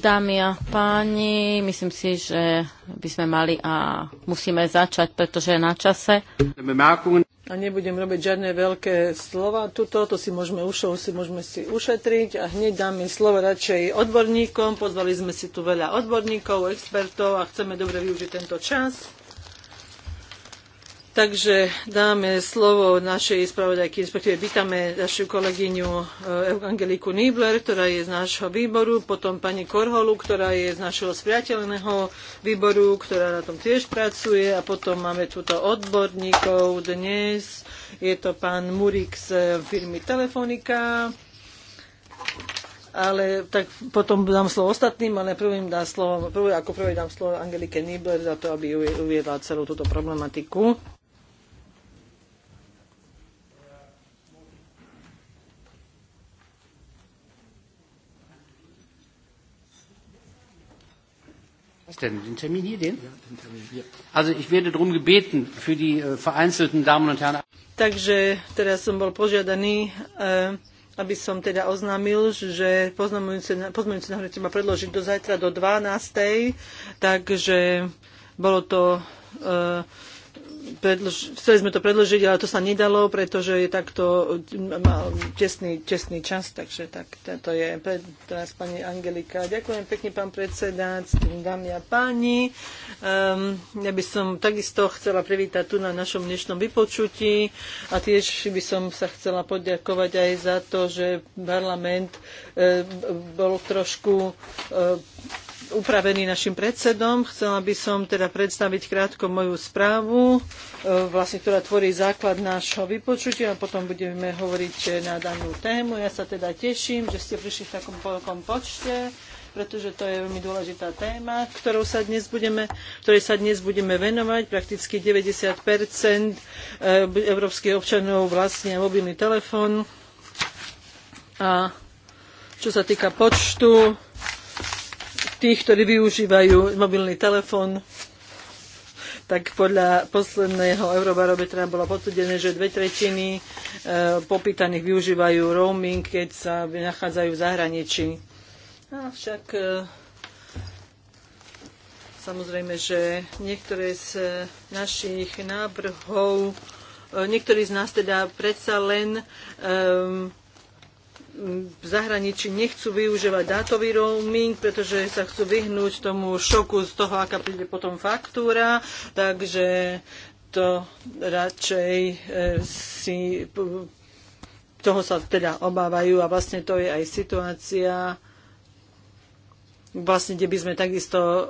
Dámy a páni, myslím si, že by sme mali a musíme začať, pretože je na čase. A nebudem robiť žiadne veľké slova. Tuto to si môžeme ušou, si môžeme si ušetriť a hneď dáme slovo radšej odborníkom. Pozvali sme si tu veľa odborníkov, expertov a chceme dobre využiť tento čas. Takže dáme slovo našej spravodajky, respektíve vítame našu kolegyňu e, Angeliku Nibler, ktorá je z nášho výboru, potom pani Korholu, ktorá je z našeho spriateľného výboru, ktorá na tom tiež pracuje a potom máme tuto odborníkov dnes. Je to pán Murik z firmy Telefonika, ale tak potom dám slovo ostatným, ale im dám slovo, prvý, ako prvý dám slovo Angelike Nibler za to, aby uviedla celú túto problematiku. Ist denn den Termin hier den? Ja, den Termin hier. Also ich werde darum gebeten für die äh, vereinzelten Damen und Herren. Takže teraz som bol požiadaný, äh, aby som teda oznámil, že pozmeňujúce návrhy treba predložiť do zajtra do 12. Takže bolo to äh, predlž, chceli sme to predložiť, ale to sa nedalo, pretože je takto mal tesný, tesný čas, takže tak, to je pre, teraz pani Angelika. Ďakujem pekne, pán predseda, dámy a páni. Um, ja by som takisto chcela privítať tu na našom dnešnom vypočutí a tiež by som sa chcela poďakovať aj za to, že parlament uh, bol trošku uh, upravený našim predsedom. Chcela by som teda predstaviť krátko moju správu, e, vlastne, ktorá tvorí základ nášho vypočutia a potom budeme hovoriť na danú tému. Ja sa teda teším, že ste prišli v takom veľkom počte pretože to je veľmi dôležitá téma, ktorou sa dnes budeme, ktorej sa dnes budeme venovať. Prakticky 90 e, európskych občanov vlastne mobilný telefón. A čo sa týka počtu tých, ktorí využívajú mobilný telefón tak podľa posledného eurobarometra bolo potvrdené, že dve tretiny e, popýtaných využívajú roaming, keď sa nachádzajú v zahraničí. No, avšak e, samozrejme, že niektoré z e, našich návrhov, niektorí z nás teda predsa len v zahraničí nechcú využívať dátový roaming, pretože sa chcú vyhnúť tomu šoku z toho, aká príde potom faktúra, takže to radšej e, si toho sa teda obávajú a vlastne to je aj situácia, vlastne, kde by sme takisto eh,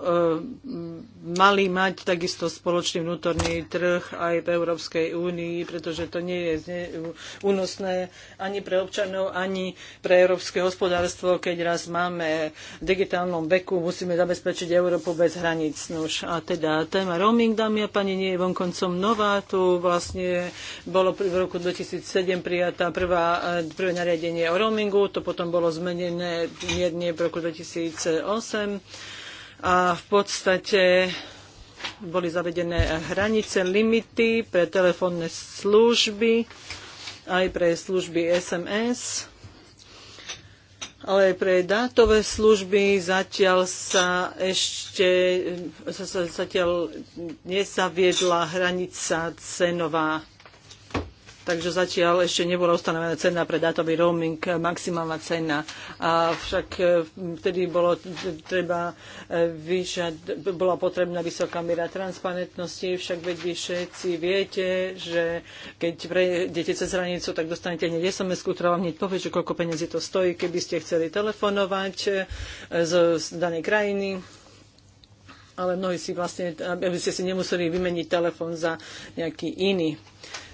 mali mať takisto spoločný vnútorný trh aj v Európskej únii, pretože to nie je únosné ani pre občanov, ani pre európske hospodárstvo. Keď raz máme v digitálnom veku, musíme zabezpečiť Európu bez hraníc. Nož. A teda téma roaming, dámy a pani, nie je vonkoncom nová. Tu vlastne bolo v roku 2007 prijatá prvá, eh, prvé nariadenie o roamingu, to potom bolo zmenené mierne v roku 2008 a v podstate boli zavedené hranice, limity pre telefónne služby, aj pre služby SMS, ale pre dátové služby zatiaľ sa ešte zatiaľ nezaviedla hranica cenová takže zatiaľ ešte nebola ustanovená cena pre dátový roaming, maximálna cena. A však e, vtedy bolo treba e, vyšať, bola potrebná vysoká miera transparentnosti, však veď vy všetci viete, že keď prejdete cez hranicu, tak dostanete hneď sms ktorá vám hneď povie, že koľko peniazy to stojí, keby ste chceli telefonovať e, z, z danej krajiny ale mnohí si vlastne, aby ste si nemuseli vymeniť telefón za nejaký iný.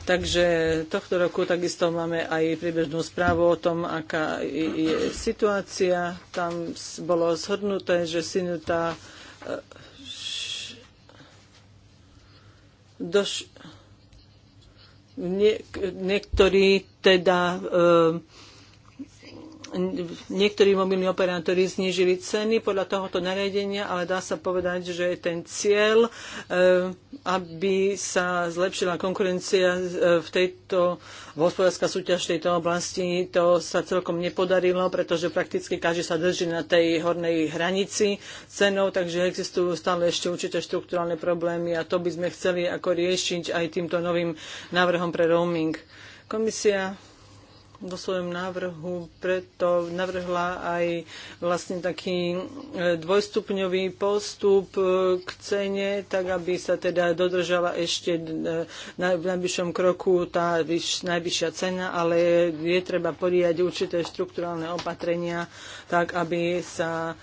Takže tohto roku takisto máme aj priebežnú správu o tom, aká je situácia. Tam bolo zhodnuté, že synuta e, doš... Nie, niektorí teda e, niektorí mobilní operátori znížili ceny podľa tohoto nariadenia, ale dá sa povedať, že je ten cieľ, eh, aby sa zlepšila konkurencia eh, v tejto hospodárska súťaž v tejto oblasti, to sa celkom nepodarilo, pretože prakticky každý sa drží na tej hornej hranici cenou, takže existujú stále ešte určite štruktúralne problémy a to by sme chceli ako riešiť aj týmto novým návrhom pre roaming. Komisia vo svojom návrhu preto navrhla aj vlastne taký e, dvojstupňový postup e, k cene, tak aby sa teda dodržala ešte e, v najbližšom kroku tá vyš, najvyššia cena, ale je treba poriať určité štruktúrálne opatrenia, tak aby sa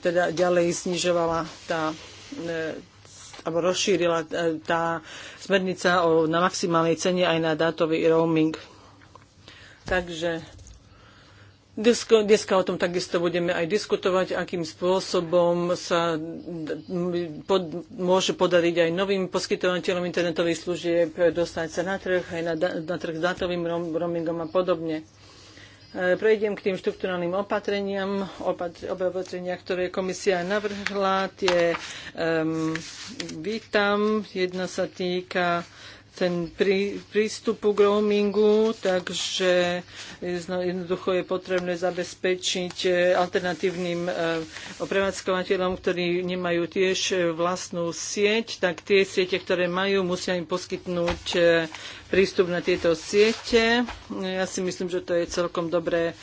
teda ďalej znižovala tá alebo rozšírila tá smernica o, na maximálnej cene aj na dátový roaming. Takže Disko, dneska o tom takisto budeme aj diskutovať, akým spôsobom sa pod, môže podariť aj novým poskytovateľom internetových služieb dostať sa na trh, aj na, na trh s dátovým roamingom a podobne. E, prejdem k tým štrukturálnym opatreniam, opatrenia, ktoré komisia navrhla. Tie um, vítam. Jedna sa týka ten prí, prístupu k roamingu, takže jednoducho je potrebné zabezpečiť eh, alternatívnym eh, prevádzkovateľom, ktorí nemajú tiež eh, vlastnú sieť, tak tie siete, ktoré majú, musia im poskytnúť prístup na tieto siete. Ja si myslím, že to je celkom dobré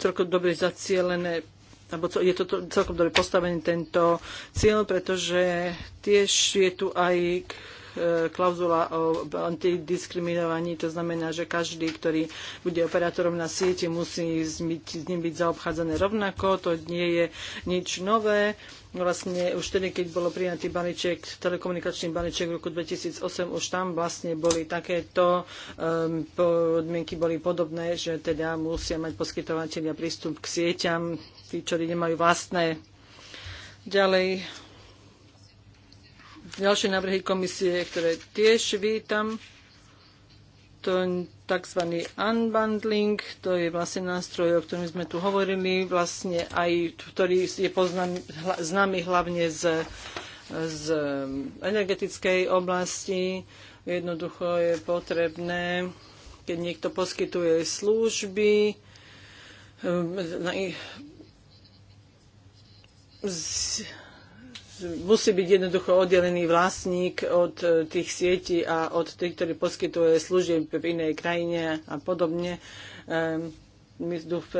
celkom dobre zacielené alebo je to celkom dobre postavený tento cieľ, pretože tiež je tu aj e, klauzula o antidiskriminovaní. To znamená, že každý, ktorý bude operátorom na siete, musí s ním byť zaobchádzané rovnako. To nie je nič nové. Vlastne už tedy, keď bolo prijatý balíček, telekomunikačný balíček v roku 2008, už tam vlastne boli takéto um, podmienky boli podobné, že teda musia mať poskytovateľia prístup k sieťam tí, čo nemajú vlastné. Ďalej, ďalšie návrhy komisie, ktoré tiež vítam, to tzv. unbundling, to je vlastne nástroj, o ktorom sme tu hovorili, vlastne aj, ktorý je poznám, hla, známy hlavne z, z energetickej oblasti. Jednoducho je potrebné, keď niekto poskytuje služby, na ich, z, musí byť jednoducho oddelený vlastník od eh, tých sietí a od tých, ktorí poskytuje služieb v inej krajine a podobne. Um,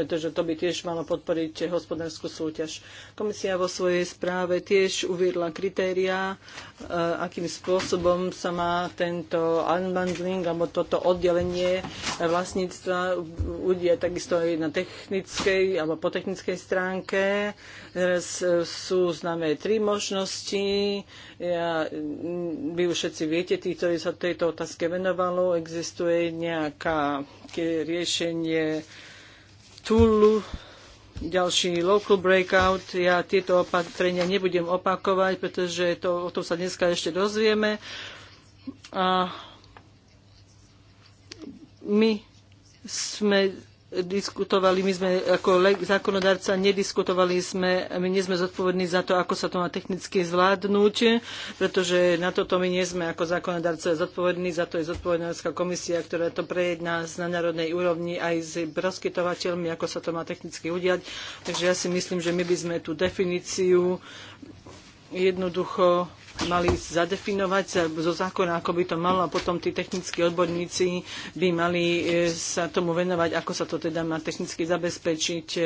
že to by tiež malo podporiť hospodárskú súťaž. Komisia vo svojej správe tiež uviedla kritériá, e, akým spôsobom sa má tento unbundling alebo toto oddelenie vlastníctva udia takisto aj na technickej alebo po technickej stránke. Teraz e, sú známe tri možnosti. Ja, vy už všetci viete, tí, ktorí sa tejto otázke venovalo, existuje nejaká riešenie Tulu, ďalší local breakout. Ja tieto opatrenia nebudem opakovať, pretože to, o tom sa dneska ešte dozvieme. A my sme diskutovali, my sme ako zákonodarca nediskutovali sme, my nie sme zodpovední za to, ako sa to má technicky zvládnuť, pretože na toto my nie sme ako zákonodarca zodpovední, za to je zodpovedná komisia, ktorá to prejedná na národnej úrovni aj s poskytovateľmi, ako sa to má technicky udiať. Takže ja si myslím, že my by sme tú definíciu jednoducho mali zadefinovať zo zákona, ako by to malo a potom tí technickí odborníci by mali e, sa tomu venovať, ako sa to teda má technicky zabezpečiť. E,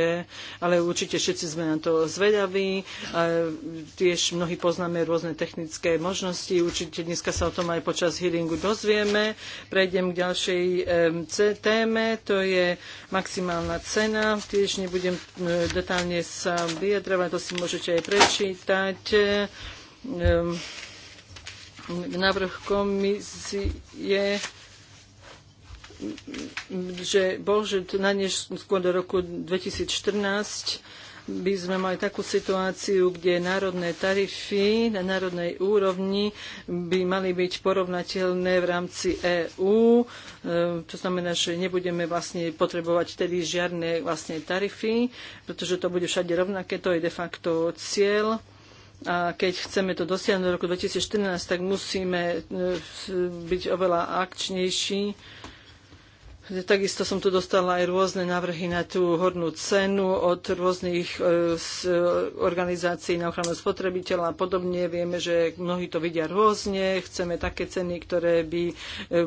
ale určite všetci sme na to zvedaví. E, tiež mnohí poznáme rôzne technické možnosti. Určite dneska sa o tom aj počas hearingu dozvieme. Prejdem k ďalšej téme. To je maximálna cena. Tiež nebudem detálne sa vyjadrovať, to si môžete aj prečítať návrh komisie že bol, že na než skôr do roku 2014 by sme mali takú situáciu, kde národné tarify na národnej úrovni by mali byť porovnateľné v rámci EÚ. To znamená, že nebudeme vlastne potrebovať vtedy žiadne vlastne tarify, pretože to bude všade rovnaké, to je de facto cieľ a keď chceme to dosiahnuť do roku 2014, tak musíme e, byť oveľa akčnejší Takisto som tu dostala aj rôzne návrhy na tú hornú cenu od rôznych e, e, organizácií na ochranu spotrebiteľa a podobne. Vieme, že mnohí to vidia rôzne. Chceme také ceny, ktoré by e,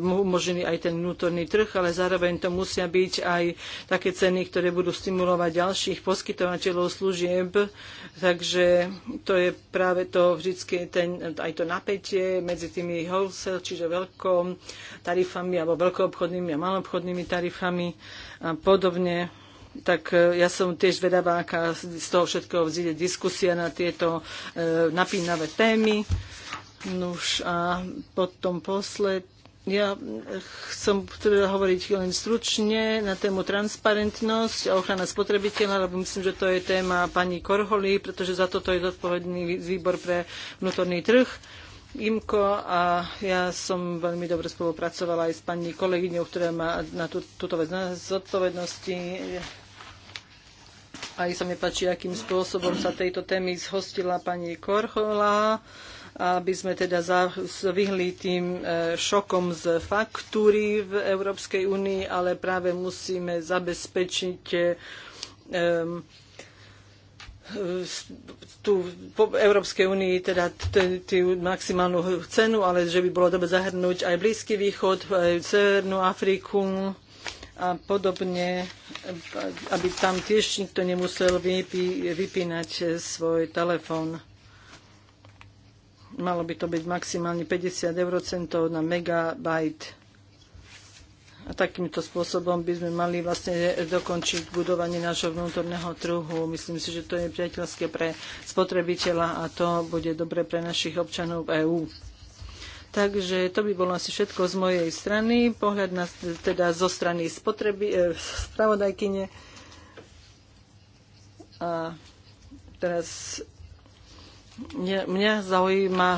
umožnili aj ten vnútorný trh, ale zároveň to musia byť aj také ceny, ktoré budú stimulovať ďalších poskytovateľov služieb. Takže to je práve to vždycky ten, aj to napätie medzi tými wholesale, čiže veľkom tarifami alebo veľkoobchodnými a malobchodnými colnými tarifami a podobne tak e, ja som tiež vedavá, aká z toho všetkého vzíde diskusia na tieto e, napínavé témy. Nuž a potom posled. Ja som chcela teda hovoriť len stručne na tému transparentnosť a ochrana spotrebiteľa, lebo myslím, že to je téma pani Korholy, pretože za toto je zodpovedný výbor pre vnútorný trh. Imko a ja som veľmi dobre spolupracovala aj s pani kolegyňou, ktorá má na tú, túto vec na zodpovednosti. Aj sa mi páči, akým spôsobom sa tejto témy zhostila pani Korhola, aby sme teda vyhli tým e, šokom z faktúry v Európskej únii, ale práve musíme zabezpečiť um, tu po Európskej únii teda tú maximálnu cenu, ale že by bolo dobre zahrnúť aj Blízky východ, aj Severnú Afriku a podobne, aby tam tiež nikto nemusel vypí, vypínať svoj telefón. Malo by to byť maximálne 50 eurocentov na megabajt. A takýmto spôsobom by sme mali vlastne dokončiť budovanie nášho vnútorného trhu. Myslím si, že to je priateľské pre spotrebiteľa a to bude dobre pre našich občanov v EÚ. Takže to by bolo asi všetko z mojej strany. Pohľad na, teda zo strany spotreby, eh, spravodajkyne. A teraz mňa, mňa zaujíma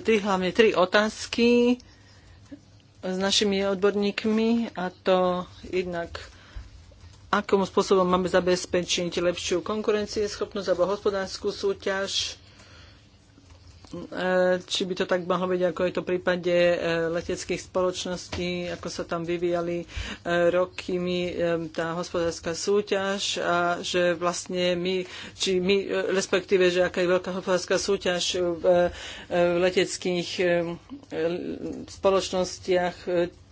tri, hlavne tri otázky s našimi odborníkmi a to jednak akým spôsobom máme zabezpečiť lepšiu konkurencieschopnosť alebo hospodárskú súťaž E, či by to tak mohlo byť, ako je to v prípade e, leteckých spoločností, ako sa tam vyvíjali e, roky my, tá hospodárska súťaž a že vlastne my, či my, respektíve, že aká je veľká hospodárska súťaž v, v leteckých spoločnostiach,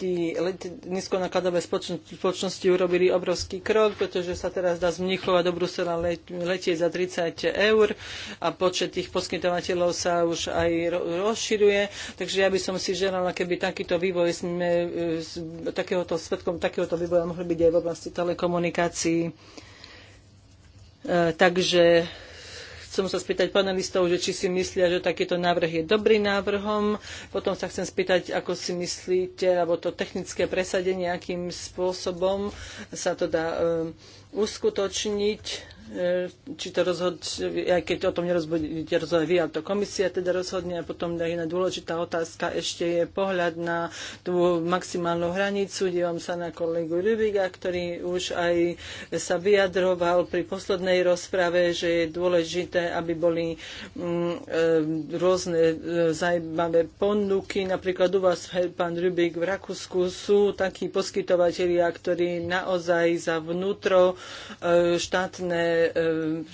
tí let, nízkonakladové spoločnosti urobili obrovský krok, pretože sa teraz dá z Mnichova do Brusela letieť za 30 eur a počet tých poskytovateľov sa už aj rozširuje. Takže ja by som si želala, keby takýto vývoj sme, e, takéhoto svetkom takéhoto vývoja mohli byť aj v oblasti telekomunikácií. E, takže chcem sa spýtať panelistov, že či si myslia, že takýto návrh je dobrý návrhom. Potom sa chcem spýtať, ako si myslíte, alebo to technické presadenie, akým spôsobom sa to dá e, uskutočniť E, či to rozhodne, aj keď o tom nerozhodnete rozhodne vy, ale to komisia teda rozhodne a potom jedna dôležitá otázka ešte je pohľad na tú maximálnu hranicu. Dívam sa na kolegu Rubiga, ktorý už aj sa vyjadroval pri poslednej rozprave, že je dôležité, aby boli mm, e, rôzne e, zajímavé ponuky. Napríklad u vás, pán Rubik, v Rakúsku sú takí poskytovateľia, ktorí naozaj za vnútro štátne že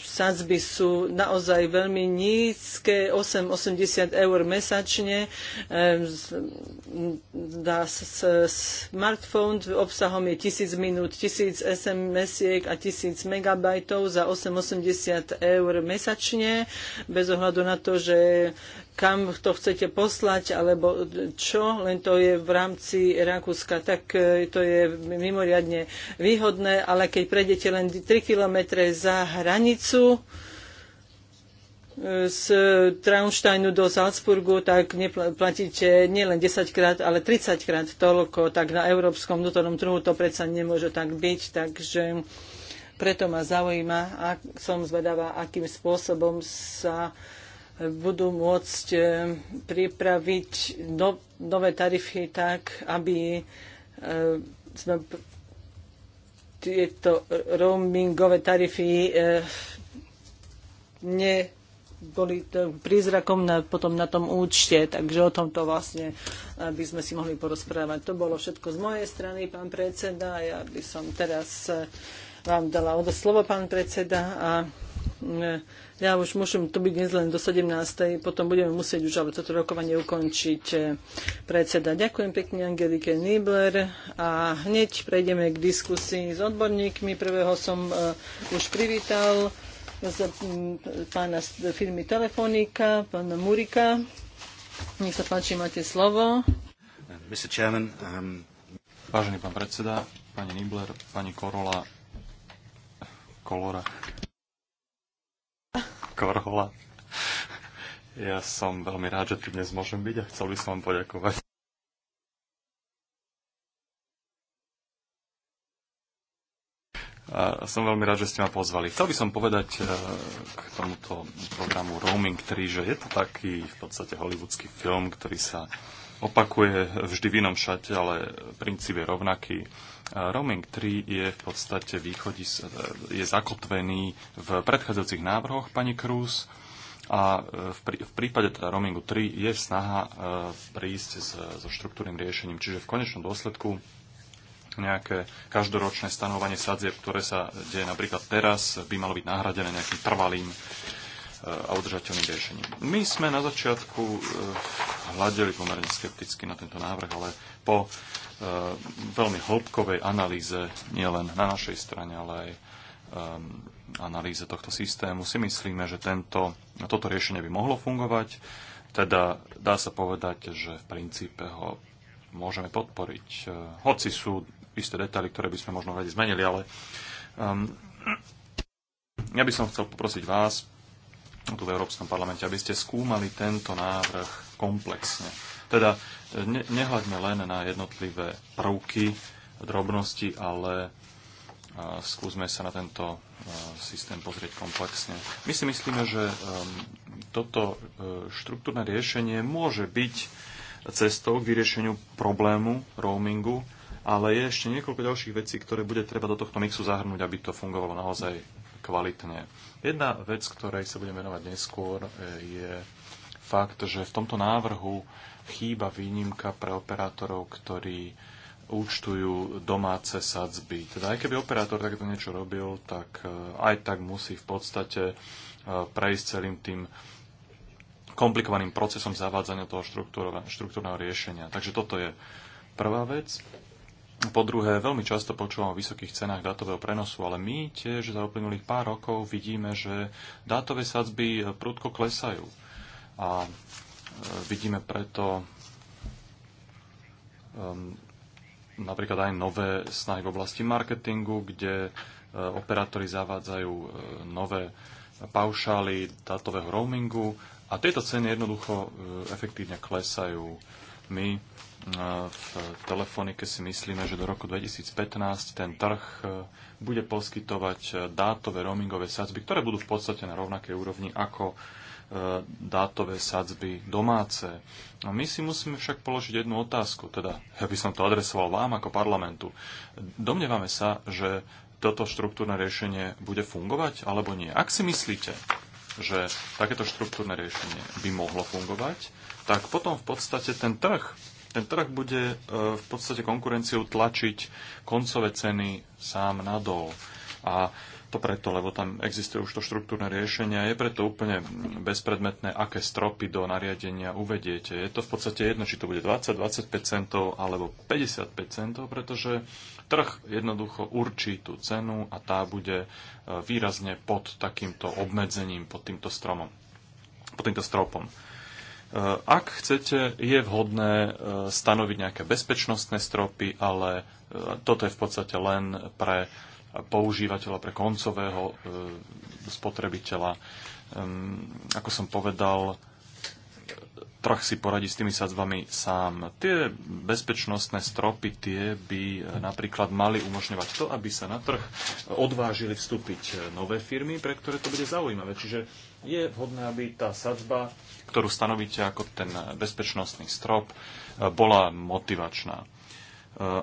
sadzby sú naozaj veľmi nízke, 8,80 eur mesačne. E, dá smartphone obsahom je 1000 minút, 1000 SMS-iek a 1000 megabajtov za 8,80 eur mesačne, bez ohľadu na to, že kam to chcete poslať, alebo čo, len to je v rámci Rakúska, tak e, to je mimoriadne výhodné, ale keď prejdete len 3 kilometre za hranicu, e, z Traunsteinu do Salzburgu, tak platíte nielen 10 krát, ale 30 krát toľko, tak na európskom vnútornom trhu to predsa nemôže tak byť, takže preto ma zaujíma, ak som zvedavá, akým spôsobom sa budú môcť eh, pripraviť no, nové tarify tak, aby eh, sme tieto roamingové tarify eh, ne boli prízrakom na, potom na tom účte, takže o tomto vlastne by sme si mohli porozprávať. To bolo všetko z mojej strany, pán predseda. Ja by som teraz vám dala slovo, pán predseda, a ja už môžem tu byť dnes len do 17. Potom budeme musieť už ale toto rokovanie ukončiť eh, predseda. Ďakujem pekne Angelike Nibler a hneď prejdeme k diskusii s odborníkmi. Prvého som eh, už privítal z mm, pána z firmy Telefonika, pána Murika. Nech sa páči, máte slovo. Mr. Chairman, um... Vážený pán predseda, pani Nibler, pani Korola, Kolora, Korhola. Ja som veľmi rád, že tu dnes môžem byť a chcel by som vám poďakovať. A som veľmi rád, že ste ma pozvali. Chcel by som povedať e, k tomuto programu Roaming 3, že je to taký v podstate hollywoodsky film, ktorý sa opakuje vždy v inom šate, ale princíp je rovnaký Roaming 3 je v podstate východí je zakotvený v predchádzajúcich návrhoch pani Krús a e, v, prí, v prípade teda roamingu 3 je snaha e, prísť so štruktúrnym riešením. Čiže v konečnom dôsledku nejaké každoročné stanovanie sadzieb, ktoré sa deje napríklad teraz, by malo byť nahradené nejakým trvalým a udržateľným riešením. My sme na začiatku e, hľadeli pomerne skepticky na tento návrh, ale po e, veľmi hĺbkovej analýze nielen na našej strane, ale aj e, analýze tohto systému si myslíme, že tento, no toto riešenie by mohlo fungovať. Teda dá sa povedať, že v princípe ho môžeme podporiť. Hoci sú isté detaily, ktoré by sme možno radi zmenili, ale um, ja by som chcel poprosiť vás, tu v Európskom parlamente, aby ste skúmali tento návrh komplexne. Teda e, ne, nehľadme len na jednotlivé prvky, drobnosti, ale e, skúsme sa na tento e, systém pozrieť komplexne. My si myslíme, že toto štruktúrne riešenie môže byť cestou k vyriešeniu problému roamingu, ale je ešte niekoľko ďalších vecí, ktoré bude treba do tohto mixu zahrnúť, aby to fungovalo naozaj kvalitne. Jedna vec, ktorej sa budem venovať neskôr, e, je fakt, že v tomto návrhu chýba výnimka pre operátorov, ktorí účtujú domáce sadzby. Teda aj keby operátor takéto niečo robil, tak e, aj tak musí v podstate e, prejsť celým tým komplikovaným procesom zavádzania toho štruktúrneho riešenia. Takže toto je prvá vec. Po druhé, veľmi často počúvam o vysokých cenách dátového prenosu, ale my tiež za uplynulých pár rokov vidíme, že dátové sadzby e, prudko klesajú. A e, vidíme preto um, napríklad aj nové snahy v oblasti marketingu, kde e, operátori zavádzajú nové paušály dátového roamingu a tieto ceny jednoducho efektívne klesajú. My v telefonike si myslíme, že do roku 2015 ten trh e, bude poskytovať e, dátové roamingové sadzby, ktoré budú v podstate na rovnakej úrovni ako e, dátové sadzby domáce. No my si musíme však položiť jednu otázku, teda ja by som to adresoval vám ako parlamentu. Domnievame sa, že toto štruktúrne riešenie bude fungovať alebo nie. Ak si myslíte, že takéto štruktúrne riešenie by mohlo fungovať, tak potom v podstate ten trh ten trh bude e, v podstate konkurenciou tlačiť koncové ceny sám nadol. A to preto, lebo tam existuje už to štruktúrne riešenie. Je preto úplne bezpredmetné, aké stropy do nariadenia uvediete. Je to v podstate jedno, či to bude 20, 25 centov alebo 55 centov, pretože trh jednoducho určí tú cenu a tá bude e, výrazne pod takýmto obmedzením, pod týmto stromom, pod týmto stropom. Eh, ak chcete, je vhodné eh, stanoviť nejaké bezpečnostné stropy, ale eh, toto je v podstate len pre používateľa, pre koncového spotrebiteľa. Ako som povedal, trh si poradí s tými sadzbami sám. Tie bezpečnostné stropy, tie by e, napríklad mali umožňovať to, aby sa na trh odvážili vstúpiť e, nové firmy, pre ktoré to bude zaujímavé. Čiže je vhodné, aby tá sadzba, ktorú stanovíte ako ten bezpečnostný strop, e, bola motivačná.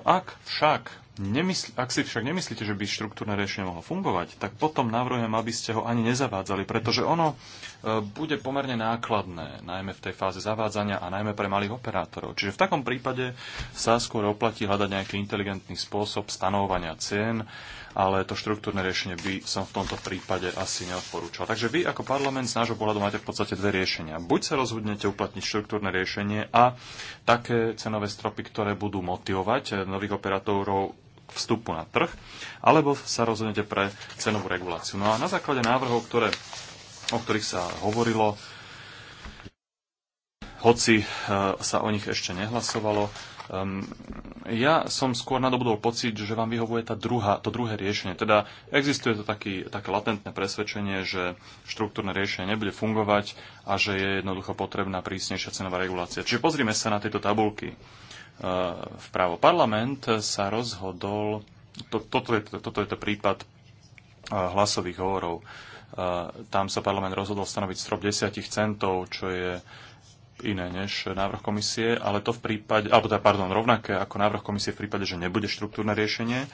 Ak však Nemysl- ak si však nemyslíte, že by štruktúrne riešenie mohlo fungovať, tak potom navrhujem, aby ste ho ani nezavádzali, pretože ono e, bude pomerne nákladné, najmä v tej fáze zavádzania a najmä pre malých operátorov. Čiže v takom prípade sa skôr oplatí hľadať nejaký inteligentný spôsob stanovovania cien, ale to štruktúrne riešenie by som v tomto prípade asi neodporúčal. Takže vy ako parlament z nášho pohľadu máte v podstate dve riešenia. Buď sa rozhodnete uplatniť štruktúrne riešenie a také cenové stropy, ktoré budú motivovať nových operátorov vstupu na trh, alebo sa rozhodnete pre cenovú reguláciu. No a na základe návrhov, ktoré, o ktorých sa hovorilo, hoci e, sa o nich ešte nehlasovalo, Um, ja som skôr nadobudol pocit, že vám vyhovuje tá druhá, to druhé riešenie. Teda existuje to taký, také latentné presvedčenie, že štruktúrne riešenie nebude fungovať a že je jednoducho potrebná prísnejšia cenová regulácia. Čiže pozrime sa na tieto tabulky. Eh, vpravo. Parlament sa rozhodol, to, toto, je, toto je to prípad eh, hlasových hovorov, eh, tam sa parlament rozhodol stanoviť strop 10 centov, čo je iné než návrh komisie, ale to v prípade, alebo teda, pardon, rovnaké ako návrh komisie v prípade, že nebude štruktúrne riešenie,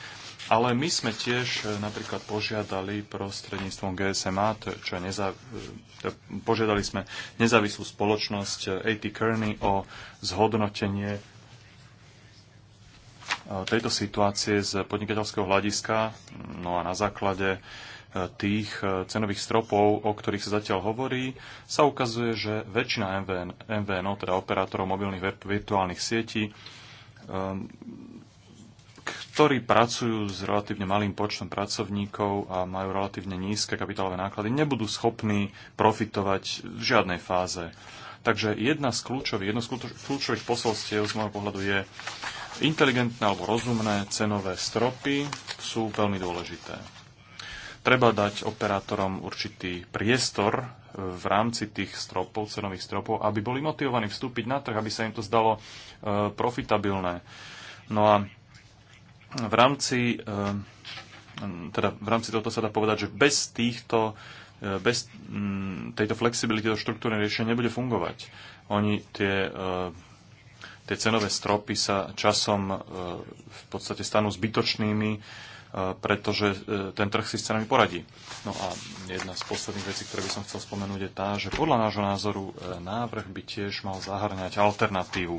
ale my sme tiež napríklad požiadali prostredníctvom GSMA, to, čo je neza, to, požiadali sme nezávislú spoločnosť AT Kearney o zhodnotenie Eh, tejto situácie z podnikateľského hľadiska, no a na základe eh, tých eh, cenových stropov, o ktorých sa zatiaľ hovorí, sa ukazuje, že väčšina MVN, MVNO, teda operátorov mobilných virtuálnych sietí, ktorí pracujú s relatívne malým počtom pracovníkov a majú relatívne nízke kapitálové náklady, nebudú schopní profitovať v žiadnej fáze. Takže jedna z kľúčových, jedno z kľúčových posolstiev z môjho pohľadu je Inteligentné alebo rozumné cenové stropy sú veľmi dôležité. Treba dať operátorom určitý priestor e, v rámci tých stropov, cenových stropov, aby boli motivovaní vstúpiť na trh, aby sa im to zdalo e, profitabilné. No a v rámci, e, teda v rámci tohto sa dá povedať, že bez týchto bez tejto flexibility do štruktúrne riešenie nebude fungovať. Oni tie tie cenové stropy sa časom e, v podstate stanú zbytočnými, e, pretože e, ten trh si s cenami poradí. No a jedna z posledných vecí, ktoré by som chcel spomenúť, je tá, že podľa nášho názoru návrh by tiež mal zahrňať alternatívu.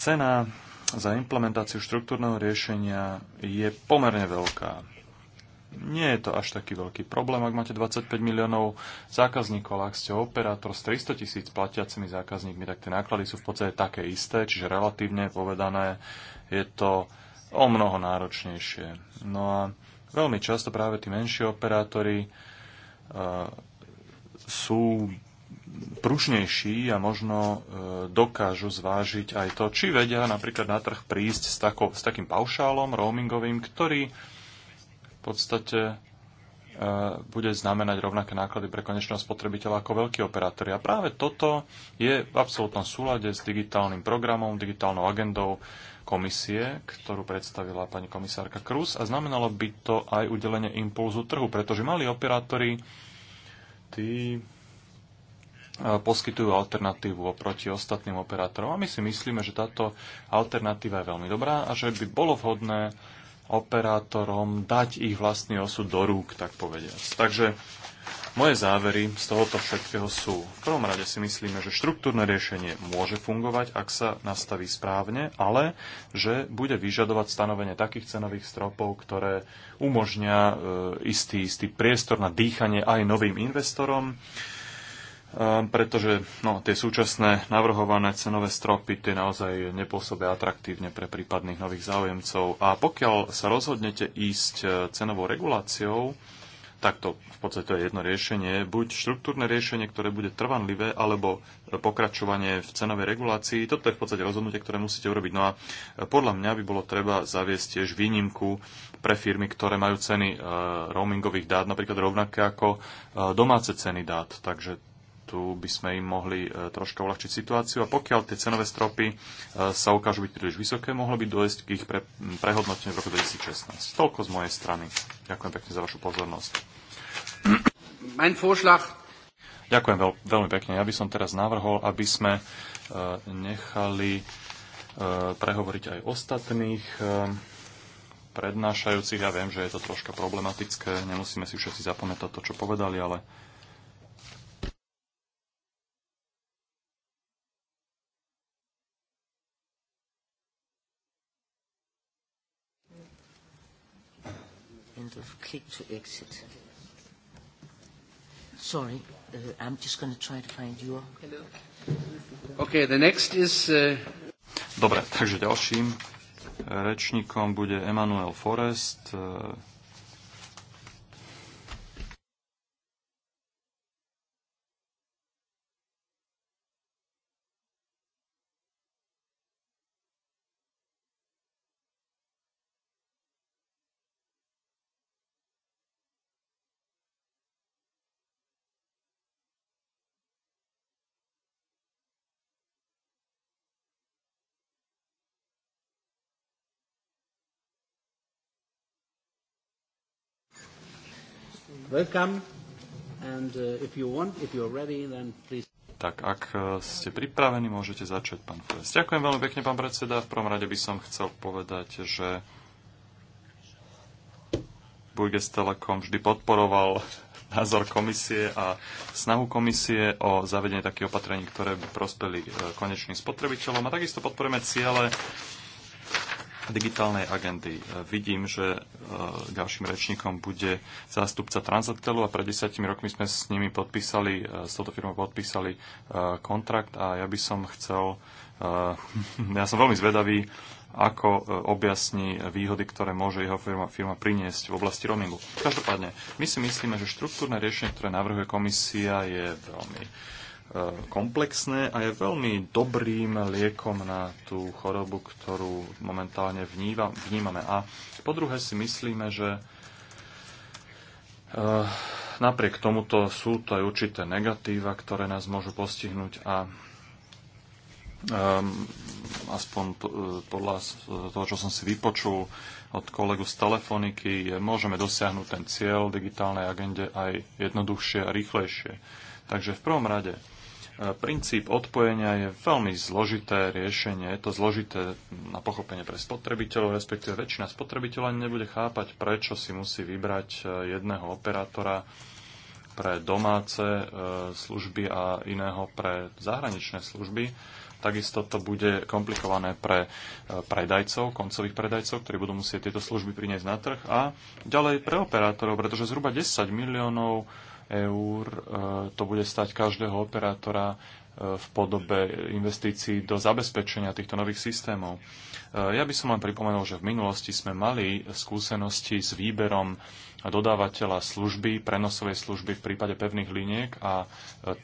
Cena za implementáciu štruktúrneho riešenia je pomerne veľká nie je to až taký veľký problém, ak máte 25 miliónov zákazníkov, ak ste operátor s 300 tisíc platiacimi zákazníkmi, tak tie náklady sú v podstate také isté, čiže relatívne povedané je to o mnoho náročnejšie. No a veľmi často práve tí menší operátori uh, sú pružnejší a možno e, dokážu zvážiť aj to, či vedia napríklad na trh prísť s, tako, s takým paušálom roamingovým, ktorý podstate e, bude znamenať rovnaké náklady pre konečného spotrebiteľa ako veľkí operátori. A práve toto je v absolútnom súlade s digitálnym programom, digitálnou agendou komisie, ktorú predstavila pani komisárka Krus a znamenalo by to aj udelenie impulzu trhu, pretože mali operátori tí e, poskytujú alternatívu oproti ostatným operátorom a my si myslíme, že táto alternatíva je veľmi dobrá a že by bolo vhodné operátorom dať ich vlastný osud do rúk, tak povediac. Takže moje závery z tohoto všetkého sú. V prvom rade si myslíme, že štruktúrne riešenie môže fungovať, ak sa nastaví správne, ale že bude vyžadovať stanovenie takých cenových stropov, ktoré umožnia e, istý, istý priestor na dýchanie aj novým investorom, Ehm, pretože no, tie súčasné navrhované cenové stropy tie naozaj nepôsobia atraktívne pre prípadných nových záujemcov. A pokiaľ sa rozhodnete ísť e, cenovou reguláciou, tak to v podstate to je jedno riešenie. Buď štruktúrne riešenie, ktoré bude trvanlivé, alebo e, pokračovanie v cenovej regulácii. Toto je v podstate rozhodnutie, ktoré musíte urobiť. No a e, podľa mňa by bolo treba zaviesť tiež výnimku pre firmy, ktoré majú ceny roamingových dát, napríklad rovnaké ako domáce ceny dát. Takže tu by sme im mohli e, troška uľahčiť situáciu a pokiaľ tie cenové stropy e, sa ukážu byť príliš vysoké, mohlo by dojsť k ich pre, prehodnoteniu v roku 2016. Toľko z mojej strany. Ďakujem pekne za vašu pozornosť. Mein Ďakujem veľ, veľmi pekne. Ja by som teraz navrhol, aby sme e, nechali prehovoriť aj ostatných prednášajúcich. Ja viem, že je to troška problematické, nemusíme si všetci zapamätať to, čo povedali, ale kind of click to exit. Sorry, uh, I'm just going to try to find you. Hello. Okay, the next is... Uh... Dobre, takže ďalším uh, rečníkom bude Emanuel Forest, uh welcome. And uh, if you want, if you're ready, then please. Tak ak uh, ste pripravení, môžete začať, pán Flores. Ďakujem veľmi pekne, pán predseda. V prvom rade by som chcel povedať, že Burgess Telekom vždy podporoval názor komisie a snahu komisie o zavedenie takých opatrení, ktoré by prospeli uh, konečným spotrebiteľom. A takisto podporujeme ciele digitálnej agendy. E, vidím, že e, ďalším rečníkom bude zástupca Transatelu a pred desiatimi rokmi sme s nimi podpísali, e, s touto firmou podpísali kontrakt a ja by som chcel, ja som veľmi zvedavý, ako objasní výhody, ktoré môže jeho firma, firma priniesť v oblasti roamingu. Každopádne, my si myslíme, že štruktúrne riešenie, ktoré navrhuje komisia, je veľmi E, komplexné a je veľmi dobrým liekom na tú chorobu, ktorú momentálne vníva, vnímame. A po druhé si myslíme, že e, napriek tomuto sú to aj určité negatíva, ktoré nás môžu postihnúť a e, aspoň podľa toho, čo som si vypočul od kolegu z telefoniky, môžeme dosiahnuť ten cieľ digitálnej agende aj jednoduchšie a rýchlejšie. Takže v prvom rade Princíp odpojenia je veľmi zložité riešenie. Je to zložité na pochopenie pre spotrebiteľov, respektíve väčšina spotrebiteľov ani nebude chápať, prečo si musí vybrať e, jedného operátora pre domáce e, služby a iného pre zahraničné služby. Takisto to bude komplikované pre e, predajcov, koncových predajcov, ktorí budú musieť tieto služby priniesť na trh a ďalej pre operátorov, pretože zhruba 10 miliónov eur. E, to bude stať každého operátora e, v podobe investícií do zabezpečenia týchto nových systémov. E, ja by som vám pripomenul, že v minulosti sme mali skúsenosti s výberom dodávateľa služby, prenosovej služby v prípade pevných liniek a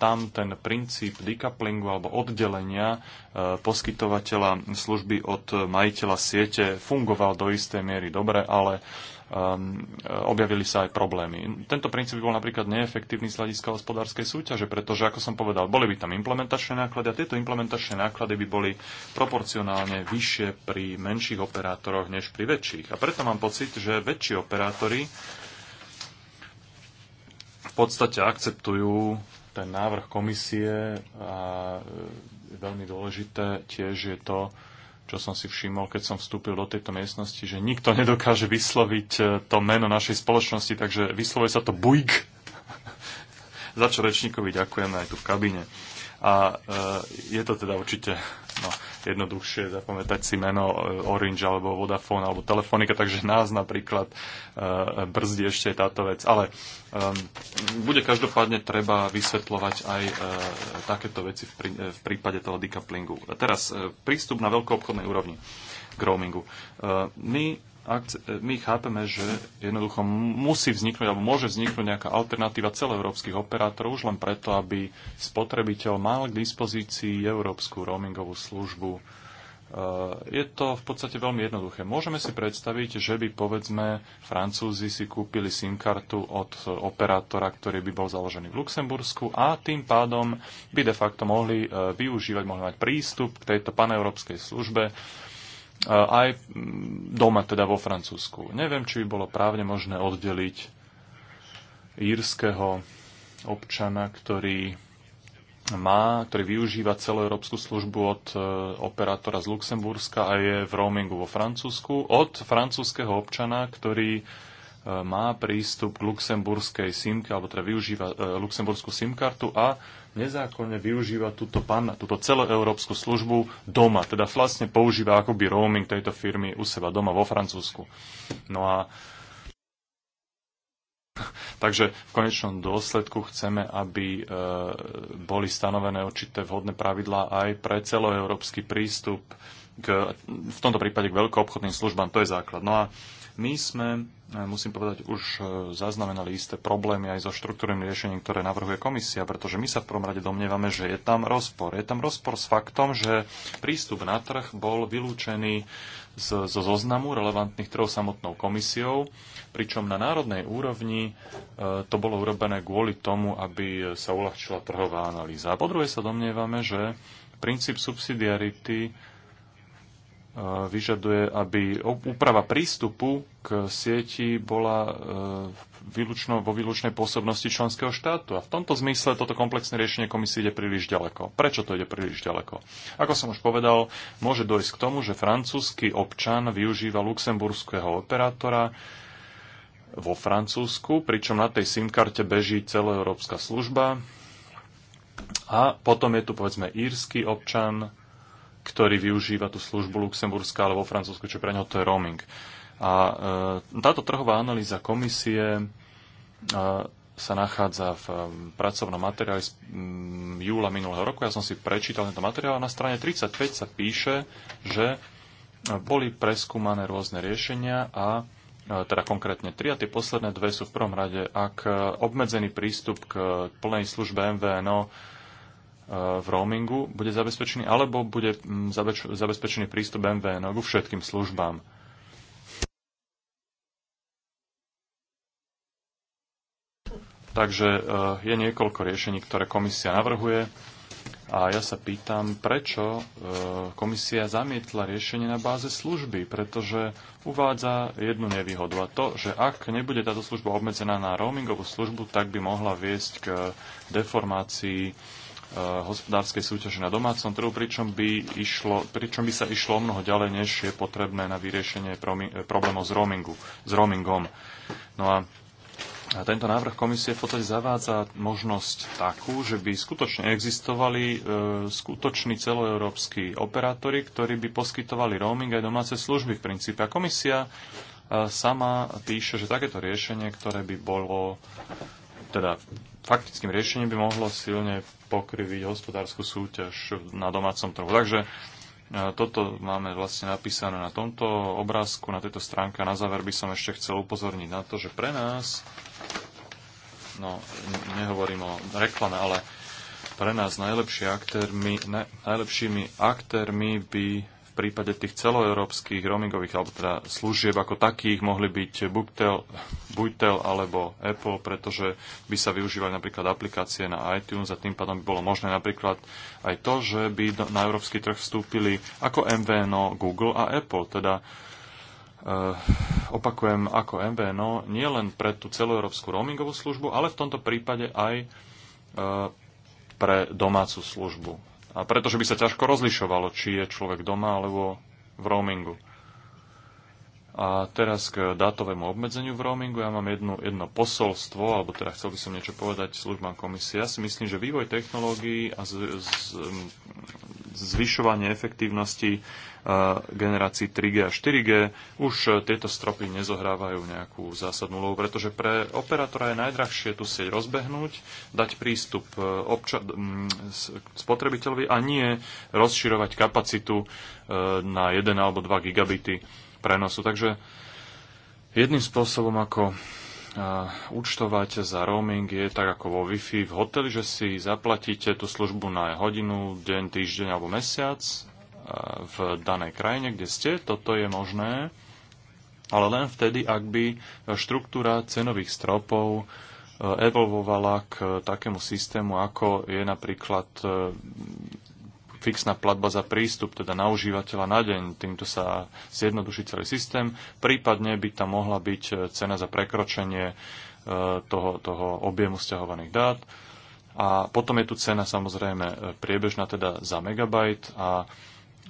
tam ten princíp decouplingu alebo oddelenia poskytovateľa služby od majiteľa siete fungoval do istej miery dobre, ale um, objavili sa aj problémy. Tento princíp by bol napríklad neefektívny z hľadiska hospodárskej súťaže, pretože, ako som povedal, boli by tam implementačné náklady a tieto implementačné náklady by boli proporcionálne vyššie pri menších operátoroch než pri väčších. A preto mám pocit, že väčší operátori v podstate akceptujú ten návrh komisie a e, veľmi dôležité tiež je to, čo som si všimol, keď som vstúpil do tejto miestnosti, že nikto nedokáže vysloviť e, to meno našej spoločnosti, takže vyslovuje sa to bujk. za čo rečníkovi ďakujeme aj tu v kabíne. A e, je to teda určite no, jednoduchšie zapamätať si meno e, Orange alebo Vodafone alebo Telefonika, takže nás napríklad e, brzdí ešte táto vec. Ale e, bude každopádne treba vysvetľovať aj e, takéto veci v, prí, v prípade toho decouplingu. Teraz prístup na veľkoobchodnej úrovni k roamingu. Uh, my E, my chápeme, že jednoducho musí vzniknúť alebo môže vzniknúť nejaká alternatíva celoeurópskych operátorov už len preto, aby spotrebiteľ mal k dispozícii európsku roamingovú službu. E, je to v podstate veľmi jednoduché. Môžeme si predstaviť, že by povedzme Francúzi si kúpili SIM kartu od operátora, ktorý by bol založený v Luxembursku a tým pádom by de facto mohli e, využívať, mohli mať prístup k tejto paneurópskej službe aj mm, doma, teda vo Francúzsku. Neviem, či by bolo právne možné oddeliť írskeho občana, ktorý má, ktorý využíva celú európsku službu od e, operátora z Luxemburska a je v roamingu vo Francúzsku, od francúzského občana, ktorý Eh, má prístup k luxemburskej SIMke, alebo teda využíva e, luxemburskú simkartu a nezákonne využíva túto, pan, túto celoeurópsku službu doma. Teda vlastne používa akoby roaming tejto firmy u seba doma vo Francúzsku. No a Takže v konečnom dôsledku chceme, aby e, boli stanovené určité vhodné pravidlá aj pre celoeurópsky prístup k, v tomto prípade k veľkoobchodným službám. To je základ. No a my sme, eh, musím povedať, už eh, zaznamenali isté problémy aj so štruktúrnym riešením, ktoré navrhuje komisia, pretože my sa v prvom rade domnievame, že je tam rozpor. Je tam rozpor s faktom, že prístup na trh bol vylúčený zo zoznamu relevantných trhov samotnou komisiou, pričom na národnej úrovni eh, to bolo urobené kvôli tomu, aby sa uľahčila trhová analýza. A po druhé sa domnievame, že princíp subsidiarity vyžaduje, aby úprava prístupu k sieti bola e, výlučno, vo výlučnej pôsobnosti členského štátu. A v tomto zmysle toto komplexné riešenie komisie ide príliš ďaleko. Prečo to ide príliš ďaleko? Ako som už povedal, môže dojsť k tomu, že francúzsky občan využíva luxemburského operátora vo Francúzsku, pričom na tej SIM karte beží celoeurópska služba. A potom je tu povedzme írsky občan, ktorý využíva tú službu Luxemburska alebo Francúzsku, čo pre neho to je roaming. A e, táto trhová analýza komisie e, sa nachádza v e, pracovnom materiáli z mm, júla minulého roku. Ja som si prečítal tento materiál a na strane 35 sa píše, že boli preskúmané rôzne riešenia a e, teda konkrétne tri a tie posledné dve sú v prvom rade, ak e, obmedzený prístup k plnej službe MVNO E, v roamingu bude zabezpečený, alebo bude mm, zabezpečený prístup MVN ku všetkým službám. Takže e, je niekoľko riešení, ktoré komisia navrhuje a ja sa pýtam, prečo e, komisia zamietla riešenie na báze služby, pretože uvádza jednu nevýhodu a to, že ak nebude táto služba obmedzená na roamingovú službu, tak by mohla viesť k deformácii Eh, hospodárskej súťaže na domácom trhu, pričom by, išlo, pričom by sa išlo o mnoho ďalej, než je potrebné na vyriešenie eh, problémov s, roamingu, s roamingom. No a a tento návrh komisie v podstate zavádza možnosť takú, že by skutočne existovali e, skutoční celoeurópsky operátori, ktorí by poskytovali roaming aj domáce služby v princípe. A komisia e, sama píše, že takéto riešenie, ktoré by bolo teda faktickým riešením by mohlo silne pokriviť hospodárskú súťaž na domácom trhu. Takže e, toto máme vlastne napísané na tomto obrázku, na tejto stránke. Na záver by som ešte chcel upozorniť na to, že pre nás, no nehovorím o reklame, ale pre nás najlepší aktérmi, ne, najlepšími aktérmi by prípade tých celoeurópskych roamingových alebo teda služieb ako takých mohli byť Buktel, Buitel alebo Apple, pretože by sa využívali napríklad aplikácie na iTunes a tým pádom by bolo možné napríklad aj to, že by na európsky trh vstúpili ako MVNO Google a Apple, teda Uh, opakujem, ako MVNO, nie len pre tú celoeurópsku roamingovú službu, ale v tomto prípade aj uh, pre domácu službu. A pretože by sa ťažko rozlišovalo, či je človek doma alebo v roamingu. A teraz k dátovému obmedzeniu v roamingu. Ja mám jednu, jedno posolstvo, alebo teda chcel by som niečo povedať službám komisie. Ja si myslím, že vývoj technológií a z, z, zvyšovanie efektívnosti generácii 3G a 4G, už e, tieto stropy nezohrávajú nejakú zásadnú úlohu, pretože pre operátora je najdrahšie tú sieť rozbehnúť, dať prístup e, obča- spotrebiteľovi a nie rozširovať kapacitu e, na 1 alebo 2 gigabity prenosu. Takže jedným spôsobom, ako účtovať za roaming je tak ako vo Wi-Fi v hoteli, že si zaplatíte tú službu na hodinu, deň, týždeň alebo mesiac v danej krajine, kde ste. Toto je možné, ale len vtedy, ak by štruktúra cenových stropov e, evolvovala k e, takému systému, ako je napríklad e, fixná platba za prístup, teda na užívateľa na deň. Týmto sa zjednoduší celý systém. Prípadne by tam mohla byť cena za prekročenie toho, toho objemu stiahovaných dát. A potom je tu cena samozrejme priebežná, teda za megabajt a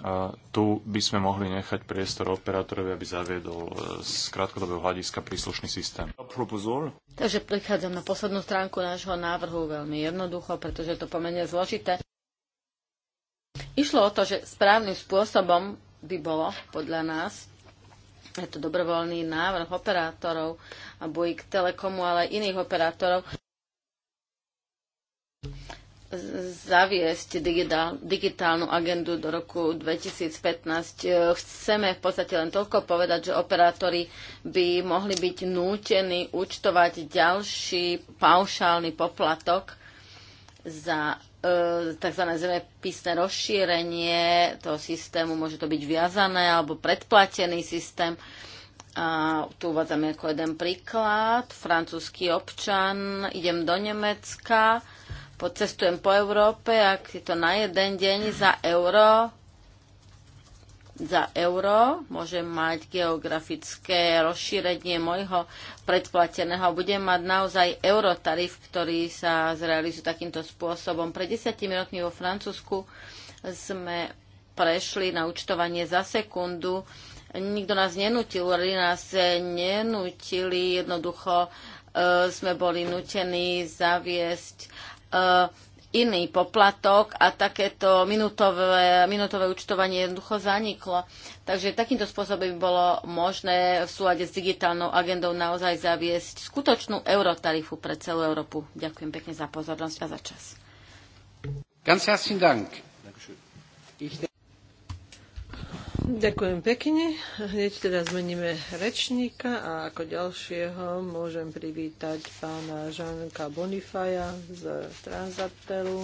a tu by sme mohli nechať priestor operátorovi, aby zaviedol e, z krátkodobého hľadiska príslušný systém. Takže prichádzam na poslednú stránku nášho návrhu veľmi jednoducho, pretože to pomene zložité. Išlo o to, že správnym spôsobom by bolo podľa nás je to dobrovoľný návrh operátorov a k telekomu, ale aj iných operátorov, zaviesť digitál, digitálnu agendu do roku 2015. E, chceme v podstate len toľko povedať, že operátori by mohli byť nútení účtovať ďalší paušálny poplatok za e, tzv. zemepisné rozšírenie toho systému. Môže to byť viazané alebo predplatený systém. A tu uvádzam ako jeden príklad. Francúzsky občan, idem do Nemecka, pocestujem po Európe, ak je to na jeden deň za euro, za euro, môžem mať geografické rozšírenie mojho predplateného. Budem mať naozaj eurotarif, ktorý sa zrealizuje takýmto spôsobom. Pre desiatimi rokmi vo Francúzsku sme prešli na účtovanie za sekundu. Nikto nás nenutil, nás nenutili, jednoducho e, sme boli nutení zaviesť E, iný poplatok a takéto minutové, minutové účtovanie jednoducho zaniklo. Takže takýmto spôsobom by bolo možné v súlade s digitálnou agendou naozaj zaviesť skutočnú eurotarifu pre celú Európu. Ďakujem pekne za pozornosť a za čas. Ganz herzlichen Dank. Ďakujem pekne. Hneď teda zmeníme rečníka a ako ďalšieho môžem privítať pána Žanka Bonifaja z Transatelu.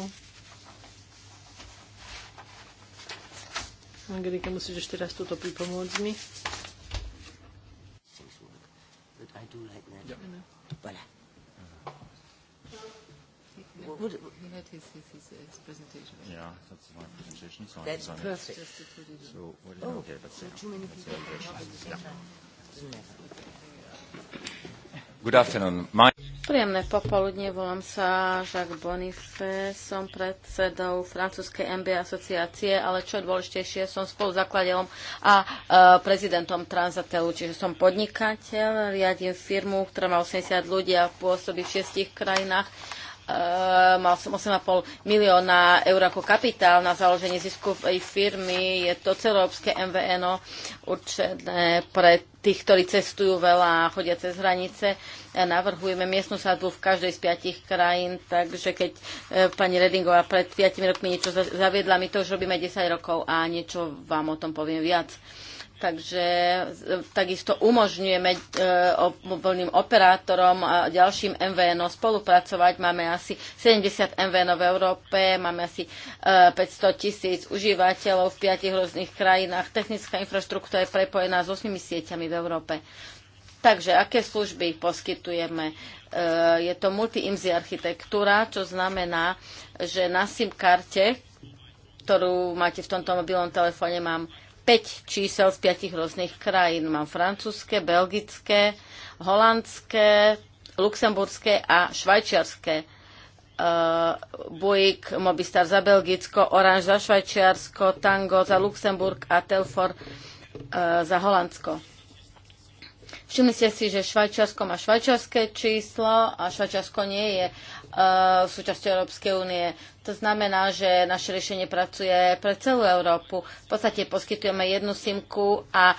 Angelika, musíš ešte raz túto pripomôcť mi. would, he had his, his, his, his presentation. Yeah, that's my presentation. So that's I'm perfect. Just so what oh, okay, so too many people the same Good afternoon. My... Príjemné popoludne, volám sa Jacques Bonifé, som predsedou francúzskej MB asociácie, ale čo je dôležitejšie, som spoluzakladateľom a e, prezidentom Transatelu, čiže som podnikateľ, riadím firmu, ktorá má 80 ľudí a pôsobí v šiestich krajinách. Eh, mal som 8,5 milióna eur ako kapitál na založenie ziskovej firmy. Je to celoeurópske MVNO určené pre tých, ktorí cestujú veľa a chodia cez hranice. Navrhujeme miestnu sadbu v každej z piatich krajín, takže keď eh, pani Redingová pred piatimi rokmi niečo zaviedla, my to už robíme 10 rokov a niečo vám o tom poviem viac. Takže e, takisto umožňujeme e, voľným operátorom a ďalším MVNO spolupracovať. Máme asi 70 MVNO v Európe, máme asi 500 e, tisíc užívateľov v piatich rôznych krajinách. Technická infraštruktúra je prepojená s 8 sieťami v Európe. Takže aké služby poskytujeme? Je to multi-IMSI architektúra, čo znamená, že na SIM karte, ktorú máte v tomto mobilnom telefóne, mám 5 čísel z 5 rôznych krajín. Mám francúzske, belgické, holandské, luxemburské a švajčiarske. Uh, Buick, Mobistar za Belgicko, Orange za Švajčiarsko, Tango za Luxemburg a Telfor uh, e, za Holandsko. Všimli ste si, že Švajčiarsko má švajčiarske číslo a Švajčiarsko nie je uh, súčasťou Európskej únie. To znamená, že naše riešenie pracuje pre celú Európu. V podstate poskytujeme jednu simku a e,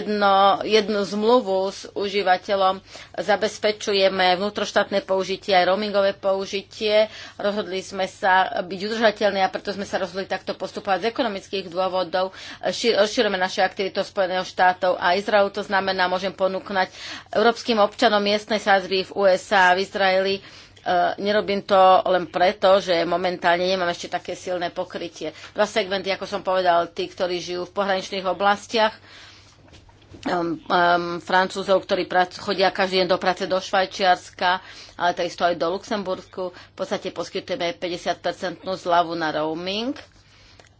jedno, jednu zmluvu s užívateľom. Zabezpečujeme vnútroštátne použitie aj roamingové použitie. Rozhodli sme sa byť udržateľní a preto sme sa rozhodli takto postupovať z ekonomických dôvodov. Rozširujeme naše aktivity Spojeného štátov a Izraelu. To znamená, môžem ponúknať európskym občanom miestnej sázby v USA a v Izraeli E, nerobím to len preto, že momentálne nemám ešte také silné pokrytie. Dva segmenty, ako som povedal, tí, ktorí žijú v pohraničných oblastiach, um, um, Francúzov, ktorí prac, chodia každý deň do práce do Švajčiarska, ale takisto aj do Luxembursku. V podstate poskytujeme 50-percentnú zľavu na roaming.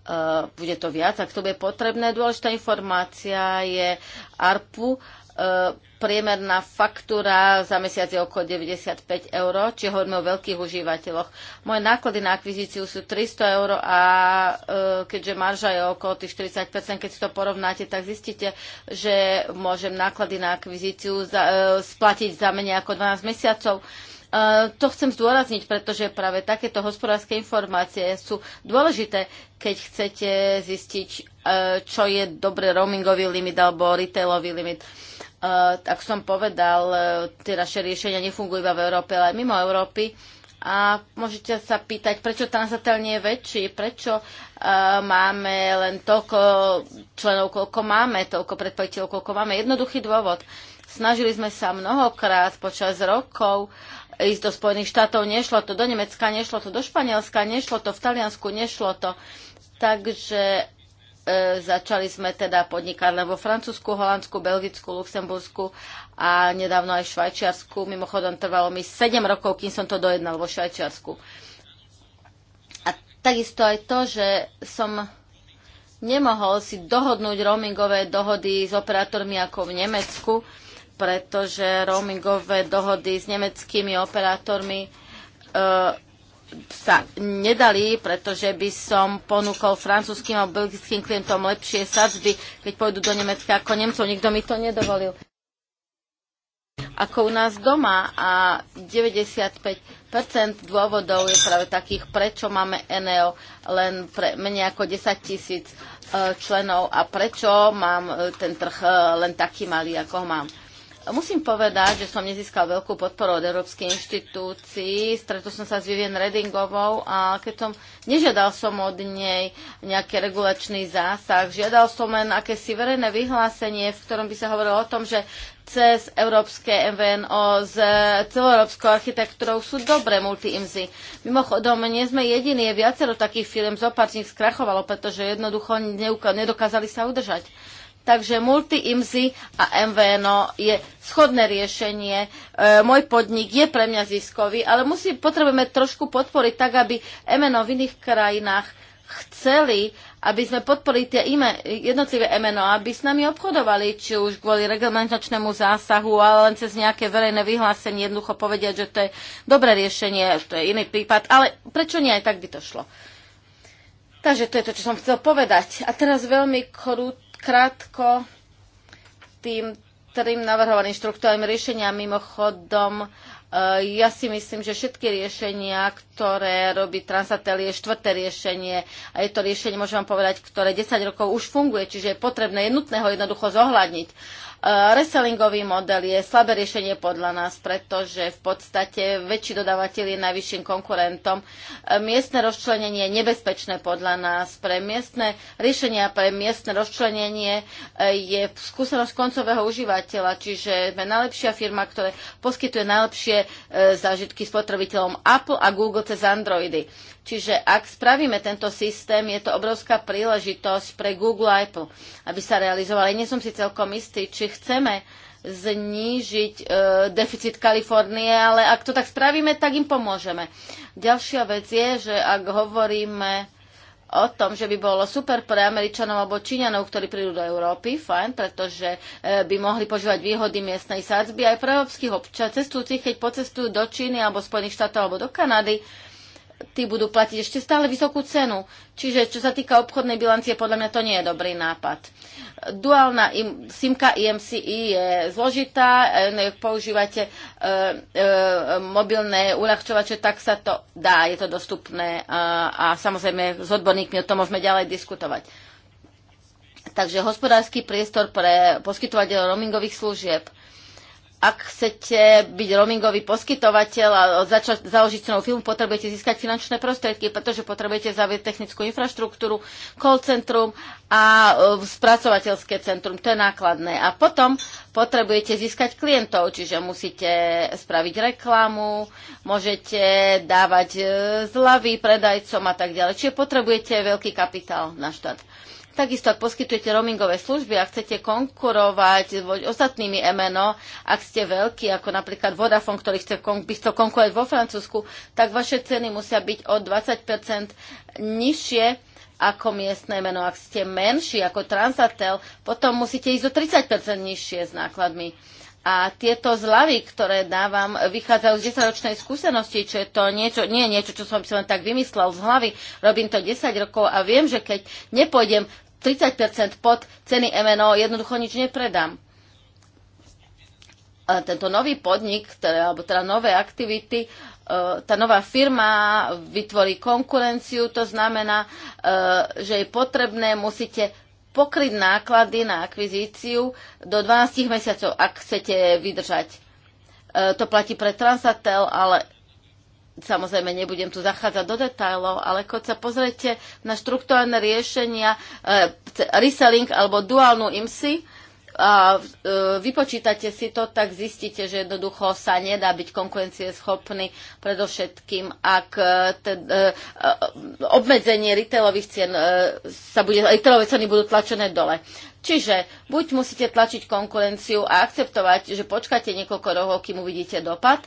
Uh, bude to viac, ak to bude potrebné. Dôležitá informácia je ARPU, uh, priemerná faktúra za mesiac je okolo 95 eur, či hovoríme o veľkých užívateľoch. Moje náklady na akvizíciu sú 300 eur a e, keďže marža je okolo tých 40%, keď si to porovnáte, tak zistíte, že môžem náklady na akvizíciu za, e, splatiť za menej ako 12 mesiacov. E, to chcem zdôrazniť, pretože práve takéto hospodárske informácie sú dôležité, keď chcete zistiť, e, čo je dobre roamingový limit alebo retailový limit Eh, Ak som povedal, eh, tie naše riešenia nefungujú iba v Európe, ale aj mimo Európy. A môžete sa pýtať, prečo Transatel nie je väčší, prečo uh, máme len toľko členov, koľko máme, toľko predpojiteľov, koľko máme. Jednoduchý dôvod. Snažili sme sa mnohokrát počas rokov ísť do Spojených štátov, nešlo to do Nemecka, nešlo to do Španielska, nešlo to v Taliansku, nešlo to. Takže E, začali sme teda podnikať len vo Francúzsku, Holandsku, Belgicku, Luxembursku a nedávno aj v Švajčiarsku. Mimochodom trvalo mi 7 rokov, kým som to dojednal vo Švajčiarsku. A takisto aj to, že som nemohol si dohodnúť roamingové dohody s operátormi ako v Nemecku, pretože roamingové dohody s nemeckými operátormi e, sa nedali, pretože by som ponúkol francúzským a belgickým klientom lepšie sadzby, keď pôjdu do Nemecka ako Nemcov. Nikto mi to nedovolil. Ako u nás doma a 95% dôvodov je práve takých, prečo máme NEO len pre menej ako 10 tisíc eh, členov a prečo mám eh, ten trh eh, len taký malý, ako ho mám. Musím povedať, že som nezískal veľkú podporu od Európskej inštitúcií. Stretol som sa s Vivian Redingovou a keď som, nežiadal som od nej nejaký regulačný zásah, žiadal som len akési verejné vyhlásenie, v ktorom by sa hovorilo o tom, že cez európske MVNO s celoeurópskou architektúrou sú dobré multiimzy. Mimochodom, nie sme jediní, je viacero takých firm z opačných skrachovalo, pretože jednoducho nedokázali sa udržať. Takže multi-IMSI a MVNO je schodné riešenie. E, môj podnik je pre mňa ziskový, ale musí, potrebujeme trošku podporiť tak, aby MNO v iných krajinách chceli, aby sme podporili tie ime, jednotlivé MNO, aby s nami obchodovali, či už kvôli reglementačnému zásahu, ale len cez nejaké verejné vyhlásenie jednoducho povedať, že to je dobré riešenie, to je iný prípad, ale prečo nie aj tak by to šlo? Takže to je to, čo som chcel povedať. A teraz veľmi krúto Krátko tým trým navrhovaným štruktúrnym riešeniam mimochodom e, ja si myslím, že všetky riešenia, ktoré robí Transatel, je štvrté riešenie a je to riešenie, môžem vám povedať, ktoré 10 rokov už funguje, čiže je potrebné, je nutné ho jednoducho zohľadniť. Eh, resellingový model je slabé riešenie podľa nás, pretože v podstate väčší dodávateľ je najvyšším konkurentom. Eh, miestne rozčlenenie je nebezpečné podľa nás. Pre miestne riešenia pre miestne rozčlenenie eh, je skúsenosť koncového užívateľa, čiže sme najlepšia firma, ktorá poskytuje najlepšie zážitky spotrebiteľom Apple a Google cez Androidy. Čiže ak spravíme tento systém, je to obrovská príležitosť pre Google a Apple, aby sa realizovali. Nie som si celkom istý, či chceme znížiť e, deficit Kalifornie, ale ak to tak spravíme, tak im pomôžeme. Ďalšia vec je, že ak hovoríme o tom, že by bolo super pre Američanov alebo Číňanov, ktorí prídu do Európy, fajn, pretože e, by mohli požívať výhody miestnej sádzby aj pre európskych občanov cestujúcich, keď pocestujú do Číny alebo Spojených štátov alebo do Kanady, tí budú platiť ešte stále vysokú cenu. Čiže čo sa týka obchodnej bilancie, podľa mňa to nie je dobrý nápad. Duálna im, simka IMCI e je zložitá, ak e, používate e, e, mobilné uľahčovače, tak sa to dá, je to dostupné a, e, a samozrejme s odborníkmi o tom môžeme ďalej diskutovať. Takže hospodársky priestor pre poskytovateľov roamingových služieb – ak chcete byť roamingový poskytovateľ a začať založiť novú firmu, potrebujete získať finančné prostriedky, pretože potrebujete zavieť technickú infraštruktúru, call centrum a e, spracovateľské centrum. To je nákladné. A potom potrebujete získať klientov, čiže musíte spraviť reklamu, môžete dávať e, zľavy predajcom a tak ďalej. Čiže potrebujete veľký kapitál na štát. Takisto, ak poskytujete roamingové služby a chcete konkurovať s ostatnými MNO, ak ste veľký, ako napríklad Vodafone, ktorý chce, by chcel konkurovať vo Francúzsku, tak vaše ceny musia byť o 20 nižšie ako miestne meno. Ak ste menší ako Transatel, potom musíte ísť o 30 nižšie s nákladmi. A tieto zľavy, ktoré dávam, vychádzajú z 10-ročnej skúsenosti, čo je to niečo, nie niečo, čo som si len tak vymyslel z hlavy. Robím to 10 rokov a viem, že keď nepôjdem 30% pod ceny MNO, jednoducho nič nepredám. A tento nový podnik, teda, alebo teda nové aktivity, e, tá nová firma vytvorí konkurenciu, to znamená, e, že je potrebné, musíte pokryť náklady na akvizíciu do 12 mesiacov, ak chcete vydržať. E, to platí pre Transatel, ale Samozrejme, nebudem tu zachádzať do detajlov, ale keď sa pozriete na štruktúrne riešenia e, reselling alebo duálnu IMSI, a e, vypočítate si to, tak zistíte, že jednoducho sa nedá byť konkurencieschopný, predovšetkým ak eh, te, e, obmedzenie retailových cien e, sa bude, retailové ceny budú tlačené dole. Čiže buď musíte tlačiť konkurenciu a akceptovať, že počkáte niekoľko rokov, kým uvidíte dopad,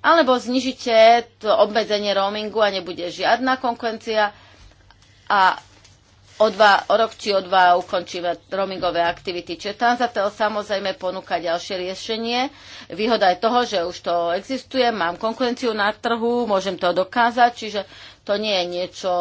alebo znižíte to obmedzenie roamingu a nebude žiadna konkurencia a o, dva, o rok či o dva ukončíme roamingové aktivity. Čiže Transatel samozrejme ponúka ďalšie riešenie. Výhoda je toho, že už to existuje, mám konkurenciu na trhu, môžem to dokázať, čiže to nie je niečo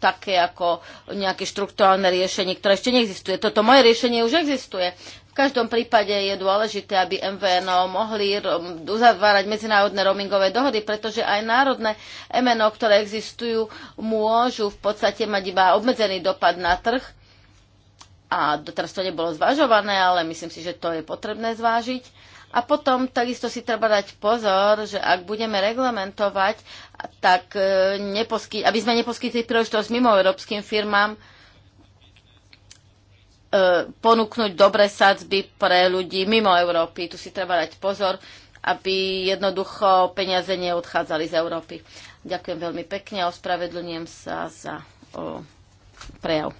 také ako nejaké štruktúrálne riešenie, ktoré ešte neexistuje. Toto moje riešenie už existuje. V každom prípade je dôležité, aby MVNO mohli uzatvárať medzinárodné roamingové dohody, pretože aj národné MNO, ktoré existujú, môžu v podstate mať iba obmedzený dopad na trh. A doteraz to nebolo zvažované, ale myslím si, že to je potrebné zvážiť. A potom takisto si treba dať pozor, že ak budeme reglementovať, tak e, neposky, aby sme neposkytli príležitosť európskym firmám, E, ponúknuť dobré sadzby pre ľudí mimo Európy. Tu si treba dať pozor, aby jednoducho peniaze neodchádzali z Európy. Ďakujem veľmi pekne a ospravedlňujem sa za o, prejav.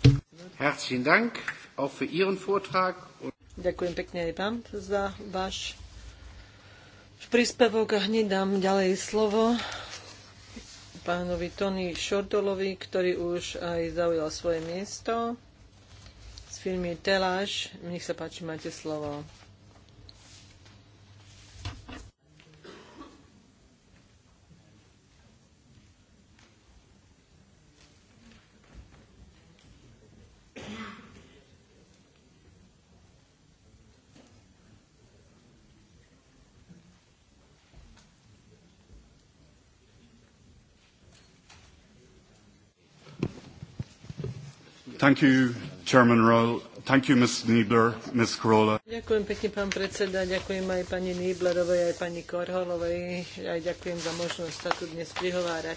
Ďakujem pekne aj vám za váš príspevok a hneď dám ďalej slovo pánovi Tony Šordolovi, ktorý už aj zaujal svoje miesto firmy Teláš. Nech sa páči, máte slovo. Thank you, Chairman Thank you, Ms. Niebler, Ms. Ďakujem pekne, pán predseda. Ďakujem aj pani Nieblerovej, aj pani Korholovej. Aj ďakujem za možnosť sa tu dnes prihovárať.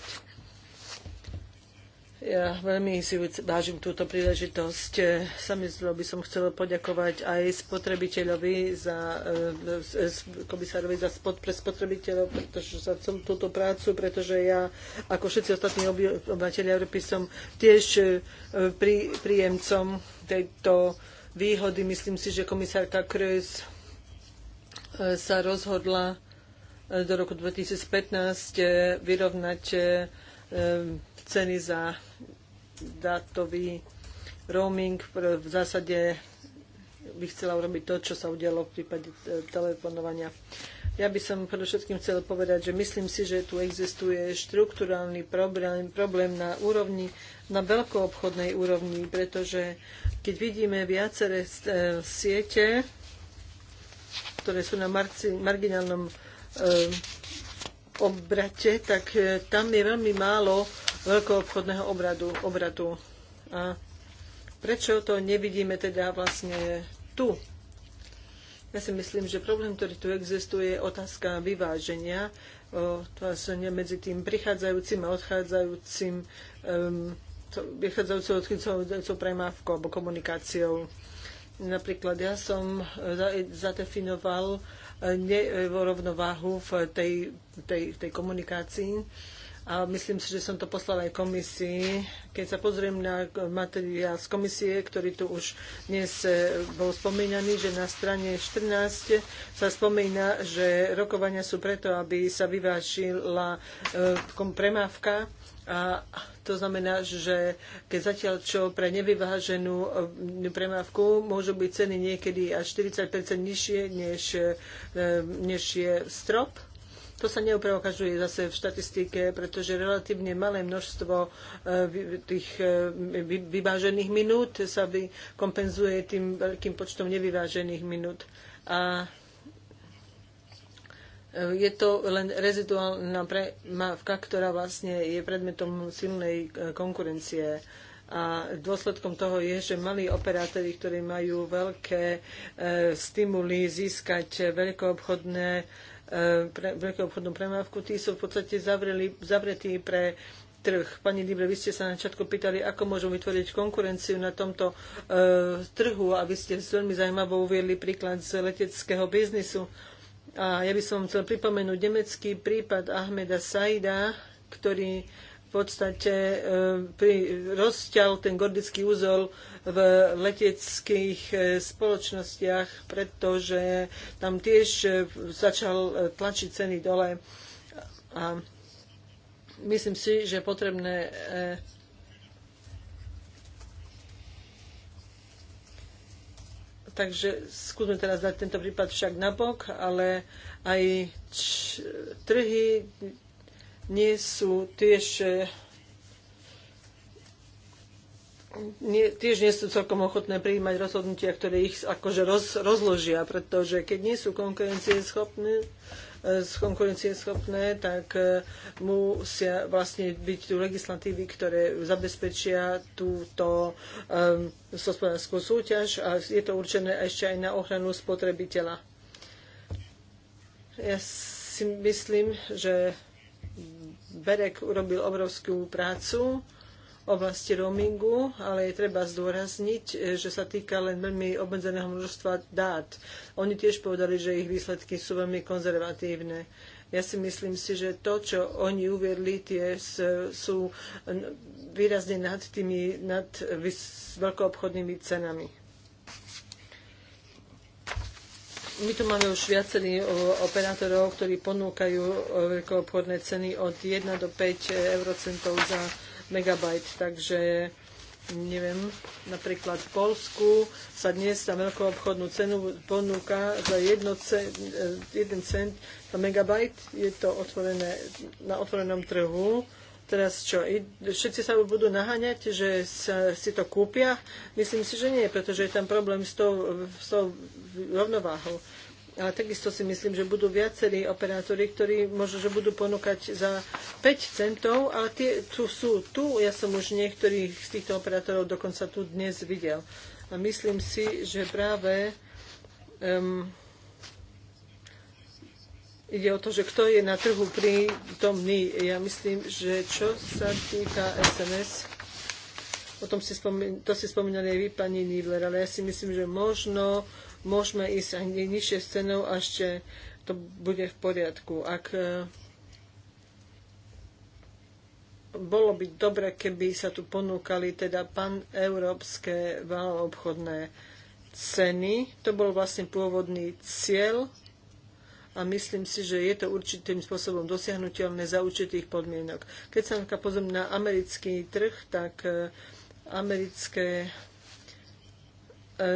Ja veľmi si vážim túto príležitosť. E, Samizlo by som chcela poďakovať aj spotrebiteľovi za, e, komisárovi za spod, pre spotrebiteľov, pretože za som túto prácu, pretože ja, ako všetci ostatní obyvateľi Európy, som tiež e, prí, príjemcom tejto výhody. Myslím si, že komisárka Kroes sa rozhodla do roku 2015 vyrovnať ceny za dátový roaming. V zásade by chcela urobiť to, čo sa udialo v prípade e, telefonovania. Ja by som predovšetkým chcel povedať, že myslím si, že tu existuje štruktúrálny problém, problém na úrovni, na veľkoobchodnej úrovni, pretože keď vidíme viaceré e, siete, ktoré sú na marginálnom e, obrate, tak tam je veľmi málo veľkoobchodného obradu, obratu. A prečo to nevidíme teda vlastne tu? Ja si myslím, že problém, ktorý tu existuje, je otázka vyváženia vlastne medzi tým prichádzajúcim a odchádzajúcim um, vychádzajúcou odchádzajúcou premávkou alebo komunikáciou. Napríklad ja som e, e, zadefinoval e, nerovnováhu v tej, tej, tej komunikácii a myslím si, že som to poslal aj komisii. Keď sa pozriem na materiál z komisie, ktorý tu už dnes e, bol spomínaný, že na strane 14 sa spomína, že rokovania sú preto, aby sa vyvážila e, premávka a to znamená, že keď zatiaľ čo pre nevyváženú e, premávku môžu byť ceny niekedy až 40 nižšie, než, než je strop, to sa neopreukazuje zase v štatistike, pretože relatívne malé množstvo e, tých e, vyvážených minút sa by kompenzuje tým veľkým počtom nevyvážených minút. A e, je to len reziduálna premávka, ktorá vlastne je predmetom silnej konkurencie. A dôsledkom toho je, že malí operátori, ktorí majú veľké stimuly získať veľkoobchodné obchodné E, pre obchodnú premávku, tí sú v podstate zavreli, zavretí pre trh. Pani Libre, vy ste sa na začiatku pýtali, ako môžu vytvoriť konkurenciu na tomto e, trhu a vy ste veľmi zaujímavo uviedli príklad z leteckého biznisu. A ja by som chcel pripomenúť nemecký prípad Ahmeda Saida, ktorý e, podstate e, rozťal ten gordický úzol v leteckých e, spoločnostiach, pretože tam tiež e, začal tlačiť ceny dole. A myslím si, že potrebné Takže skúsme teraz dať tento prípad však nabok, ale aj trhy nie sú tiež e, nie, tiež nie sú celkom ochotné prijímať rozhodnutia, ktoré ich akože roz, rozložia, pretože keď nie sú konkurencie schopné, e, tak e, musia vlastne byť tu legislatívy, ktoré zabezpečia túto um, hospodárskú súťaž a je to určené ešte aj na ochranu spotrebiteľa. Ja si myslím, že Berek urobil obrovskú prácu v oblasti roamingu, ale je treba zdôrazniť, e, že sa týka len veľmi obmedzeného množstva dát. Oni tiež povedali, že ich výsledky sú veľmi konzervatívne. Ja si myslím si, že to, čo oni uviedli, tie sú výrazne nad tými nad veľkoobchodnými cenami. my tu máme už viacerých eh, operátorov, ktorí ponúkajú eh, veľkoobchodné ceny od 1 do 5 eh, eurocentov za megabajt, takže neviem, napríklad v Polsku sa dnes tá veľkoobchodnú cenu ponúka za 1 cent, cent za megabajt, je to otvorené na otvorenom trhu teraz čo, všetci sa budú naháňať, že sa, si to kúpia? Myslím si, že nie, pretože je tam problém s tou, s tou rovnováhou. A takisto si myslím, že budú viacerí operátori, ktorí možno, že budú ponúkať za 5 centov, ale tie tu sú tu. Ja som už niektorých z týchto operátorov dokonca tu dnes videl. A myslím si, že práve um, ide o to, že kto je na trhu prítomný. Ja myslím, že čo sa týka SMS, o tom si spomín, to si spomínali aj vy, pani Nívler, ale ja si myslím, že možno môžeme ísť aj nižšie cenou a ešte to bude v poriadku. Ak e, bolo by dobre, keby sa tu ponúkali teda paneurópske obchodné ceny. To bol vlastne pôvodný cieľ a myslím si, že je to určitým spôsobom dosiahnutelné za určitých podmienok. Keď sa pozriem na americký trh, tak e, americké e,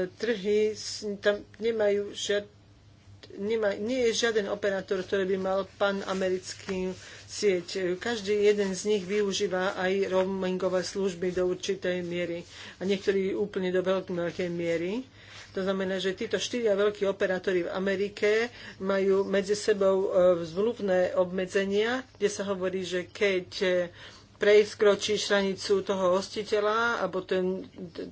trhy tam nemajú žiad, nemá, nie je žiaden operátor, ktorý by mal panamerický sieť. Každý jeden z nich využíva aj roamingové služby do určitej miery a niektorí úplne do veľkej miery. To znamená, že títo štyria veľkí operátori v Amerike majú medzi sebou e, zmluvné obmedzenia, kde sa hovorí, že keď e, prekročíš hranicu toho hostiteľa alebo ten,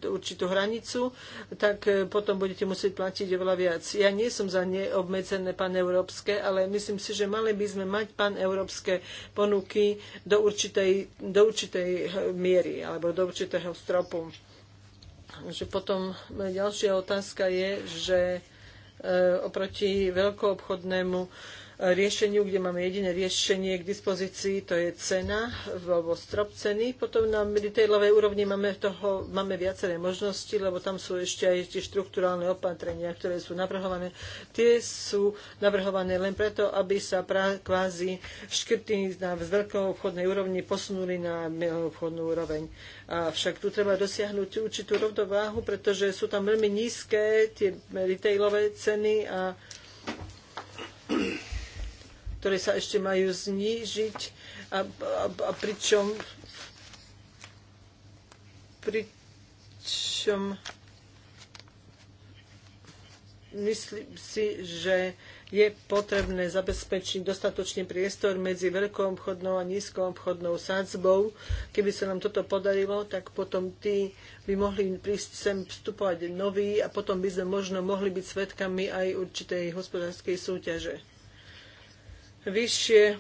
určitú hranicu, tak e, potom budete musieť platiť oveľa viac. Ja nie som za neobmedzené paneurópske, ale myslím si, že mali by sme mať paneurópske ponuky do určitej, do určitej miery alebo do určitého stropu že potom e, ďalšia otázka je, že e, oproti veľkoobchodnému riešeniu, kde máme jediné riešenie k dispozícii, to je cena alebo strop ceny. Potom na retailovej úrovni máme, toho, máme viaceré možnosti, lebo tam sú ešte aj tie štruktúrálne opatrenia, ktoré sú navrhované. Tie sú navrhované len preto, aby sa pra, kvázi škrty na veľkou obchodnej úrovni posunuli na obchodnú úroveň. Avšak tu treba dosiahnuť určitú rovnováhu, pretože sú tam veľmi nízke tie retailové ceny a ktoré sa ešte majú znížiť, a, a, a pričom, pričom myslím si, že je potrebné zabezpečiť dostatočný priestor medzi veľkou obchodnou a nízkou obchodnou sádzbou. Keby sa nám toto podarilo, tak potom tí by mohli prísť sem vstupovať noví a potom by sme možno mohli byť svedkami aj určitej hospodárskej súťaže. Vyššie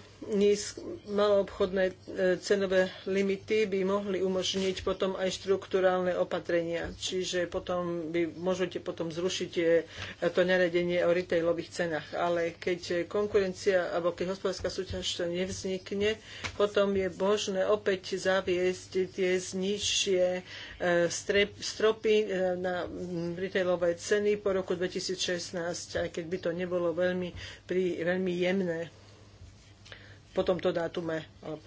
maloobchodné e, cenové limity by mohli umožniť potom aj štruktúrálne opatrenia. Čiže potom by môžete potom zrušiť e, to naredenie o retailových cenách. Ale keď konkurencia alebo keď hospodárska súťaž to nevznikne, potom je možné opäť zaviesť tie nižšie e, stropy na retailové ceny po roku 2016, aj keď by to nebolo veľmi, pri, veľmi jemné po tomto dátume. Alebo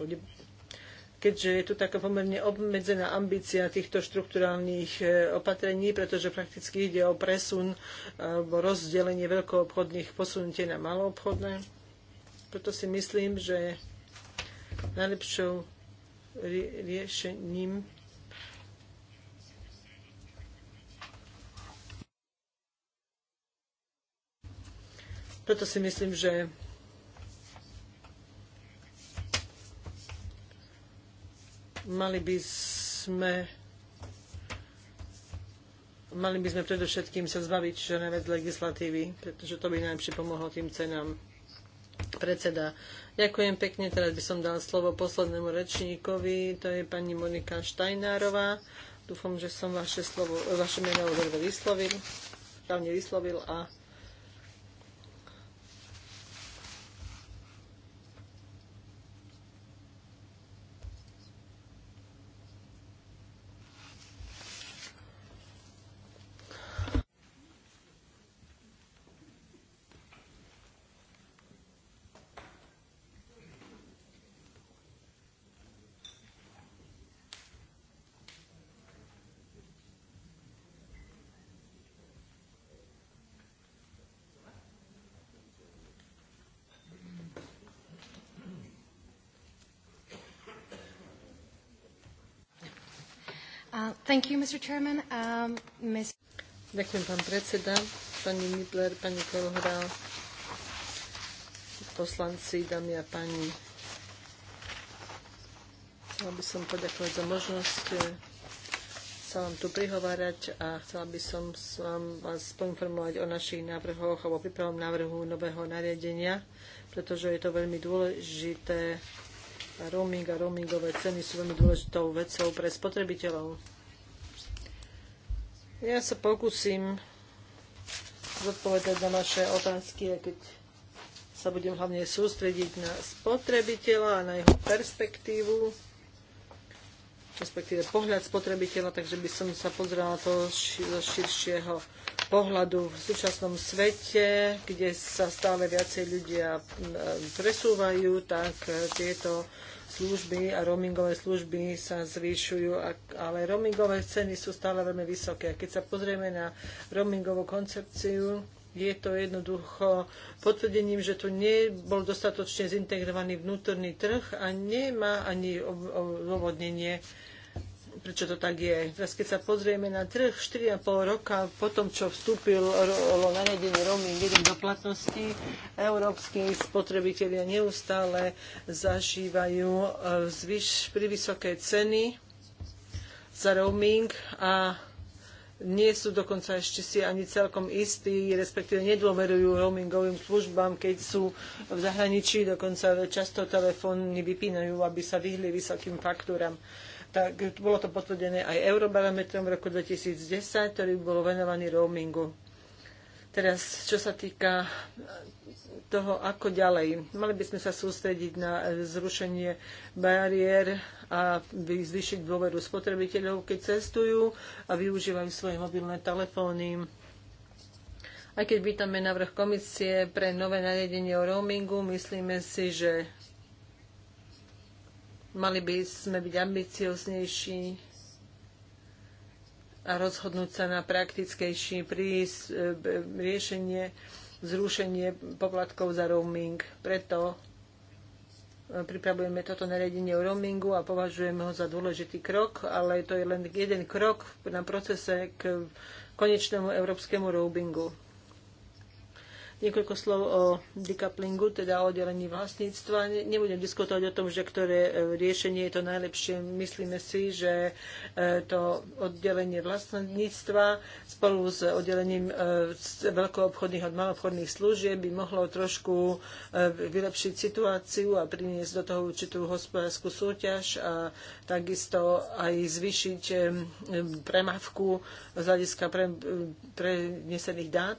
keďže je tu taká pomerne obmedzená ambícia týchto štruktúrálnych e, opatrení, pretože prakticky ide o presun alebo rozdelenie veľkoobchodných posunutie na maloobchodné. Preto si myslím, že najlepšou riešením preto si myslím, že Mali by sme mali by sme predovšetkým sa zbaviť najviac legislatívy, pretože to by najlepšie pomohlo tým cenám. Predseda, ďakujem pekne. Teraz by som dal slovo poslednému rečníkovi, to je pani Monika Štajnárová. Dúfam, že som vaše, slovo, vaše meno dobre vyslovil, správne vyslovil a Thank you, Mr. Chairman. Um, Ďakujem, pán predseda, pani Midler, pani Kolhra, poslanci, dámy a páni. Chcela by som poďakovať za možnosť e, sa vám tu prihovárať a chcela by som vám, vás poinformovať o našich návrhoch alebo prípravom návrhu nového nariadenia, pretože je to veľmi dôležité. Roaming a roamingové ceny sú veľmi dôležitou vecou pre spotrebiteľov. Ja sa pokúsim zodpovedať na vaše otázky, aj keď sa budem hlavne sústrediť na spotrebiteľa a na jeho perspektívu, respektíve pohľad spotrebiteľa, takže by som sa pozrela to zo širšieho pohľadu v súčasnom svete, kde sa stále viacej ľudia presúvajú, tak tieto služby a roamingové služby sa zvyšujú, ale roamingové ceny sú stále veľmi vysoké. Keď sa pozrieme na roamingovú koncepciu, je to jednoducho potvrdením, že tu nebol dostatočne zintegrovaný vnútorný trh a nemá ani dôvodnenie ob prečo to tak je. Teraz keď sa pozrieme na trh, 4,5 roka po tom, čo vstúpil nariadenie roaming 1 do platnosti, európsky spotrebitelia neustále zažívajú e, zvyš, privysoké ceny za roaming a nie sú dokonca ešte si ani celkom istí, respektíve nedôverujú roamingovým službám, keď sú v zahraničí, dokonca často telefóny vypínajú, aby sa vyhli vysokým faktúram tak bolo to potvrdené aj Eurobarometrom v roku 2010, ktorý bol venovaný roamingu. Teraz, čo sa týka toho, ako ďalej. Mali by sme sa sústrediť na zrušenie bariér a zvýšiť dôveru spotrebiteľov, keď cestujú a využívajú svoje mobilné telefóny. Aj keď vítame návrh komisie pre nové nariadenie o roamingu, myslíme si, že Mali by sme byť ambicioznejší a rozhodnúť sa na praktickejší prís, e, riešenie, zrušenie poplatkov za roaming. Preto e, pripravujeme toto nariadenie o roamingu a považujeme ho za dôležitý krok, ale to je len jeden krok na procese k konečnému európskemu roamingu. Niekoľko slov o decouplingu, teda o oddelení vlastníctva. Nebudem diskutovať o tom, že ktoré e, riešenie je to najlepšie. Myslíme si, že e, to oddelenie vlastníctva spolu s oddelením e, veľkoobchodných od maloobchodných služieb by mohlo trošku vylepšiť situáciu a priniesť do toho určitú hospodárskú súťaž a takisto aj zvýšiť premávku z hľadiska pre, dát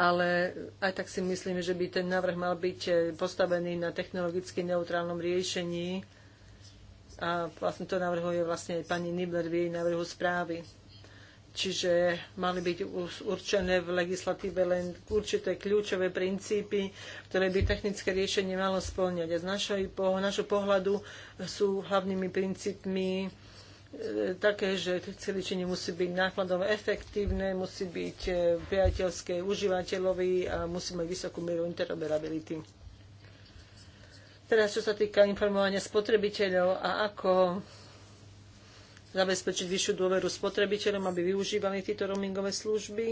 ale aj tak si myslím, že by ten návrh mal byť eh, postavený na technologicky neutrálnom riešení a vlastne to navrhuje vlastne aj pani Nibler v jej návrhu správy. Čiže mali byť určené v legislatíve len určité kľúčové princípy, ktoré by technické riešenie malo spĺňať. A z našej, našho pohľadu sú hlavnými princípmi také, že chceli musí byť nákladom efektívne, musí byť e, priateľské užívateľovi a musí mať vysokú mieru interoperability. Teraz, čo sa týka informovania spotrebiteľov a ako zabezpečiť vyššiu dôveru spotrebiteľom, aby využívali tieto roamingové služby.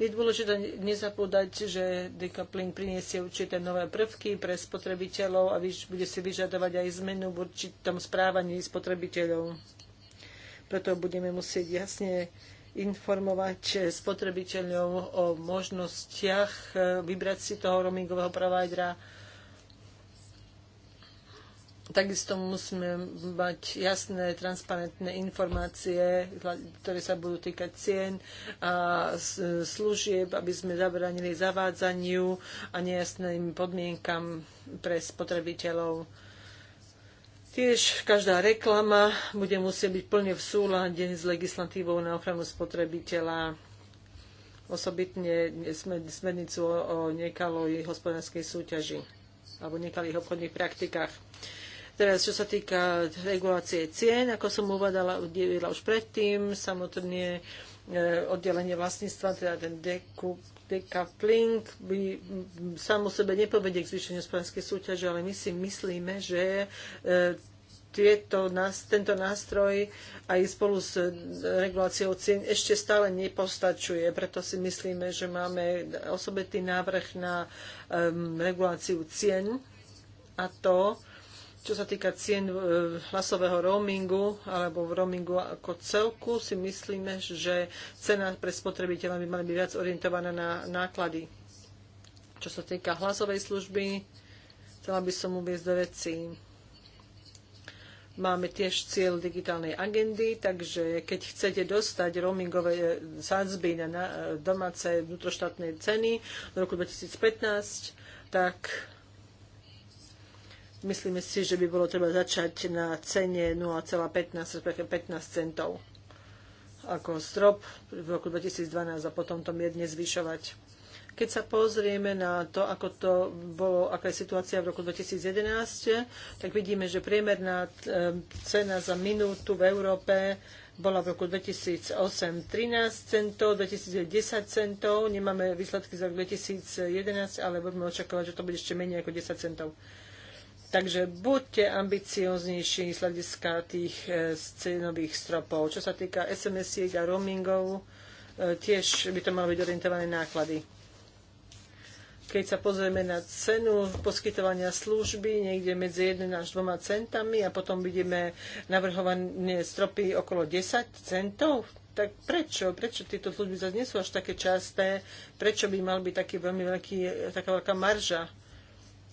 Je dôležité nezapúdať, že decoupling priniesie určité nové prvky pre spotrebiteľov a bude si vyžadovať aj zmenu v určitom správaní spotrebiteľov. Preto budeme musieť jasne informovať spotrebiteľov o možnostiach e, vybrať si toho roamingového providera Takisto musíme mať jasné, transparentné informácie, ktoré sa budú týkať cien a služieb, aby sme zabránili zavádzaniu a nejasným podmienkam pre spotrebiteľov. Tiež každá reklama bude musieť byť plne v súlade s legislatívou na ochranu spotrebiteľa. Osobitne smernicu o nekalej hospodárskej súťaži alebo nekalých obchodných praktikách. Teraz, čo sa týka regulácie cien, ako som uvedala už predtým, samotné e, oddelenie vlastníctva, teda ten deku, decoupling by sám o sebe nepovedie k zvýšeniu hospodárskej súťaže, ale my si myslíme, že e, tieto, tento nástroj aj spolu s e, reguláciou cien ešte stále nepostačuje. Preto si myslíme, že máme osobitný návrh na um, reguláciu cien a to čo sa týka cien e, hlasového roamingu alebo roamingu ako celku, si myslíme, že cena pre spotrebiteľa by mala byť viac orientovaná na náklady. Čo sa týka hlasovej služby, chcela by som uviezť do veci. Máme tiež cieľ digitálnej agendy, takže keď chcete dostať roamingové e, sadzby na e, domáce vnútroštátne ceny v roku 2015, tak Myslíme si, že by bolo treba začať na cene 0,15, 15 centov ako strop v roku 2012 a potom to mierne zvyšovať. Keď sa pozrieme na to, ako to bolo, aká je situácia v roku 2011, tak vidíme, že priemerná e, cena za minútu v Európe bola v roku 2008 13 centov, 2010 centov. Nemáme výsledky za rok 2011, ale budeme očakávať, že to bude ešte menej ako 10 centov. Takže buďte ambicioznejší z hľadiska tých e, cenových stropov. Čo sa týka SMS-iek a roamingov, e, tiež by to malo byť orientované náklady. Keď sa pozrieme na cenu poskytovania služby niekde medzi 1 až 2 centami a potom vidíme navrhované stropy okolo 10 centov, tak prečo? Prečo tieto služby zase nie sú až také časté? Prečo by mal byť taký veľmi veľký, e, taká veľká marža?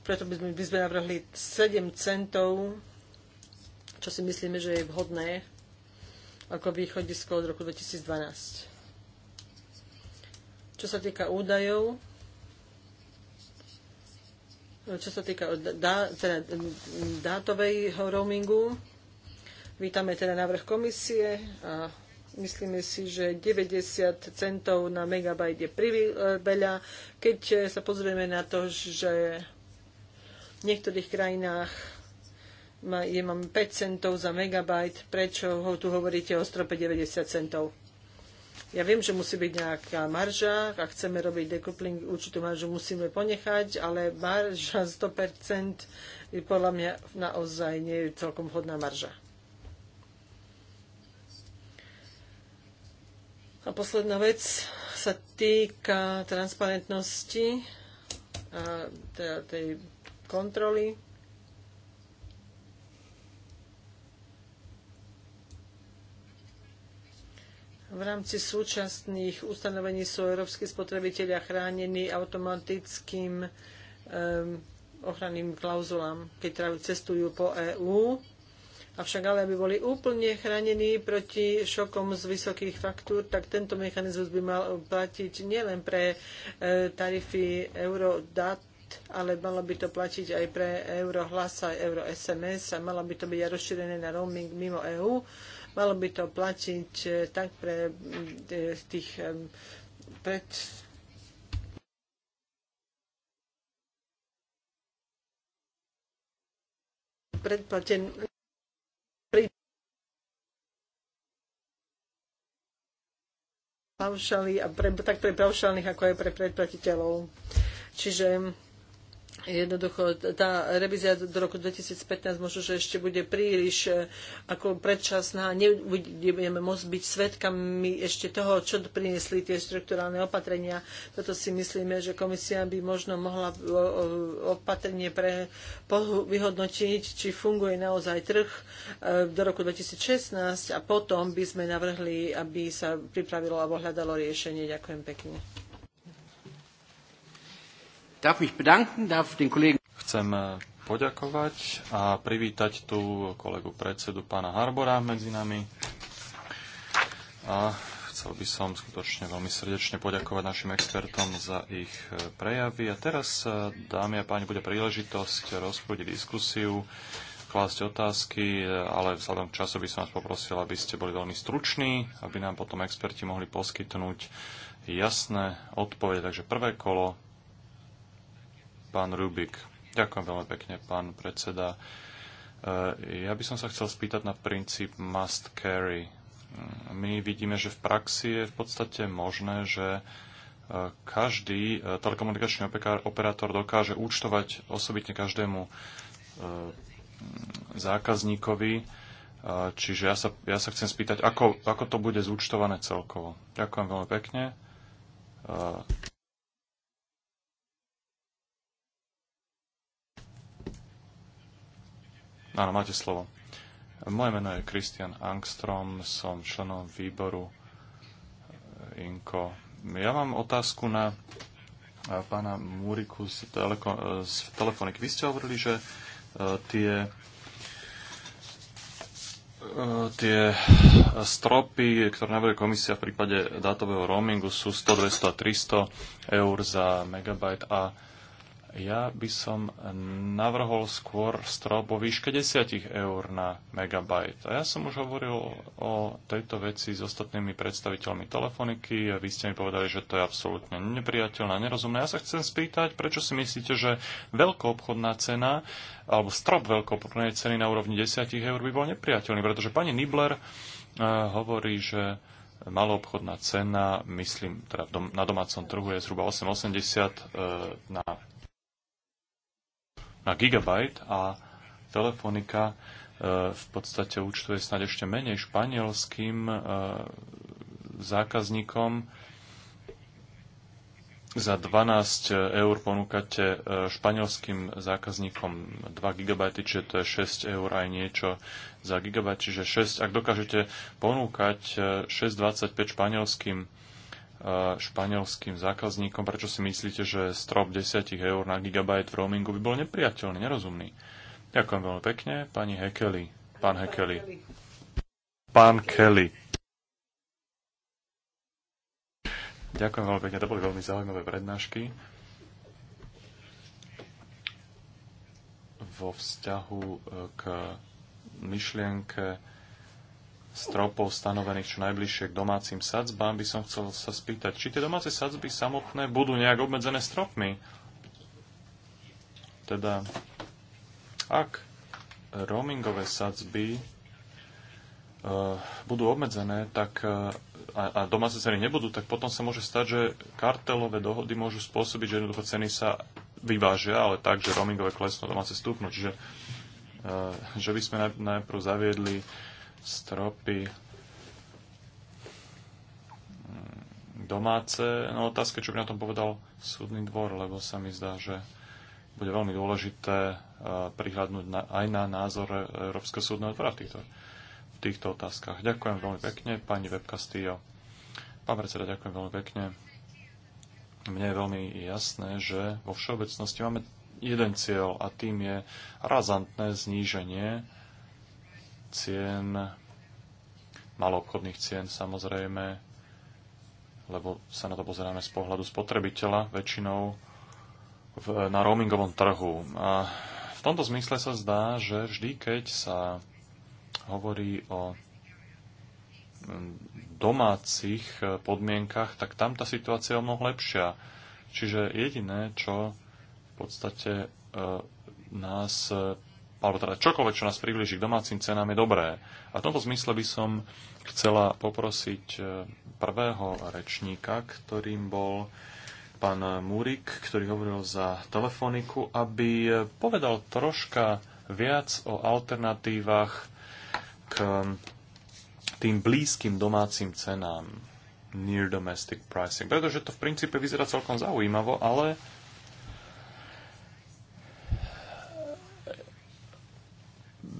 preto by sme, by sme navrhli 7 centov, čo si myslíme, že je vhodné ako východisko od roku 2012. Čo sa týka údajov, čo sa týka dá, teda dátovej roamingu, vítame teda návrh komisie a myslíme si, že 90 centov na megabajt je príliš eh, veľa. Keď sa pozrieme na to, že v niektorých krajinách je mám 5 centov za megabajt. Prečo ho tu hovoríte o strope 90 centov? Ja viem, že musí byť nejaká marža, ak chceme robiť decoupling, určitú maržu musíme ponechať, ale marža 100% je podľa mňa naozaj nie je celkom hodná marža. A posledná vec sa týka transparentnosti a teda tej kontroly. V rámci súčasných ustanovení sú európsky spotrebitelia chránení automatickým um, ochranným klauzulám, keď cestujú po EÚ. Avšak ale aby boli úplne chránení proti šokom z vysokých faktúr, tak tento mechanizmus by mal platiť nielen pre e, tarify Eurodat, ale malo by to platiť aj pre Eurohlas a Euro SMS a malo by to byť aj rozšírené na roaming mimo EÚ. Malo by to platiť e, tak pre mm, e, tých e, pred predplaten paušály a pre, tak pre paušálnych, ako aj pre predplatiteľov. Čiže Jednoducho tá revízia do roku 2015 možno, že ešte bude príliš e, ako predčasná. Nebudeme môcť byť svetkami ešte toho, čo priniesli tie štrukturálne opatrenia. Toto si myslíme, že komisia by možno mohla e, opatrenie pre vyhodnotiť, či funguje naozaj trh e, do roku 2016 a potom by sme navrhli, aby sa pripravilo alebo hľadalo riešenie. Ďakujem pekne. Chcem eh, poďakovať a privítať tu kolegu predsedu pána Harbora medzi nami. A chcel by som skutočne veľmi srdečne poďakovať našim expertom za ich eh, prejavy. A teraz, eh, dámy a páni, bude príležitosť rozprúdiť diskusiu, klásť otázky, ale vzhľadom k času by som vás poprosil, aby ste boli veľmi struční, aby nám potom experti mohli poskytnúť jasné odpovede. Takže prvé kolo pán Rubik. Ďakujem veľmi pekne, pán predseda. E, ja by som sa chcel spýtať na princíp must carry. My vidíme, že v praxi je v podstate možné, že e, každý e, telekomunikačný operátor dokáže účtovať osobitne každému zákazníkovi. Čiže ja sa, ja sa chcem spýtať, ako, ako to bude zúčtované celkovo. Ďakujem veľmi pekne. Áno, máte slovo. Moje meno je Christian Angstrom, som členom výboru eh, INKO. Ja mám otázku na eh, pána Múriku z, teleko, eh, z telefoniky. Vy ste hovorili, že tie tie stropy, ktoré navrhuje komisia v prípade dátového roamingu sú 100, 200 a 300 eur za megabajt a ja by som navrhol skôr strop vo výške 10 eur na megabajt. A ja som už hovoril o tejto veci s ostatnými predstaviteľmi telefoniky a vy ste mi povedali, že to je absolútne nepriateľné a nerozumné. Ja sa chcem spýtať, prečo si myslíte, že veľkoobchodná cena alebo strop veľkoobchodnej ceny na úrovni 10 eur by bol nepriateľný, pretože pani Nibler eh, hovorí, že maloobchodná cena, myslím, teda na domácom trhu je zhruba 8,80 eh, na na gigabyte a Telefonika e, v podstate účtuje snad ešte menej španielským e, zákazníkom. Za 12 eur ponúkate e, španielským zákazníkom 2 GB, čiže to je 6 eur aj niečo za GB, čiže 6, ak dokážete ponúkať 6,25 španielským španielským zákazníkom, prečo si myslíte, že strop 10 eur na gigabajt v roamingu by bol nepriateľný, nerozumný? Ďakujem veľmi pekne, pani Hekeli. Pán Hekeli. Pán Kelly. Ďakujem veľmi pekne, to boli veľmi zaujímavé prednášky. Vo vzťahu eh, k myšlienke stropov stanovených čo najbližšie k domácim sadzbám, by som chcel sa spýtať, či tie domáce sadzby samotné budú nejak obmedzené stropmi? Teda, ak roamingové sadzby uh, budú obmedzené, tak uh, a, a domáce ceny nebudú, tak potom sa môže stať, že kartelové dohody môžu spôsobiť, že jednoducho ceny sa vyvážia, ale tak, že roamingové klesnú, domáce stúpnu. Čiže e, že by sme najprv zaviedli stropy mm, domáce. No otázka, čo by na tom povedal súdny dvor, lebo sa mi zdá, že bude veľmi dôležité eh, prihľadnúť aj na názor Európskeho súdneho dvora v týchto, v týchto otázkach. Ďakujem veľmi pekne, pani Web Pán predseda, ďakujem veľmi pekne. Mne je veľmi jasné, že vo všeobecnosti máme jeden cieľ a tým je razantné zníženie cien, maloobchodných cien samozrejme, lebo sa na to pozeráme z pohľadu spotrebiteľa väčšinou v, na roamingovom trhu. A v tomto zmysle sa zdá, že vždy, keď sa hovorí o domácich podmienkach, tak tam tá situácia je o mnoho lepšia. Čiže jediné, čo v podstate e, nás alebo teda čokoľvek, čo nás priblíži k domácim cenám, je dobré. A v tomto zmysle by som chcela poprosiť e, prvého rečníka, ktorým bol pán Múrik, ktorý hovoril za telefoniku, aby e, povedal troška viac o alternatívach k tým blízkym domácim cenám, near domestic pricing. Pretože to v princípe vyzerá celkom zaujímavo, ale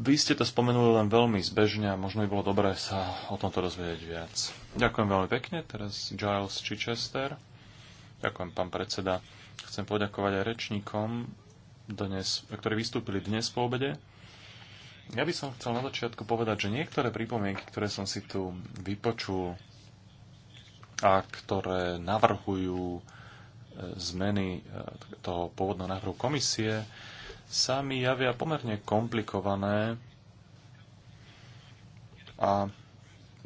Vy ste to spomenuli len veľmi zbežne a možno by bolo dobré sa o tomto dozvedieť viac. Ďakujem veľmi pekne. Teraz Giles Chichester. Ďakujem, pán predseda. Chcem poďakovať aj rečníkom, dnes, ktorí vystúpili dnes po obede. Ja by som chcel na začiatku povedať, že niektoré pripomienky, ktoré som si tu vypočul a ktoré navrhujú e, zmeny e, toho pôvodného návrhu komisie, sa mi javia pomerne komplikované a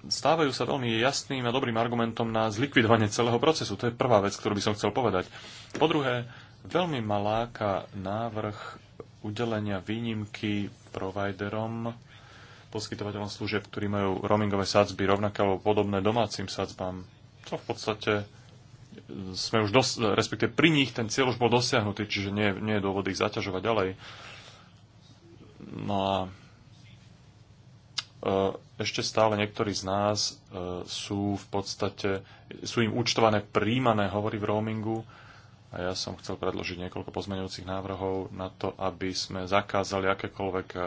stávajú sa veľmi jasným a dobrým argumentom na zlikvidovanie celého procesu. To je prvá vec, ktorú by som chcel povedať. Po druhé, veľmi maláka návrh udelenia výnimky providerom, poskytovateľom služieb, ktorí majú roamingové sadzby rovnaké alebo podobné domácim sadzbám. To v podstate sme už dos- respektive pri nich ten cieľ už bol dosiahnutý, čiže nie, nie je dôvod ich zaťažovať ďalej. No a e, ešte stále niektorí z nás e, sú v podstate, sú im účtované príjmané hovory v roamingu a ja som chcel predložiť niekoľko pozmeňujúcich návrhov na to, aby sme zakázali akékoľvek e,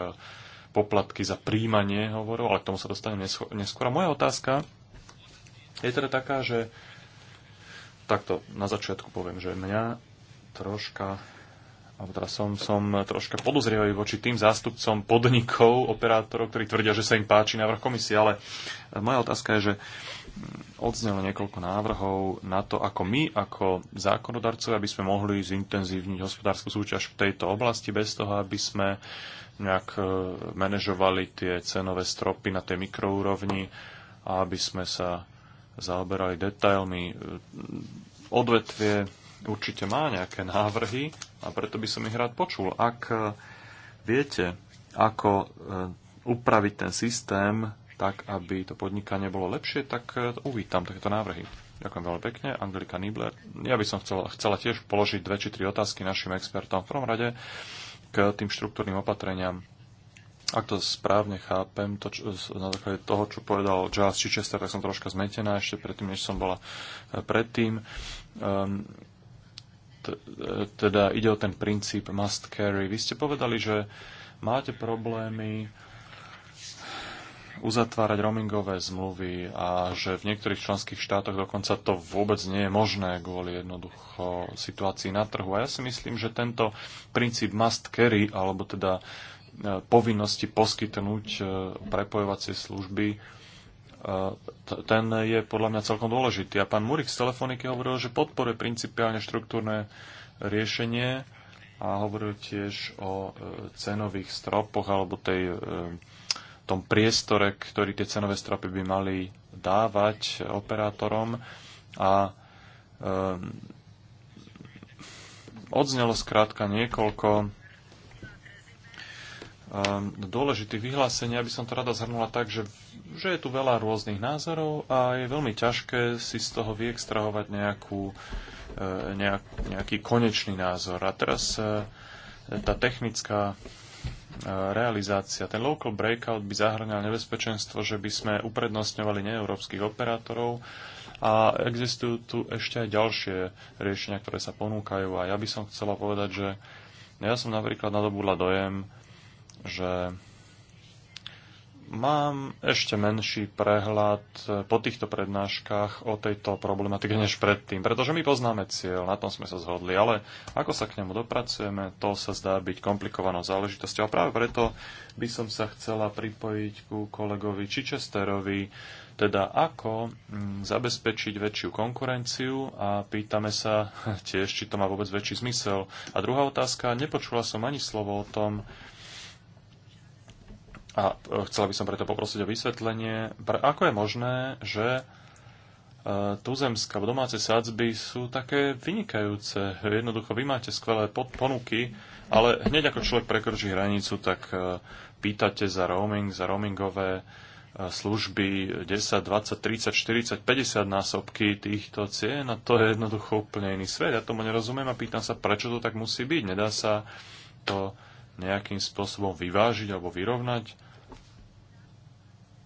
poplatky za príjmanie hovorov, ale k tomu sa dostanem neskôr. A moja otázka je teda taká, že takto na začiatku poviem, že mňa troška alebo teda som, som troška podozrievajú voči tým zástupcom podnikov, operátorov, ktorí tvrdia, že sa im páči návrh komisie, ale moja otázka je, že odznelo niekoľko návrhov na to, ako my, ako zákonodarcovia, aby sme mohli zintenzívniť hospodárskú súťaž v tejto oblasti bez toho, aby sme nejak e, manažovali tie cenové stropy na tej mikroúrovni a aby sme sa zaoberali detailmi. E, odvetvie určite má nejaké návrhy a preto by som ich rád počul. Ak e, viete, ako e, upraviť ten systém tak, aby to podnikanie bolo lepšie, tak uvítam takéto návrhy. Ďakujem veľmi pekne. Angelika Nibler. Ja by som chcela, chcela tiež položiť dve či tri otázky našim expertom v prvom rade k tým štruktúrnym opatreniam ak to správne chápem, to, čo, na základe toho, čo povedal Giles Chichester, tak som troška zmetená ešte predtým, než som bola e, predtým. Um, teda ide o ten princíp must carry. Vy ste povedali, že máte problémy uzatvárať roamingové zmluvy a že v niektorých členských štátoch dokonca to vôbec nie je možné kvôli jednoducho situácii na trhu. A ja si myslím, že tento princíp must carry, alebo teda uh, povinnosti poskytnúť e, prepojovacie služby, e, ten je podľa mňa celkom dôležitý. A pán Murik z telefoniky hovoril, že podporuje principiálne štruktúrne riešenie a hovoril tiež o e, cenových stropoch alebo tej, tom priestore, ktorý tie cenové stropy by mali dávať operátorom. A odznelo skrátka niekoľko Ehm, no, dôležitých vyhlásení, aby som to rada zhrnula tak, že, že je tu veľa rôznych názorov a je veľmi ťažké si z toho vyextrahovať nejakú, eh, nejak, nejaký konečný názor. A teraz eh, tá technická eh, realizácia. Ten local breakout by zahrňal nebezpečenstvo, že by sme uprednostňovali neeurópskych operátorov a existujú tu ešte aj ďalšie riešenia, ktoré sa ponúkajú a ja by som chcela povedať, že ja som napríklad nadobudla dojem, že mám ešte menší prehľad eh, po týchto prednáškach o tejto problematike než predtým, pretože my poznáme cieľ, na tom sme sa zhodli, ale ako sa k nemu dopracujeme, to sa zdá byť komplikovanou záležitosťou a práve preto by som sa chcela pripojiť ku kolegovi Čičesterovi, teda ako mm, zabezpečiť väčšiu konkurenciu a pýtame sa tiež, či to má vôbec väčší zmysel. A druhá otázka, nepočula som ani slovo o tom, a e, chcela by som preto poprosiť o vysvetlenie, ako je možné, že e, tuzemská alebo domáce sadzby sú také vynikajúce. Jednoducho, vy máte skvelé ponuky, ale hneď ako človek prekročí hranicu, tak e, pýtate za roaming, za roamingové služby 10, 20, 30, 40, 50 násobky týchto cien a to je jednoducho úplne iný svet. Ja tomu nerozumiem a pýtam sa, prečo to tak musí byť. Nedá sa to nejakým spôsobom vyvážiť alebo vyrovnať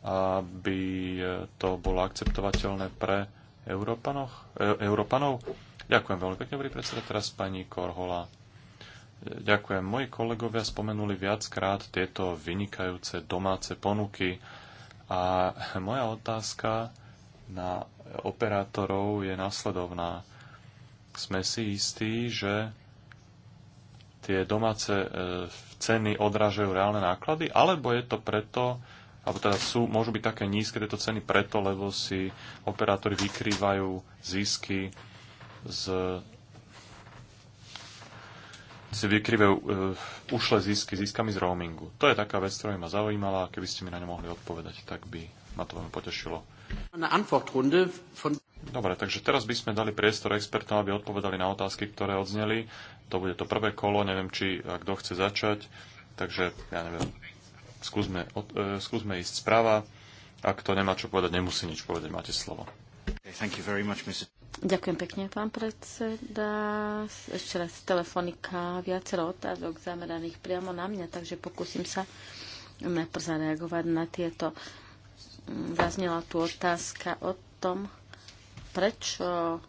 aby e, to bolo akceptovateľné pre e, Európanov. Ďakujem veľmi pekne, dobrý predseda. Teraz pani Korhola. Ďakujem. Moji kolegovia spomenuli viackrát tieto vynikajúce domáce ponuky a moja otázka na operátorov je nasledovná. Sme si istí, že tie domáce e, ceny odrážajú reálne náklady, alebo je to preto, alebo teda sú, môžu byť také nízke tieto ceny preto, lebo si operátori vykrývajú zisky z si vykrývajú uh, e, ušle zisky získami z roamingu. To je taká vec, ktorá ma zaujímala a keby ste mi na ňu mohli odpovedať, tak by ma to veľmi potešilo. Dobre, takže teraz by sme dali priestor expertom, aby odpovedali na otázky, ktoré odzneli. To bude to prvé kolo, neviem, či kto chce začať. Takže, ja neviem, skúsme, uh, skúsme ísť správa. Ak to nemá čo povedať, nemusí nič povedať, máte slovo. Okay, much, Ďakujem pekne, pán predseda. Ešte raz telefonika, viacero otázok zameraných priamo na mňa, takže pokúsim sa najprv zareagovať na tieto. Mm, zaznela tu otázka o tom, prečo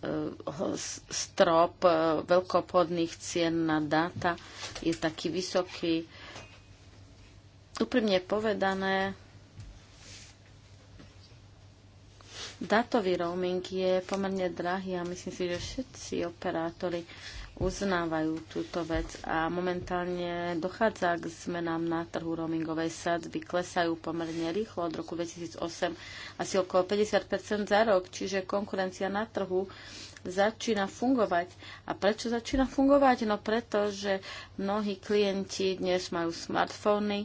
e, strop e, veľkopodných cien na dáta je taký vysoký. Úprimne povedané, datový roaming je pomerne drahý a myslím si, že všetci operátori uznávajú túto vec a momentálne dochádza k zmenám na trhu roamingovej sadzby. Klesajú pomerne rýchlo od roku 2008 asi okolo 50 za rok, čiže konkurencia na trhu začína fungovať. A prečo začína fungovať? No preto, že mnohí klienti dnes majú smartfóny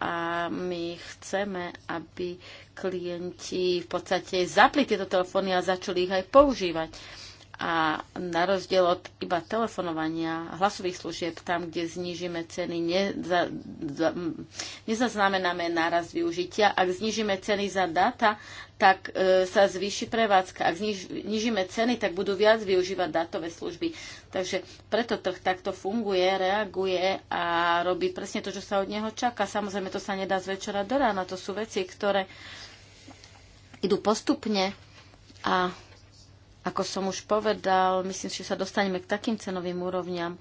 a my chceme, aby klienti v podstate zapli tieto telefóny a začali ich aj používať a na rozdiel od iba telefonovania hlasových služieb, tam, kde znížime ceny, neza, za, nezaznamenáme náraz využitia. Ak znížime ceny za dáta, tak e, sa zvýši prevádzka. Ak znížime ceny, tak budú viac využívať dátové služby. Takže preto trh takto funguje, reaguje a robí presne to, čo sa od neho čaká. Samozrejme, to sa nedá z večera do rána. To sú veci, ktoré idú postupne a ako som už povedal, myslím, že sa dostaneme k takým cenovým úrovňam, e,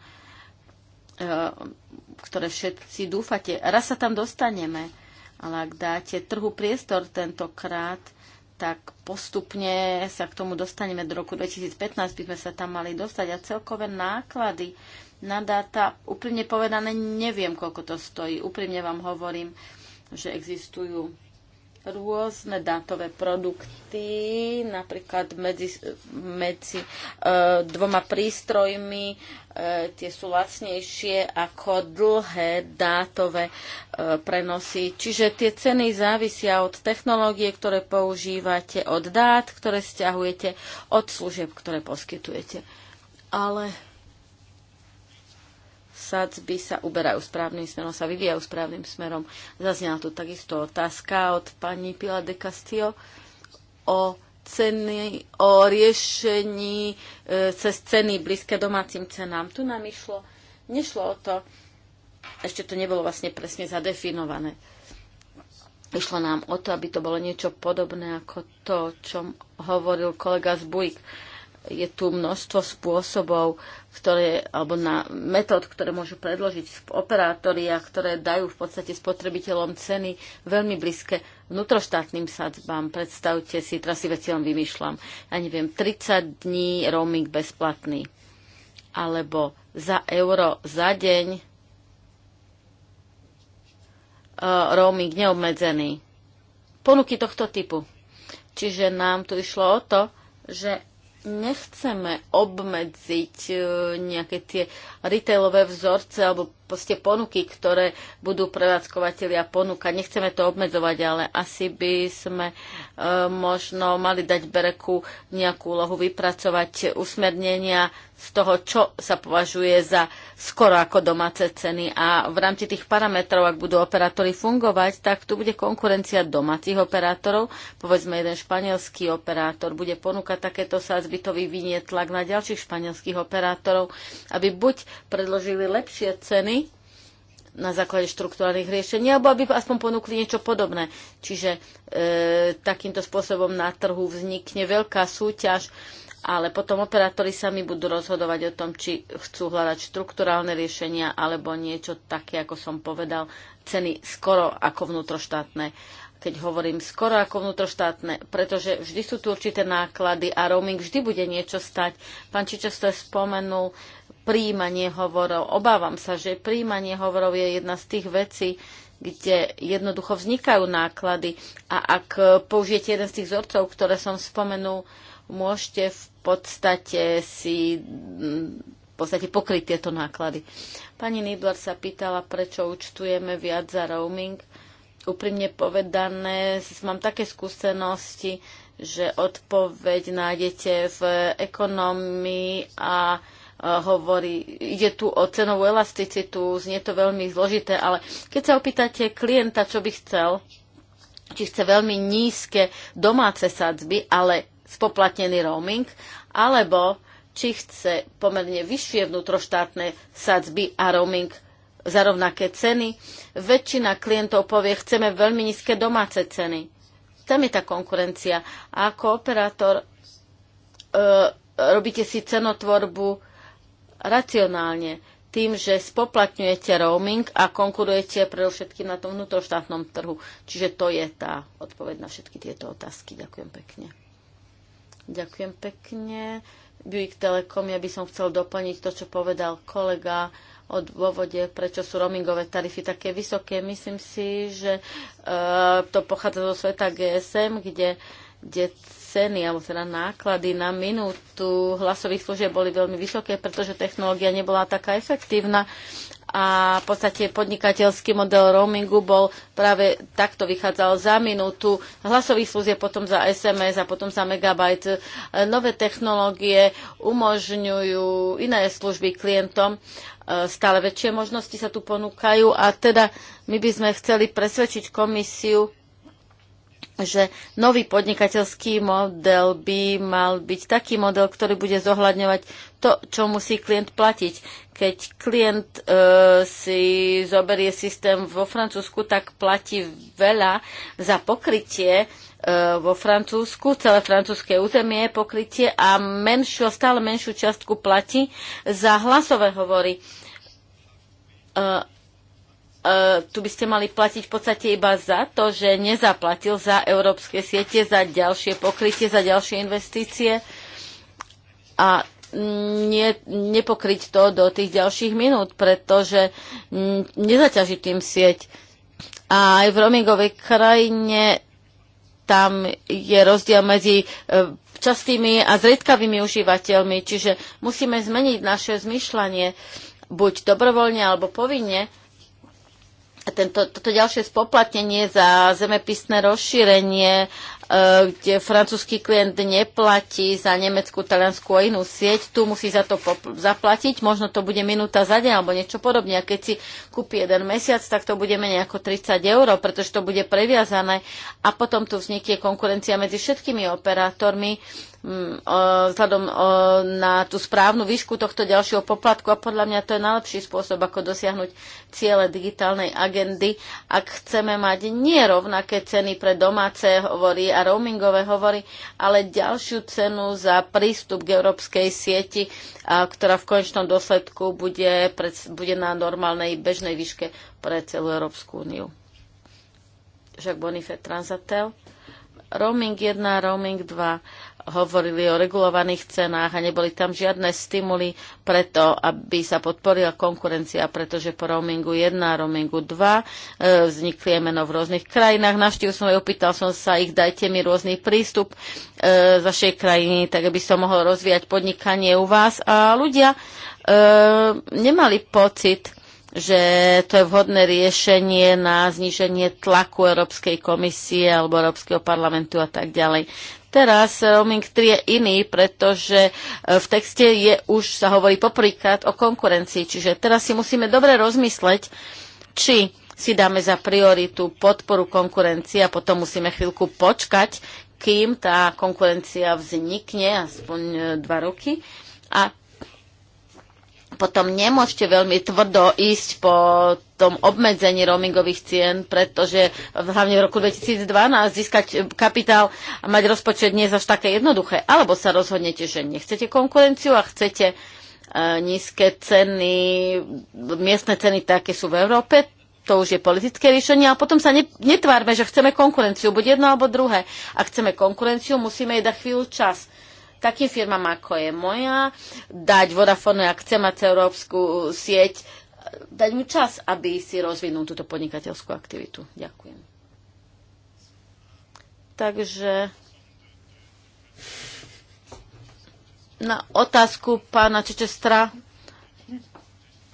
ktoré všetci dúfate. Raz sa tam dostaneme, ale ak dáte trhu priestor tentokrát, tak postupne sa k tomu dostaneme do roku 2015, by sme sa tam mali dostať. A celkové náklady na dáta, úprimne povedané, neviem, koľko to stojí. Úprimne vám hovorím, že existujú rôzne dátové produkty, napríklad medzi, medzi e, dvoma prístrojmi, e, tie sú lacnejšie ako dlhé dátové e, prenosy. Čiže tie ceny závisia od technológie, ktoré používate, od dát, ktoré stiahujete, od služieb, ktoré poskytujete. Ale sadzby sa uberajú správnym smerom, sa vyvíjajú správnym smerom. Zaznela tu takisto otázka od pani Pila de Castillo o ceny, o riešení e, cez ceny blízke domácim cenám. Tu nám išlo, nešlo o to, ešte to nebolo vlastne presne zadefinované. Išlo nám o to, aby to bolo niečo podobné ako to, čo hovoril kolega z E, je tu množstvo spôsobov, ktoré, alebo na metód, ktoré môžu predložiť operátori a ktoré dajú v podstate spotrebiteľom ceny veľmi blízke vnútroštátnym sadzbám. Predstavte si, teraz si veci len vymýšľam, ja neviem, 30 dní roaming bezplatný, alebo za euro za deň uh, roaming neobmedzený. Ponuky tohto typu. Čiže nám tu išlo o to, že nechceme obmedziť e, nejaké tie retailové vzorce alebo proste ponuky, ktoré budú prevádzkovateľia ponúkať. Nechceme to obmedzovať, ale asi by sme e, možno mali dať Bereku nejakú úlohu vypracovať usmernenia z toho, čo sa považuje za skoro ako domáce ceny. A v rámci tých parametrov, ak budú operátori fungovať, tak tu bude konkurencia domácich operátorov. Povedzme, jeden španielský operátor bude ponúkať takéto sádzby, to vyvinie tlak na ďalších španielských operátorov, aby buď predložili lepšie ceny, na základe štruktúrnych riešení, alebo aby aspoň ponúkli niečo podobné. Čiže e, takýmto spôsobom na trhu vznikne veľká súťaž, ale potom operátori sami budú rozhodovať o tom, či chcú hľadať štruktúrálne riešenia alebo niečo také, ako som povedal, ceny skoro ako vnútroštátne keď hovorím skoro ako vnútroštátne, pretože vždy sú tu určité náklady a roaming vždy bude niečo stať. Pán Čičester spomenul príjmanie hovorov. Obávam sa, že príjmanie hovorov je jedna z tých vecí, kde jednoducho vznikajú náklady a ak použijete jeden z tých vzorcov, ktoré som spomenul, môžete v podstate si v podstate pokryť tieto náklady. Pani Nibler sa pýtala, prečo účtujeme viac za roaming. Úprimne povedané, mám také skúsenosti, že odpoveď nájdete v ekonomii a hovorí, ide tu o cenovú elasticitu, znie to veľmi zložité, ale keď sa opýtate klienta, čo by chcel, či chce veľmi nízke domáce sadzby, ale spoplatnený roaming, alebo či chce pomerne vyššie vnútroštátne sadzby a roaming za rovnaké ceny. Väčšina klientov povie, chceme veľmi nízke domáce ceny. Tam je tá konkurencia. A ako operátor e, robíte si cenotvorbu racionálne tým, že spoplatňujete roaming a konkurujete predovšetkým na tom vnútroštátnom trhu. Čiže to je tá odpoveď na všetky tieto otázky. Ďakujem pekne. Ďakujem pekne. Buick Telekom, ja by som chcel doplniť to, čo povedal kolega o dôvode, prečo sú roamingové tarify také vysoké. Myslím si, že uh, to pochádza zo sveta GSM, kde, kde ceny, alebo teda náklady na minútu hlasových služieb boli veľmi vysoké, pretože technológia nebola taká efektívna a v podstate podnikateľský model roamingu bol práve takto vychádzal za minútu hlasových služieb, potom za SMS a potom za megabajt. Nové technológie umožňujú iné služby klientom, e, stále väčšie možnosti sa tu ponúkajú a teda my by sme chceli presvedčiť komisiu, že nový podnikateľský model by mal byť taký model, ktorý bude zohľadňovať to, čo musí klient platiť. Keď klient e, si zoberie systém vo Francúzsku, tak platí veľa za pokrytie e, vo Francúzsku, celé francúzske územie je pokrytie a menšiu, stále menšiu častku platí za hlasové hovory. E, E, tu by ste mali platiť v podstate iba za to, že nezaplatil za európske siete, za ďalšie pokrytie, za ďalšie investície a nie, nepokryť to do tých ďalších minút, pretože nezaťaží tým sieť. A aj v roamingovej krajine tam je rozdiel medzi e, častými a zriedkavými užívateľmi, čiže musíme zmeniť naše zmyšľanie buď dobrovoľne alebo povinne, tento, toto ďalšie spoplatnenie za zemepisné rozšírenie E, kde francúzsky klient neplatí za nemeckú, taliansku a inú sieť, tu musí za to zaplatiť, možno to bude minúta za deň alebo niečo podobne. A keď si kúpi jeden mesiac, tak to bude menej ako 30 eur, pretože to bude previazané a potom tu vznikne konkurencia medzi všetkými operátormi mm, e, vzhľadom e, na tú správnu výšku tohto ďalšieho poplatku a podľa mňa to je najlepší spôsob, ako dosiahnuť ciele digitálnej agendy, ak chceme mať nie rovnaké ceny pre domáce hovorí a roamingové hovory, ale ďalšiu cenu za prístup k európskej sieti, ktorá v konečnom dôsledku bude, pred, bude na normálnej bežnej výške pre celú Európsku úniu. Jacques Bonifé Transatel. Roaming 1, roaming 2 hovorili o regulovaných cenách a neboli tam žiadne stimuly preto, aby sa podporila konkurencia, pretože po roamingu 1 a roamingu 2 e, vznikli meno v rôznych krajinách. Navštívil som aj, opýtal som sa ich, dajte mi rôzny prístup e, z vašej krajiny, tak aby som mohol rozvíjať podnikanie u vás. A ľudia e, nemali pocit, že to je vhodné riešenie na zniženie tlaku Európskej komisie alebo Európskeho parlamentu a tak ďalej. Teraz eh, roaming 3 je iný, pretože eh, v texte je už sa hovorí poprýkrát o konkurencii. Čiže teraz si musíme dobre rozmysleť, či si dáme za prioritu podporu konkurencie a potom musíme chvíľku počkať, kým tá konkurencia vznikne, aspoň eh, dva roky, a potom nemôžete veľmi tvrdo ísť po tom obmedzení roamingových cien, pretože hlavne v roku 2012 získať kapitál a mať rozpočet nie je až také jednoduché. Alebo sa rozhodnete, že nechcete konkurenciu a chcete e, nízke ceny, miestne ceny také sú v Európe, to už je politické riešenie a potom sa ne, netvárme, že chceme konkurenciu, buď jedno alebo druhé. Ak chceme konkurenciu, musíme jej dať chvíľu čas takým firmám, ako je moja, dať Vodafone, ak chce mať európsku sieť, dať mu čas, aby si rozvinul túto podnikateľskú aktivitu. Ďakujem. Takže na otázku pána Čečestra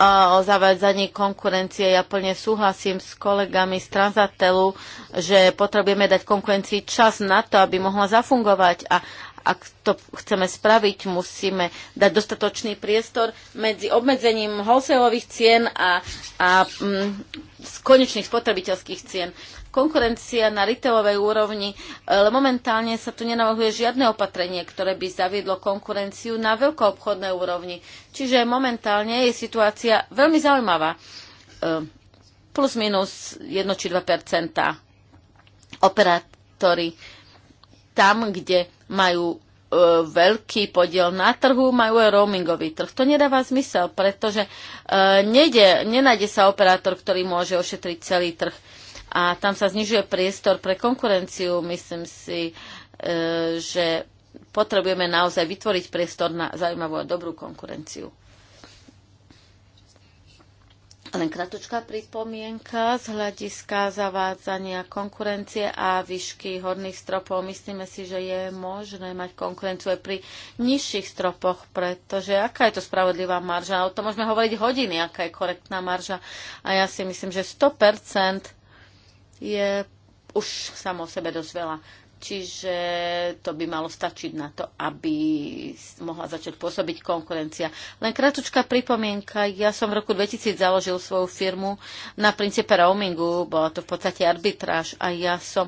o zavádzaní konkurencie. Ja plne súhlasím s kolegami z Transatelu, že potrebujeme dať konkurencii čas na to, aby mohla zafungovať a ak to chceme spraviť, musíme dať dostatočný priestor medzi obmedzením wholesaleových cien a, a mm, konečných spotrebiteľských cien. Konkurencia na retailovej úrovni, ale momentálne sa tu nenavrhuje žiadne opatrenie, ktoré by zaviedlo konkurenciu na veľkoobchodnej úrovni. Čiže momentálne je situácia veľmi zaujímavá. E, plus minus 1 či 2 operátory tam, kde majú e, veľký podiel na trhu, majú aj roamingový trh. To nedáva zmysel, pretože e, nejde, nenájde sa operátor, ktorý môže ošetriť celý trh. A tam sa znižuje priestor pre konkurenciu. Myslím si, e, že potrebujeme naozaj vytvoriť priestor na zaujímavú a dobrú konkurenciu. Len kratučká pripomienka z hľadiska zavádzania konkurencie a výšky horných stropov. Myslíme si, že je možné mať konkurenciu aj pri nižších stropoch, pretože aká je to spravodlivá marža? O tom môžeme hovoriť hodiny, aká je korektná marža. A ja si myslím, že 100% je už samo o sebe dosť veľa. Čiže to by malo stačiť na to, aby mohla začať pôsobiť konkurencia. Len krátka pripomienka. Ja som v roku 2000 založil svoju firmu na princípe roamingu. Bola to v podstate arbitráž a ja som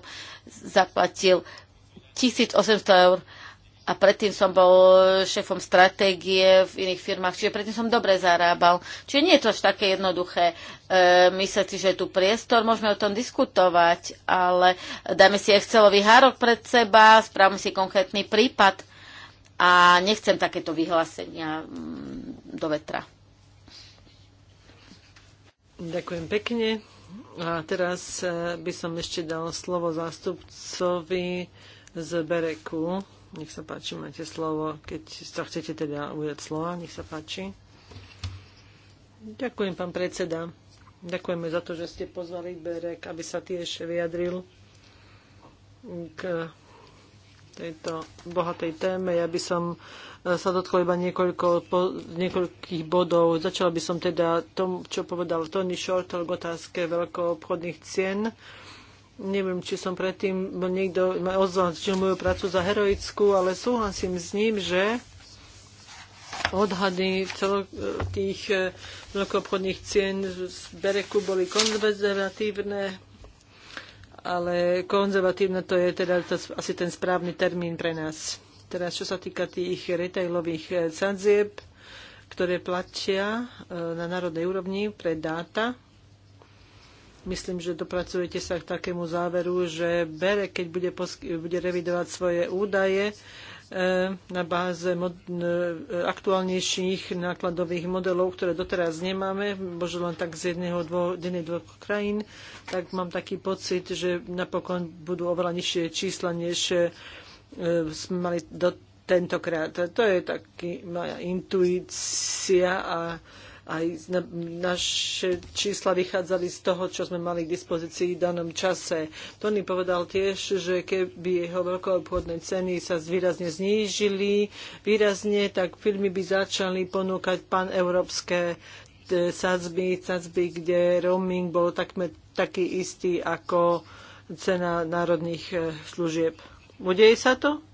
zaplatil 1800 eur a predtým som bol šéfom stratégie v iných firmách, čiže predtým som dobre zarábal. Čiže nie je to až také jednoduché e, myslieť si, že je tu priestor, môžeme o tom diskutovať, ale dáme si Excelový hárok pred seba, správame si konkrétny prípad a nechcem takéto vyhlásenia mm, do vetra. Ďakujem pekne. A teraz e, by som ešte dal slovo zástupcovi z Bereku. Nech sa páči, máte slovo. Keď sa chcete teda ujať slova, nech sa páči. Ďakujem, pán predseda. Ďakujeme za to, že ste pozvali Berek, aby sa tiež vyjadril k tejto bohatej téme. Ja by som e, sa dotkol iba niekoľko, po, niekoľkých bodov. Začala by som teda tom, čo povedal Tony Short k otázke veľkoobchodných cien. obchodných cien Neviem, či som predtým niekto označil moju prácu za heroickú, ale súhlasím s ním, že odhady tých e, veľkoobchodných cien z Bereku boli konzervatívne, ale konzervatívne to je teda to, asi ten správny termín pre nás. Teraz, čo sa týka tých retailových e, sadzieb, ktoré platia e, na národnej úrovni pre dáta, myslím, že dopracujete sa k takému záveru, že BERE, keď bude, bude revidovať svoje údaje, e, na báze e, aktuálnejších nákladových modelov, ktoré doteraz nemáme, možno len tak z jedného, dvo, jednej, dvoch krajín, tak mám taký pocit, že napokon budú oveľa nižšie čísla, než e, sme mali do tentokrát. To je taký moja intuícia a aj naše čísla vychádzali z toho, čo sme mali k dispozícii v danom čase. Tony povedal tiež, že keby jeho veľkoobchodné ceny sa výrazne znížili, výrazne, tak firmy by začali ponúkať paneurópske e, sadzby, sadzby, kde roaming bol takmer taký istý ako cena národných e, služieb. Udeje sa to?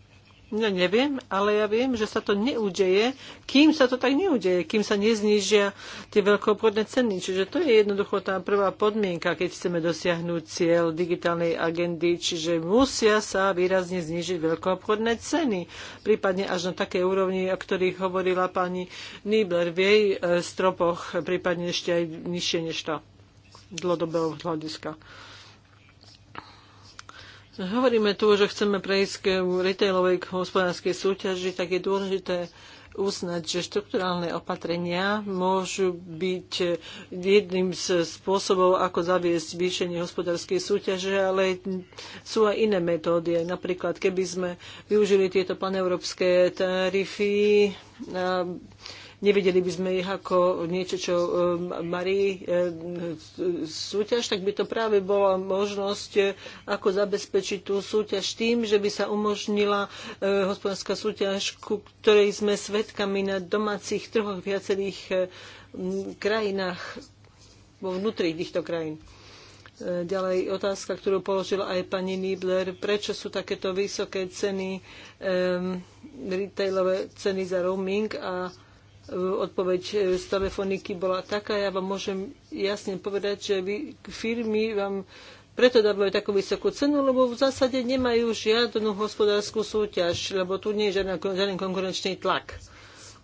No neviem, ale ja viem, že sa to neudeje, kým sa to tak neudeje, kým sa neznižia tie veľkoobchodné ceny. Čiže to je jednoducho tá prvá podmienka, keď chceme dosiahnuť cieľ digitálnej agendy, čiže musia sa výrazne znižiť veľkoobchodné ceny. Prípadne až na také úrovni, o ktorých hovorila pani Nibler v jej e, stropoch, prípadne ešte aj nižšie než to dlhodobého hľadiska hovoríme tu, že chceme prejsť k retailovej k hospodárskej súťaži, tak je dôležité uznať, že štrukturálne opatrenia môžu byť jedným z spôsobov, ako zaviesť zvýšenie hospodárskej súťaže, ale sú aj iné metódy. Napríklad, keby sme využili tieto paneurópske tarify, nevedeli by sme ich ako niečo, čo e, marí e, súťaž, tak by to práve bola možnosť, e, ako zabezpečiť tú súťaž tým, že by sa umožnila hospodárska súťaž, ku ktorej sme svedkami na domácich trhoch viacerých krajinách, vo vnútri týchto krajín. Ďalej otázka, ktorú položila aj pani Niebler. Prečo sú takéto vysoké ceny, um, retailové ceny za roaming a Ehm, odpoveď ehm, z telefoniky bola taká, ja vám môžem jasne povedať, že vy, firmy vám preto dávajú takú vysokú cenu, lebo v zásade nemajú žiadnu hospodárskú súťaž, lebo tu nie je žiadna, žiadny konkurenčný tlak.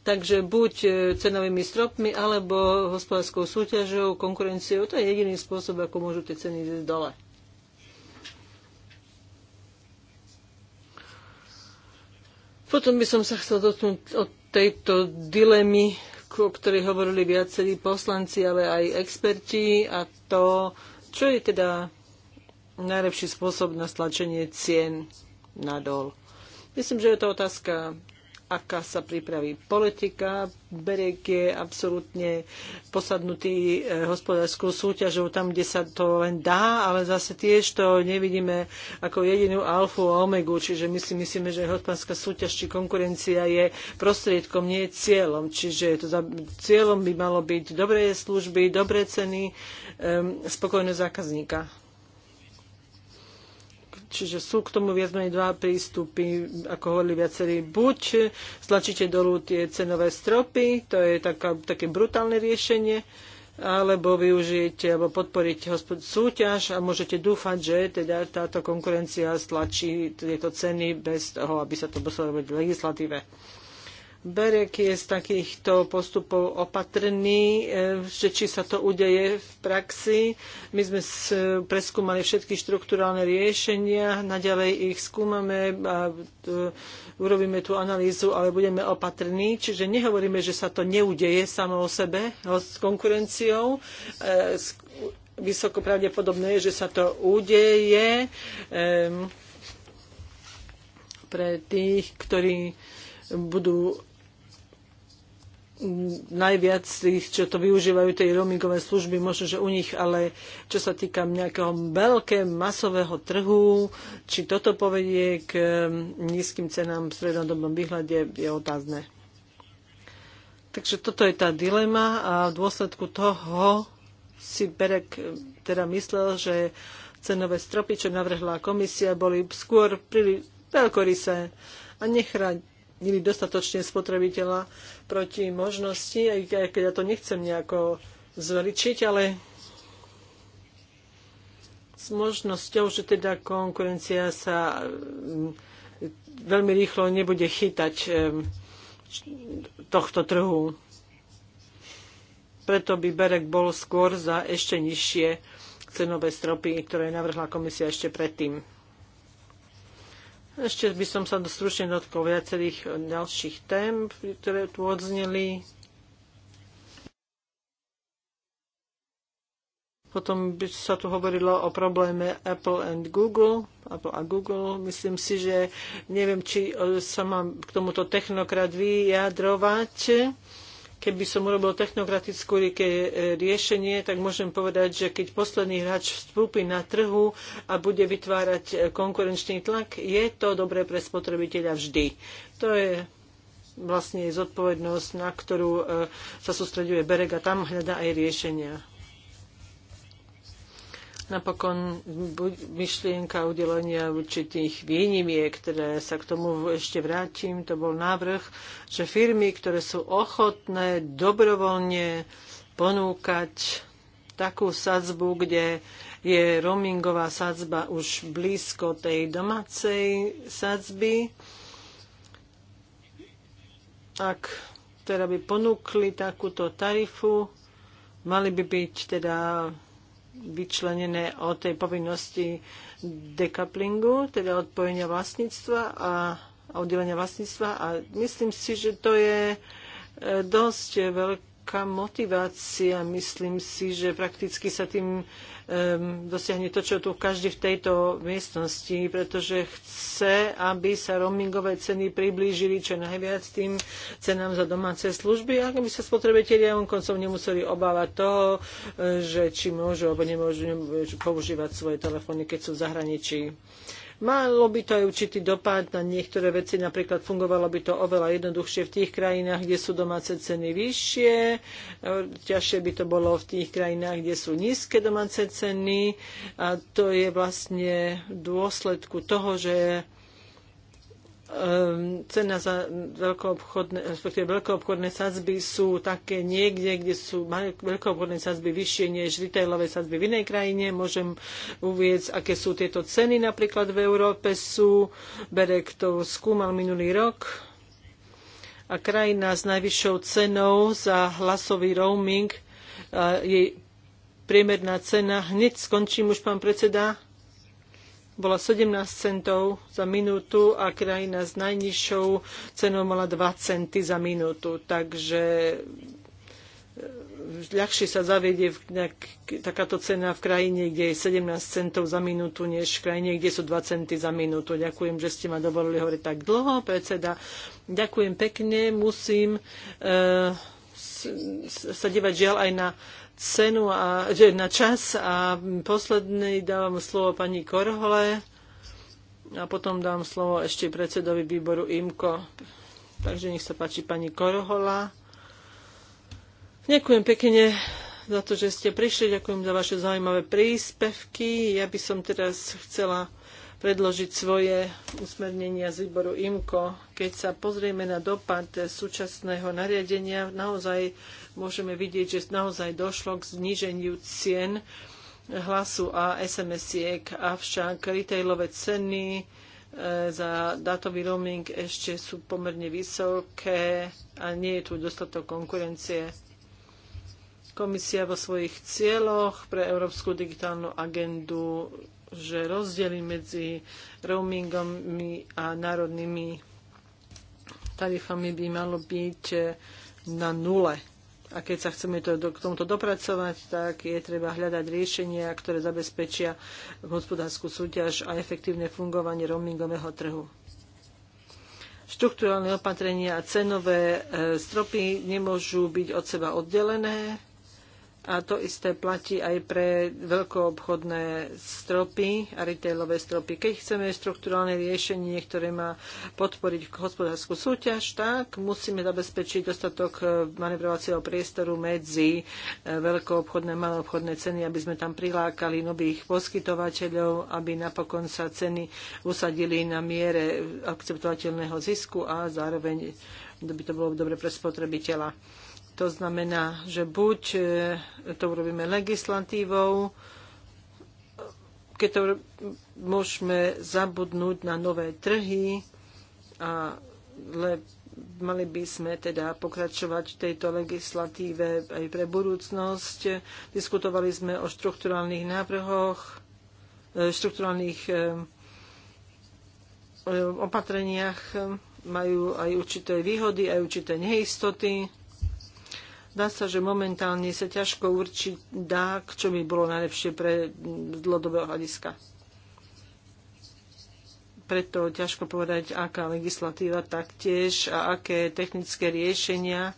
Takže buď ehm, cenovými stropmi, alebo hospodárskou súťažou, konkurenciou, to je jediný spôsob, ako môžu tie ceny ísť dole. Potom by som sa chcel dotknúť od tejto dilemy, o ktorej hovorili viacerí poslanci, ale aj experti a to, čo je teda najlepší spôsob na stlačenie cien nadol. Myslím, že je to otázka aká sa pripraví politika. Berek je absolútne posadnutý eh, hospodárskou súťažou tam, kde sa to len dá, ale zase tiež to nevidíme ako jedinú alfu a omegu, čiže my si myslíme, že hospodárska súťaž či konkurencia je prostriedkom, nie cieľom. Čiže to za, cieľom by malo byť dobré služby, dobré ceny, um, spokojnosť zákazníka. Čiže sú k tomu viac menej dva prístupy, ako hovorili viacerí. Buď stlačíte dolu tie cenové stropy, to je taká, také brutálne riešenie, alebo využijete alebo podporíte súťaž a môžete dúfať, že teda táto konkurencia stlačí tieto ceny bez toho, aby sa to muselo robiť v legislatíve. Berek je z takýchto postupov opatrný, eh, že či sa to udeje v praxi. My sme preskúmali všetky štruktúrálne riešenia, naďalej ich skúmame a urobíme tú analýzu, ale budeme opatrní. Čiže nehovoríme, že sa to neudeje samo o sebe s konkurenciou. Eh, vysoko pravdepodobné je, že sa to udeje eh, pre tých, ktorí budú najviac tých, čo to využívajú, tej roamingové služby, možno, že u nich, ale čo sa týka nejakého veľkého masového trhu, či toto povedie k um, nízkym cenám v strednodobnom výhľade, je otázne. Takže toto je tá dilema a v dôsledku toho si Berek um, teda myslel, že cenové stropy, čo navrhla komisia, boli skôr príliš veľkorysé a nechránili dostatočne spotrebiteľa proti možnosti, aj keď ja to nechcem nejako zveličiť, ale s možnosťou, že teda konkurencia sa mm, veľmi rýchlo nebude chytať tohto trhu. Preto by Berek bol skôr za ešte nižšie cenové stropy, ktoré navrhla komisia ešte predtým. Ešte by som sa stručne dotkol viacerých e, ďalších tém, ktoré tu odzneli. Potom by sa tu hovorilo o probléme Apple and Google. Apple a Google. Myslím si, že neviem, či e, sa mám k tomuto technokrat vyjadrovať keby som urobil technokratické e, riešenie, tak môžem povedať, že keď posledný hráč vstúpi na trhu a bude vytvárať e, konkurenčný tlak, je to dobré pre spotrebiteľa vždy. To je vlastne zodpovednosť, na ktorú e, sa sústreďuje Berega, tam hľadá aj riešenia. Napokon myšlienka udelenia určitých výnimiek, ktoré sa k tomu ešte vrátim, to bol návrh, že firmy, ktoré sú ochotné dobrovoľne ponúkať takú sadzbu, kde je roamingová sadzba už blízko tej domácej sadzby. Ak teda by ponúkli takúto tarifu, mali by byť teda vyčlenené od tej povinnosti dekaplingu, teda odpojenia vlastníctva a oddelenia vlastníctva a myslím si, že to je e, dosť veľký veľká motivácia. Myslím si, že prakticky sa tým um, dosiahne to, čo tu každý v tejto miestnosti, pretože chce, aby sa roamingové ceny priblížili čo najviac tým cenám za domáce služby, a aby sa spotrebitelia koncom nemuseli obávať toho, e, že či môžu alebo nemôžu používať svoje telefóny, keď sú v zahraničí. Malo by to aj určitý dopad na niektoré veci, napríklad fungovalo by to oveľa jednoduchšie v tých krajinách, kde sú domáce ceny vyššie, ťažšie by to bolo v tých krajinách, kde sú nízke domáce ceny a to je vlastne v dôsledku toho, že Ehm, cena za veľkoobchodné, respektíve veľkoobchodné sadzby sú také niekde, kde sú veľkoobchodné sadzby vyššie než retailové sadzby v inej krajine. Môžem uvieť, aké sú tieto ceny napríklad v Európe sú. Berek to skúmal minulý rok. A krajina s najvyššou cenou za hlasový roaming jej priemerná cena, hneď skončím už, pán predseda, bola 17 centov za minútu a krajina s najnižšou cenou mala 2 centy za minútu. Takže e, ľahšie sa zavedie takáto cena v krajine, kde je 17 centov za minútu, než v krajine, kde sú 2 centy za minútu. Ďakujem, že ste ma dovolili hovoriť tak dlho, predseda. Ďakujem pekne. Musím uh, sa dívať žiaľ aj na cenu a, že na čas a posledný dávam slovo pani Korhole a potom dám slovo ešte predsedovi výboru IMKO. Takže nech sa páči pani Korhola. Ďakujem pekne za to, že ste prišli. Ďakujem za vaše zaujímavé príspevky. Ja by som teraz chcela predložiť svoje usmernenia z výboru IMKO. Keď sa pozrieme na dopad súčasného nariadenia, naozaj môžeme vidieť, že naozaj došlo k zníženiu cien hlasu a SMS-iek, avšak retailové ceny e, za datový roaming ešte sú pomerne vysoké a nie je tu dostatok konkurencie. Komisia vo svojich cieľoch pre Európsku digitálnu agendu že rozdiely medzi roamingami a národnými tarifami by malo byť na nule. A keď sa chceme to, k tomuto dopracovať, tak je treba hľadať riešenia, ktoré zabezpečia hospodárskú súťaž a efektívne fungovanie roamingového trhu štrukturálne opatrenia a cenové e, stropy nemôžu byť od seba oddelené. A to isté platí aj pre veľkoobchodné stropy a retailové stropy. Keď chceme štruktúrálne riešenie, ktoré má podporiť hospodárskú súťaž, tak musíme zabezpečiť dostatok eh, manevrovacieho priestoru medzi eh, veľkoobchodné a maloobchodné ceny, aby sme tam prilákali nových poskytovateľov, aby napokon sa ceny usadili na miere eh, akceptovateľného zisku a zároveň by to bolo dobre pre spotrebiteľa. To znamená, že buď e, to urobíme legislatívou, keď to môžeme zabudnúť na nové trhy, ale mali by sme teda pokračovať v tejto legislatíve aj pre budúcnosť. Diskutovali sme o štrukturálnych návrhoch, e, štrukturálnych e, opatreniach majú aj určité výhody, aj určité neistoty. Zdá sa, že momentálne sa ťažko určiť dá, čo by bolo najlepšie pre dlhodobého hľadiska. Preto ťažko povedať, aká legislatíva taktiež a aké technické riešenia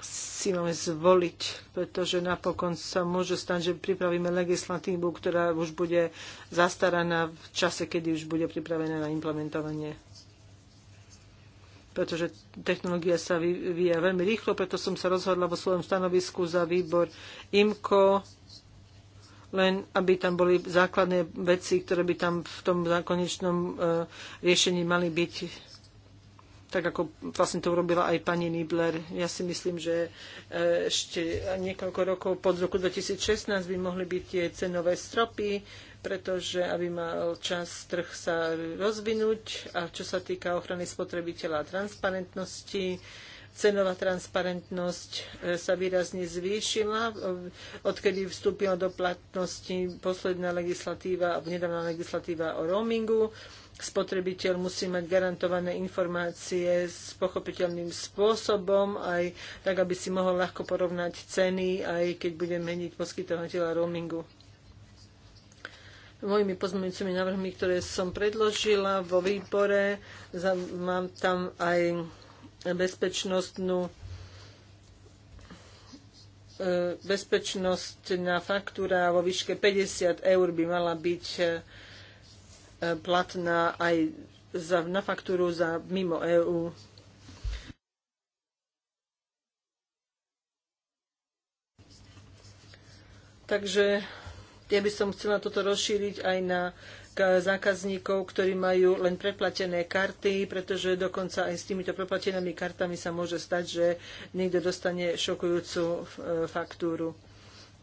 si máme zvoliť, pretože napokon sa môže stať, že pripravíme legislatívu, ktorá už bude zastaraná v čase, kedy už bude pripravená na implementovanie pretože technológia sa vyvíja veľmi rýchlo, preto som sa rozhodla vo svojom stanovisku za výbor IMCO, len aby tam boli základné veci, ktoré by tam v tom konečnom e, riešení mali byť tak ako vlastne to urobila aj pani Nibler. Ja si myslím, že e, ešte niekoľko rokov pod roku 2016 by mohli byť tie cenové stropy pretože aby mal čas trh sa rozvinúť a čo sa týka ochrany spotrebiteľa a transparentnosti, cenová transparentnosť e, sa výrazne zvýšila, e, odkedy vstúpila do platnosti posledná legislatíva, nedávna legislatíva o roamingu. Spotrebiteľ musí mať garantované informácie s pochopiteľným spôsobom, aj tak, aby si mohol ľahko porovnať ceny, aj keď bude meniť poskytovateľa roamingu mojimi pozmeňujúcimi návrhmi, ktoré som predložila vo výbore. Mám tam aj bezpečnostnú e, bezpečnostná faktúra vo výške 50 eur by mala byť e, platná aj za, na faktúru za mimo EÚ. Takže ja by som chcela toto rozšíriť aj na zákazníkov, ktorí majú len preplatené karty, pretože dokonca aj s týmito preplatenými kartami sa môže stať, že niekto dostane šokujúcu eh, faktúru.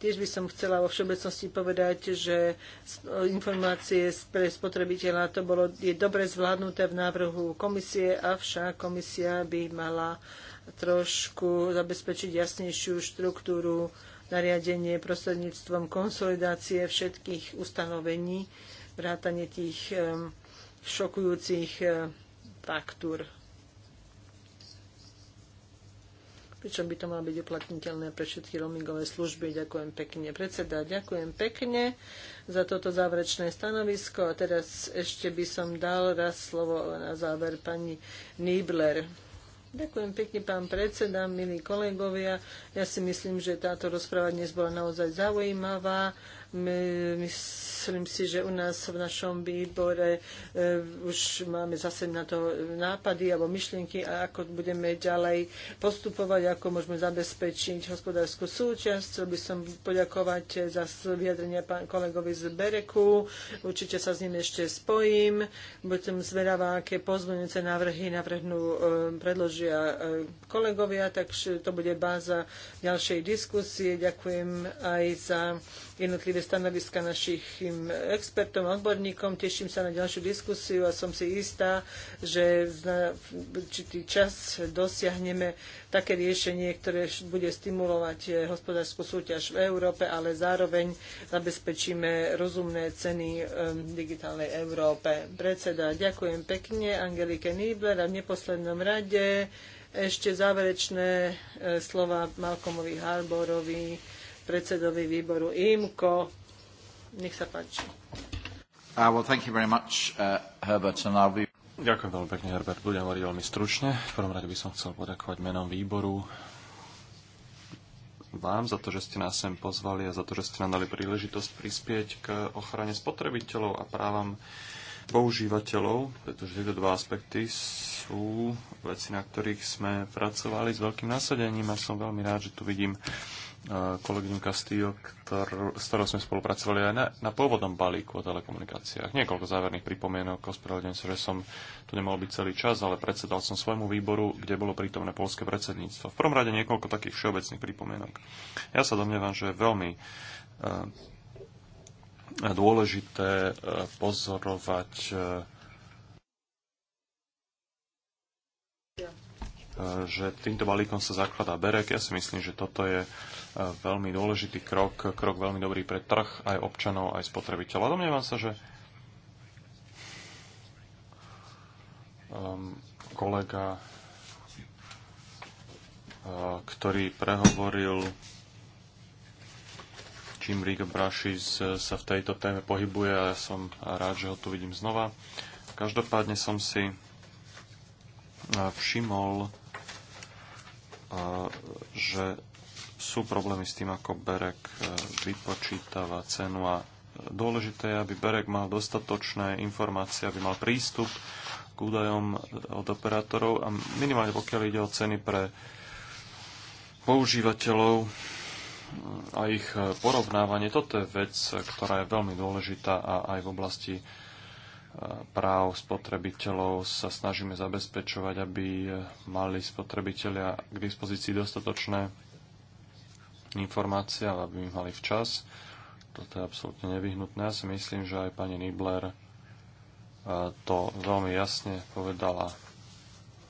Tiež by som chcela vo všeobecnosti povedať, že informácie pre spotrebiteľa to bolo, je dobre zvládnuté v návrhu komisie, avšak komisia by mala trošku zabezpečiť jasnejšiu štruktúru nariadenie prostredníctvom konsolidácie všetkých ustanovení, vrátane tých šokujúcich faktúr. Pričom by to malo byť uplatniteľné pre všetky roamingové služby. Ďakujem pekne, predseda. Ďakujem pekne za toto záverečné stanovisko. A teraz ešte by som dal raz slovo na záver pani Nibler. Ďakujem pekne, pán predseda, milí kolegovia. Ja si myslím, že táto rozpráva dnes bola naozaj zaujímavá my Myslím si, že u nás v našom výbore e, už máme zase na to nápady alebo myšlienky a ako budeme ďalej postupovať, ako môžeme zabezpečiť hospodárskú súčasť. Chcel by som poďakovať za vyjadrenia pán kolegovi z Bereku. Určite sa s ním ešte spojím. Budem zveravá, aké pozmeňujúce návrhy navrhnú, e, predložia e, kolegovia, takže to bude báza ďalšej diskusie. Ďakujem aj za jednotlivé stanoviska našich expertom, odborníkom. Teším sa na ďalšiu diskusiu a som si istá, že na určitý čas dosiahneme také riešenie, ktoré bude stimulovať eh, hospodárskú súťaž v Európe, ale zároveň zabezpečíme rozumné ceny eh, digitálnej Európe. Predseda, ďakujem pekne Angelike Niebler a v neposlednom rade ešte záverečné eh, slova Malcolmovi Harborovi predsedovi výboru IMKO. Nech sa páči. Uh, well, thank you very much, uh, Herbert, and I'll be... Ďakujem veľmi pekne, Herbert. Budem hovoriť veľmi stručne. V prvom rade by som chcel poďakovať menom výboru vám za to, že ste nás sem pozvali a za to, že ste nám dali príležitosť prispieť k ochrane spotrebiteľov a právam používateľov, pretože tieto dva aspekty sú veci, na ktorých sme pracovali s veľkým nasadením a som veľmi rád, že tu vidím kolegyňu Castillo, ktorú, s ktorou sme spolupracovali aj na, na pôvodnom balíku o telekomunikáciách. Niekoľko záverných pripomienok, ospravedlňujem sa, že som tu nemohol byť celý čas, ale predsedal som svojmu výboru, kde bolo prítomné polské predsedníctvo. V prvom rade niekoľko takých všeobecných pripomienok. Ja sa domnievam, že je veľmi uh, dôležité uh, pozorovať uh, že týmto balíkom sa zakladá Berek. Ja si myslím, že toto je veľmi dôležitý krok, krok veľmi dobrý pre trh, aj občanov, aj spotrebiteľov. A domnievam sa, že um, kolega, uh, ktorý prehovoril čím Rick Brašis uh, sa v tejto téme pohybuje a ja som rád, že ho tu vidím znova. Každopádne som si uh, všimol, uh, že sú problémy s tým, ako Berek e, vypočítava cenu a e, dôležité je, aby Berek mal dostatočné informácie, aby mal prístup k údajom e, od operátorov a minimálne pokiaľ ide o ceny pre používateľov a ich porovnávanie. Toto je vec, ktorá je veľmi dôležitá a aj v oblasti práv spotrebiteľov sa snažíme zabezpečovať, aby mali spotrebitelia k dispozícii dostatočné informácie, ale aby mali včas. Toto je absolútne nevyhnutné. Ja si myslím, že aj pani Nibler eh, to veľmi jasne povedala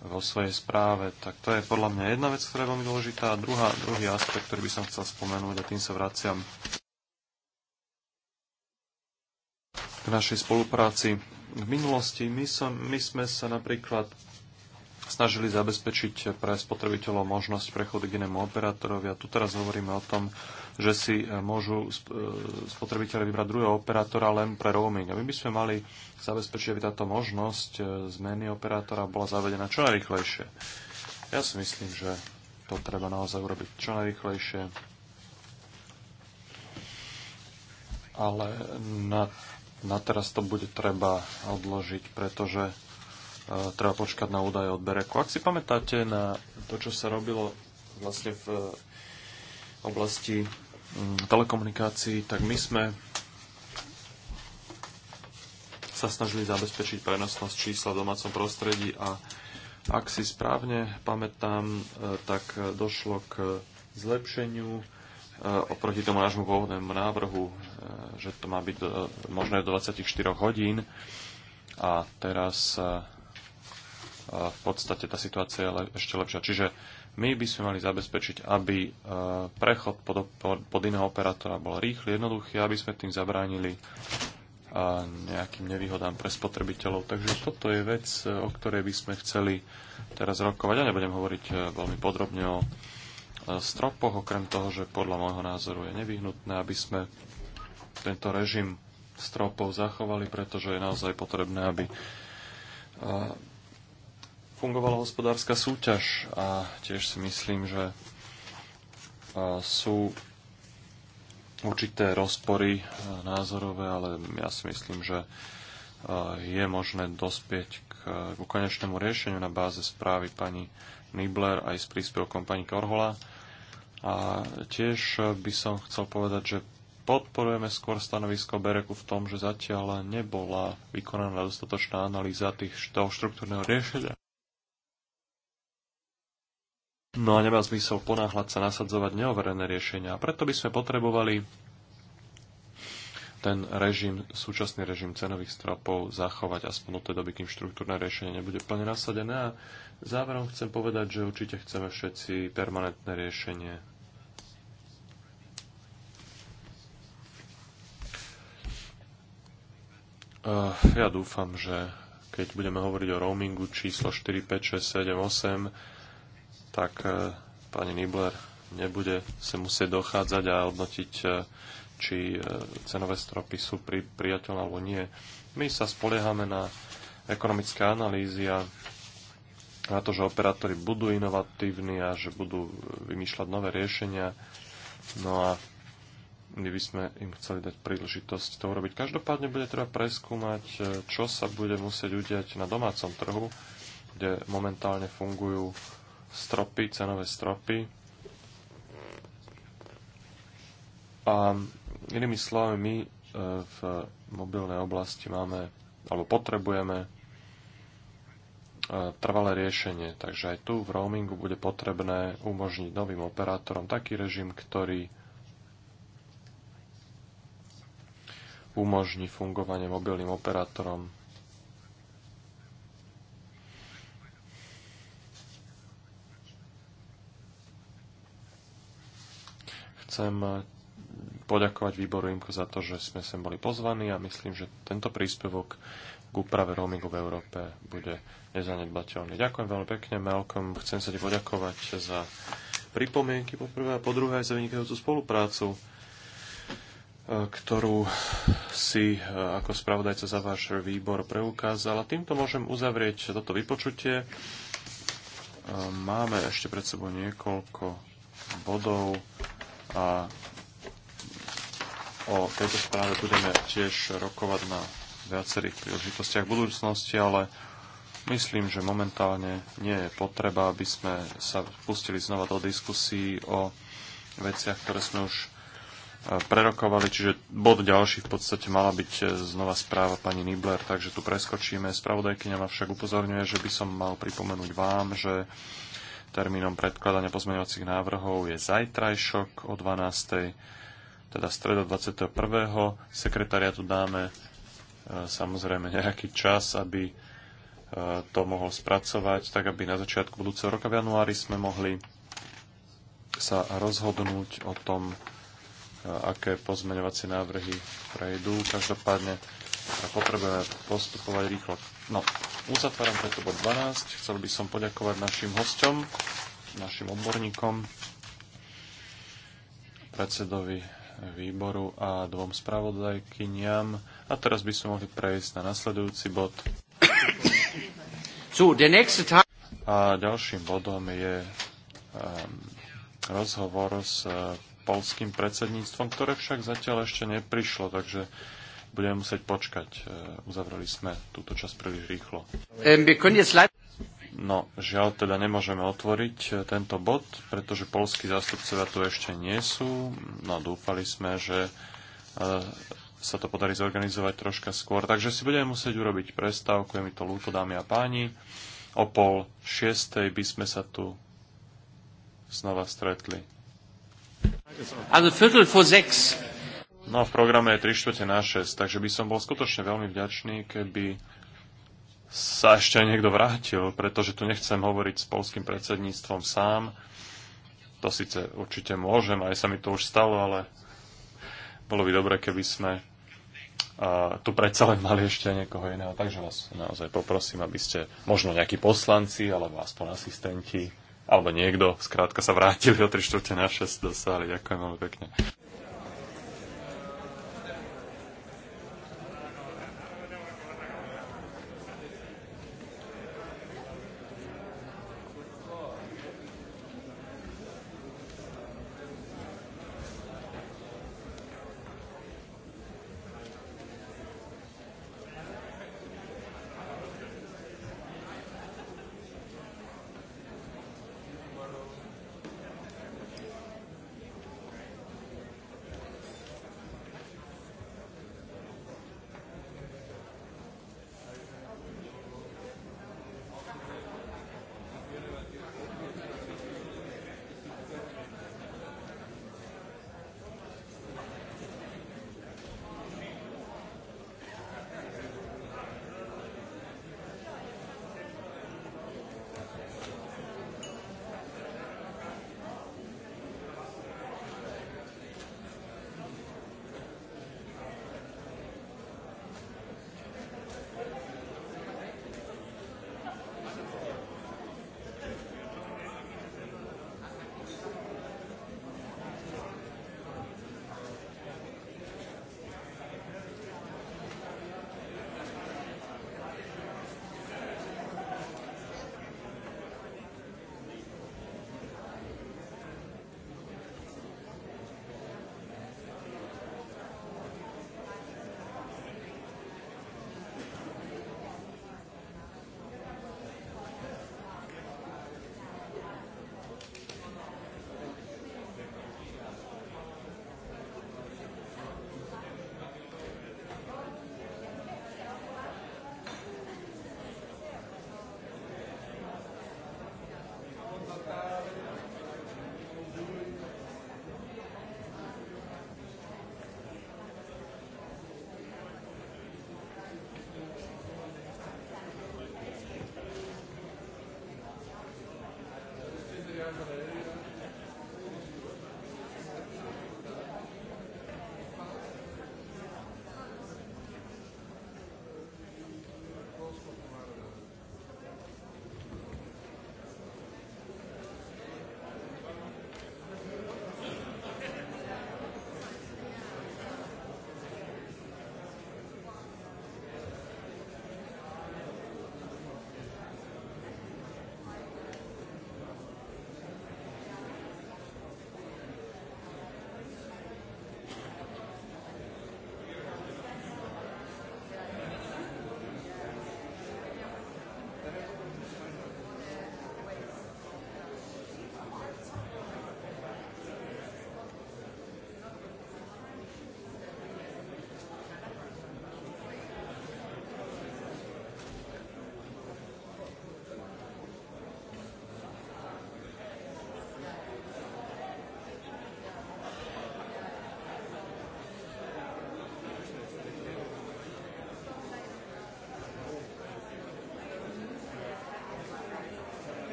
vo svojej správe, tak to je podľa mňa jedna vec, ktorá je veľmi dôležitá. A druhá, druhý aspekt, ktorý by som chcel spomenúť, a tým sa vraciam k našej spolupráci. V minulosti my, som, my sme sa napríklad snažili zabezpečiť pre spotrebiteľov možnosť prechodu k inému operátorovi. A tu teraz hovoríme o tom, že si e, môžu e, spotrebiteľe vybrať druhého operátora len pre roaming. A my by sme mali zabezpečiť, aby táto možnosť e, zmeny operátora bola zavedená čo najrychlejšie. Ja si myslím, že to treba naozaj urobiť čo najrychlejšie. Ale na, na teraz to bude treba odložiť, pretože treba počkať na údaje od Bereku. Ak si pamätáte na to, čo sa robilo vlastne v eh, oblasti mm, telekomunikácií, tak my sme sa snažili zabezpečiť prenosnosť čísla v domácom prostredí a ak si správne pamätám, eh, tak eh, došlo k zlepšeniu oproti tomu nášmu pôvodnému návrhu, že to má byť možné do 24 hodín a teraz v podstate tá situácia je ešte lepšia. Čiže my by sme mali zabezpečiť, aby e, prechod pod, pod iného operátora bol rýchly, jednoduchý, aby sme tým zabránili e, nejakým nevýhodám pre spotrebiteľov. Takže toto je vec, e, o ktorej by sme chceli teraz rokovať. Ja nebudem hovoriť veľmi podrobne o stropoch, okrem toho, že podľa môjho názoru je nevyhnutné, aby sme tento režim stropov zachovali, pretože je naozaj potrebné, aby fungovala hospodárska súťaž a tiež si myslím, že sú určité rozpory e, názorové, ale ja si myslím, že e, je možné dospieť k, e, k konečnému riešeniu na báze správy pani Nibler aj s príspevkom pani Korhola. A tiež by som chcel povedať, že podporujeme skôr stanovisko Bereku v tom, že zatiaľ nebola vykonaná dostatočná analýza tých štruktúrneho riešenia No a nemá zmysel ponáhľať sa nasadzovať neoverené riešenia. A preto by sme potrebovali ten režim, súčasný režim cenových stropov zachovať aspoň do tej doby, kým štruktúrne riešenie nebude plne nasadené. A záverom chcem povedať, že určite chceme všetci permanentné riešenie. Uh, ja dúfam, že keď budeme hovoriť o roamingu číslo 4, 5, 6, 7, 8, tak e, pani Nibler nebude sa musieť dochádzať a hodnotiť, e, či e, cenové stropy sú pri, priateľné alebo nie. My sa spoliehame na ekonomické analýzy a na to, že operátori budú inovatívni a že budú vymýšľať nové riešenia. No a my by sme im chceli dať príležitosť to urobiť. Každopádne bude treba preskúmať, čo sa bude musieť udiať na domácom trhu, kde momentálne fungujú stropy, cenové stropy. A inými slovami, my e, v mobilnej oblasti máme, alebo potrebujeme e, trvalé riešenie. Takže aj tu v roamingu bude potrebné umožniť novým operátorom taký režim, ktorý umožní fungovanie mobilným operátorom Chcem poďakovať výboru IMKO za to, že sme sem boli pozvaní a myslím, že tento príspevok k úprave roamingu v Európe bude nezanedbateľný. Ďakujem veľmi pekne, Malcolm. Chcem sa ti poďakovať za pripomienky po prvé a po druhé aj za vynikajúcu spoluprácu, e, ktorú si e, ako spravodajca za váš výbor preukázal. A týmto môžem uzavrieť toto vypočutie. E, máme ešte pred sebou niekoľko bodov. A o tejto správe budeme tiež rokovať na viacerých príležitostiach v budúcnosti, ale myslím, že momentálne nie je potreba, aby sme sa pustili znova do diskusí o veciach, ktoré sme už e, prerokovali, čiže bod ďalší v podstate mala byť e, znova správa pani Nibler, takže tu preskočíme. Spravodajkyňa ma však upozorňuje, že by som mal pripomenúť vám, že Termínom predkladania pozmeňovacích návrhov je zajtrajšok o 12. teda stredo 21. Sekretariatu dáme e, samozrejme nejaký čas, aby e, to mohol spracovať, tak aby na začiatku budúceho roka v januári sme mohli sa rozhodnúť o tom, e, aké pozmeňovacie návrhy prejdú. Každopádne potrebujeme postupovať rýchlo. No, uzatváram preto bod 12. Chcel by som poďakovať našim hosťom, našim odborníkom, predsedovi výboru a dvom spravodajkyniam. A teraz by sme mohli prejsť na nasledujúci bod. A ďalším bodom je um, rozhovor s eh, polským predsedníctvom, ktoré však zatiaľ ešte neprišlo, takže budeme musieť počkať. E, uzavreli sme túto časť príliš rýchlo. No, žiaľ, teda nemôžeme otvoriť e, tento bod, pretože polskí zástupcovia tu ešte nie sú. No, dúfali sme, že e, sa to podarí zorganizovať troška skôr. Takže si budeme musieť urobiť prestávku, je mi to ľúto, dámy a páni. O pol šiestej by sme sa tu znova stretli. Also Viertel vor sechs. No, v programe je 3 čtvrte na 6, takže by som bol skutočne veľmi vďačný, keby sa ešte aj niekto vrátil, pretože tu nechcem hovoriť s polským predsedníctvom sám. To síce určite môžem, aj sa mi to už stalo, ale bolo by dobre, keby sme a tu predsa len mali ešte niekoho iného. Takže vás naozaj poprosím, aby ste možno nejakí poslanci, alebo aspoň asistenti, alebo niekto, skrátka sa vrátili o 3 čtvrte na 6 do sály. Ďakujem veľmi pekne.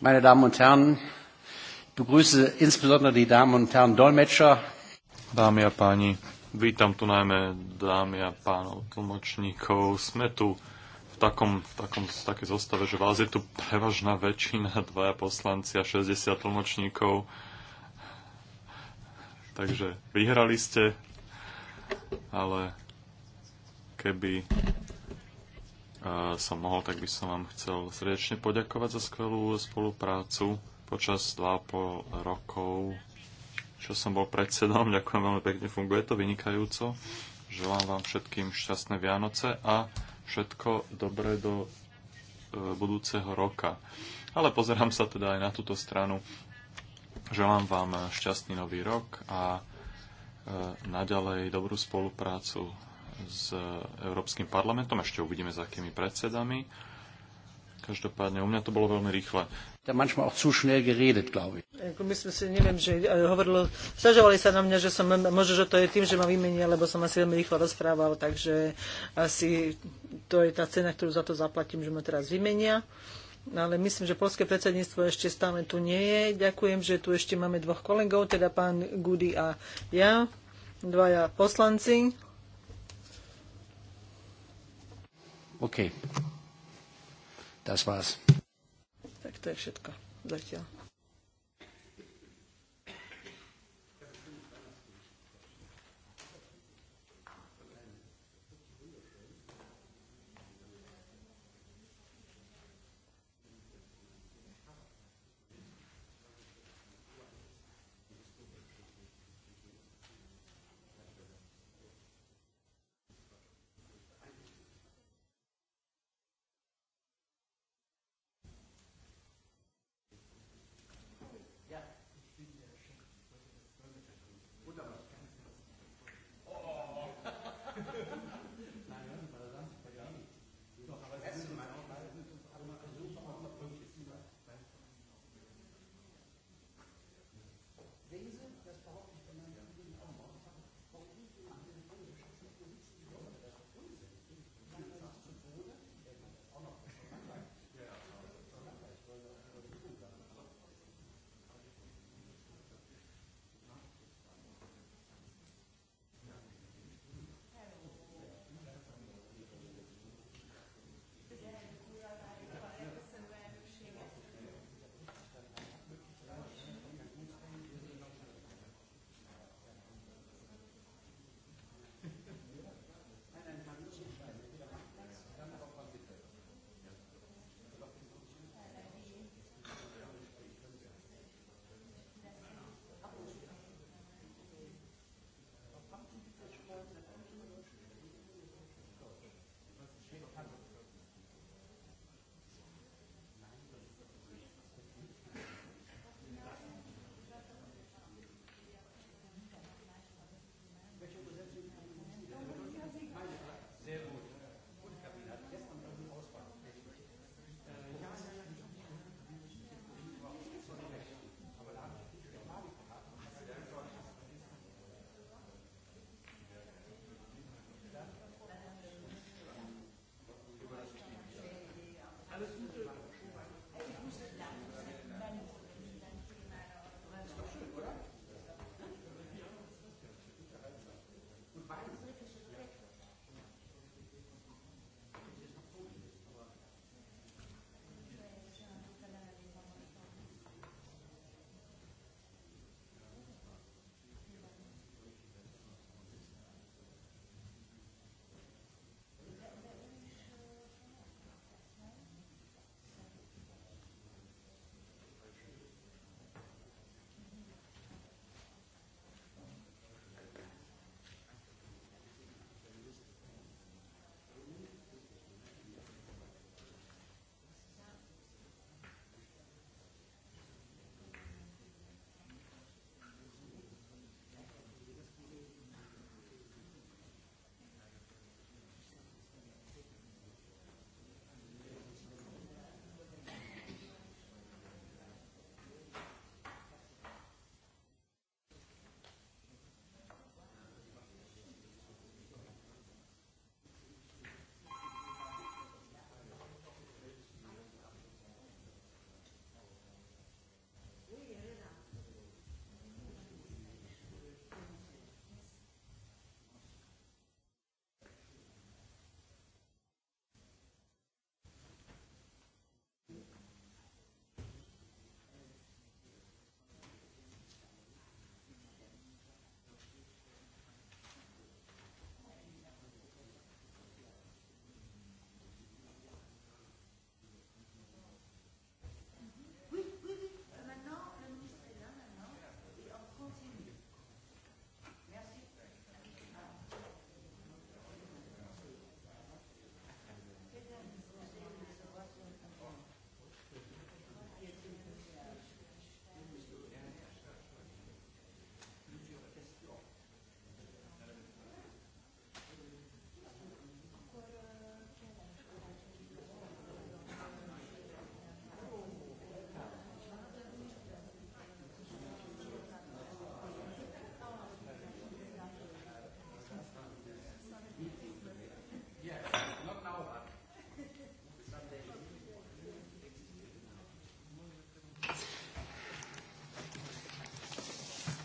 meine Damen und Herren. Ich begrüße insbesondere die Damen und Herren Dolmetscher. Dámy a páni, vítam tu najmä dámy a pánov tlmočníkov. Sme tu v takom, v takom v takej zostave, že vás je tu prevažná väčšina, dvaja poslanci a 60 tlmočníkov. Takže vyhrali ste, ale keby som mohol, tak by som vám chcel srdečne poďakovať za skvelú spoluprácu počas 2,5 rokov, čo som bol predsedom. Ďakujem veľmi pekne, funguje to vynikajúco. Želám vám všetkým šťastné Vianoce a všetko dobré do e, budúceho roka. Ale pozerám sa teda aj na túto stranu. Želám vám šťastný nový rok a e, naďalej dobrú spoluprácu s Európskym parlamentom. Ešte uvidíme, s akými predsedami. Každopádne, u mňa to bolo veľmi rýchle. Ja auch zu schnell geredet, glaube ich. My sme si, neviem, že e, hovorilo, stažovali sa na mňa, že som, možno, že to je tým, že ma vymenia, lebo som asi veľmi rýchlo rozprával, takže asi to je tá cena, ktorú za to zaplatím, že ma teraz vymenia. Ale myslím, že polské predsedníctvo ešte stále tu nie je. Ďakujem, že tu ešte máme dvoch kolegov, teda pán Gudy a ja, dvaja poslanci. Okay. Das war's. Tak to je všetko. Zatiaľ.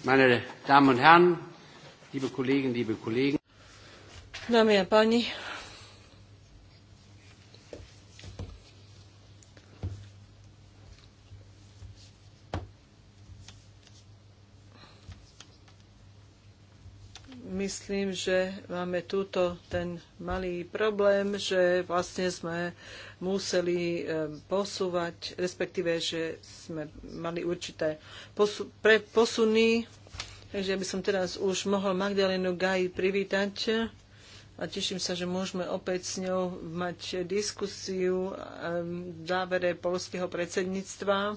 Meine Damen und Herren, liebe Kolleginnen, liebe Kollegen. Dámy a páni, že máme túto ten malý problém, že vlastne sme museli posúvať, respektíve, že sme mali určité posu- pre posuny. Takže ja by som teraz už mohol Magdalenu Gaj privítať a teším sa, že môžeme opäť s ňou mať diskusiu v závere polského predsedníctva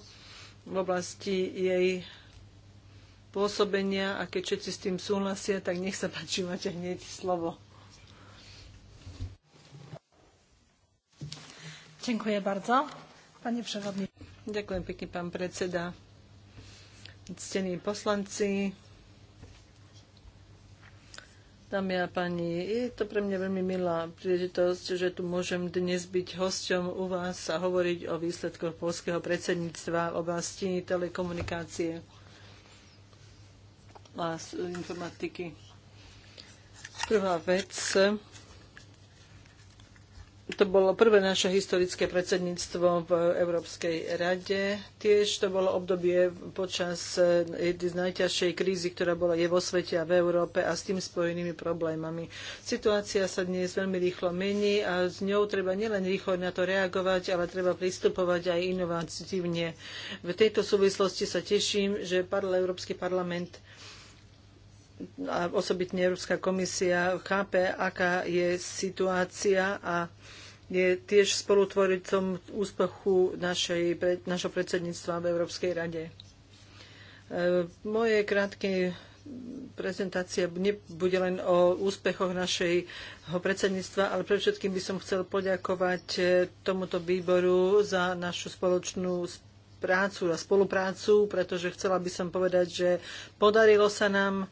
v oblasti jej pôsobenia a keď všetci s tým súhlasia, tak nech sa páči, máte hneď slovo. Ďakujem bardzo. pani przewodniczący. Ďakujem pekne, pán predseda. Ctení poslanci, Dámy a pani. je to pre mňa veľmi milá príležitosť, že tu môžem dnes byť hosťom u vás a hovoriť o výsledkoch polského predsedníctva v oblasti telekomunikácie a informatiky. Prvá vec, to bolo prvé naše historické predsedníctvo v Európskej rade. Tiež to bolo obdobie počas jednej z najťažšej krízy, ktorá bola je vo svete a v Európe a s tým spojenými problémami. Situácia sa dnes veľmi rýchlo mení a s ňou treba nielen rýchlo na to reagovať, ale treba pristupovať aj inovatívne. V tejto súvislosti sa teším, že Európsky parlament a osobitne Európska komisia chápe, aká je situácia a je tiež spolutvoricom úspechu našej, našho predsedníctva v Európskej rade. E, moje krátke prezentácia nebude len o úspechoch našeho predsedníctva, ale pre všetkým by som chcel poďakovať e, tomuto výboru za našu spoločnú prácu a spoluprácu, pretože chcela by som povedať, že podarilo sa nám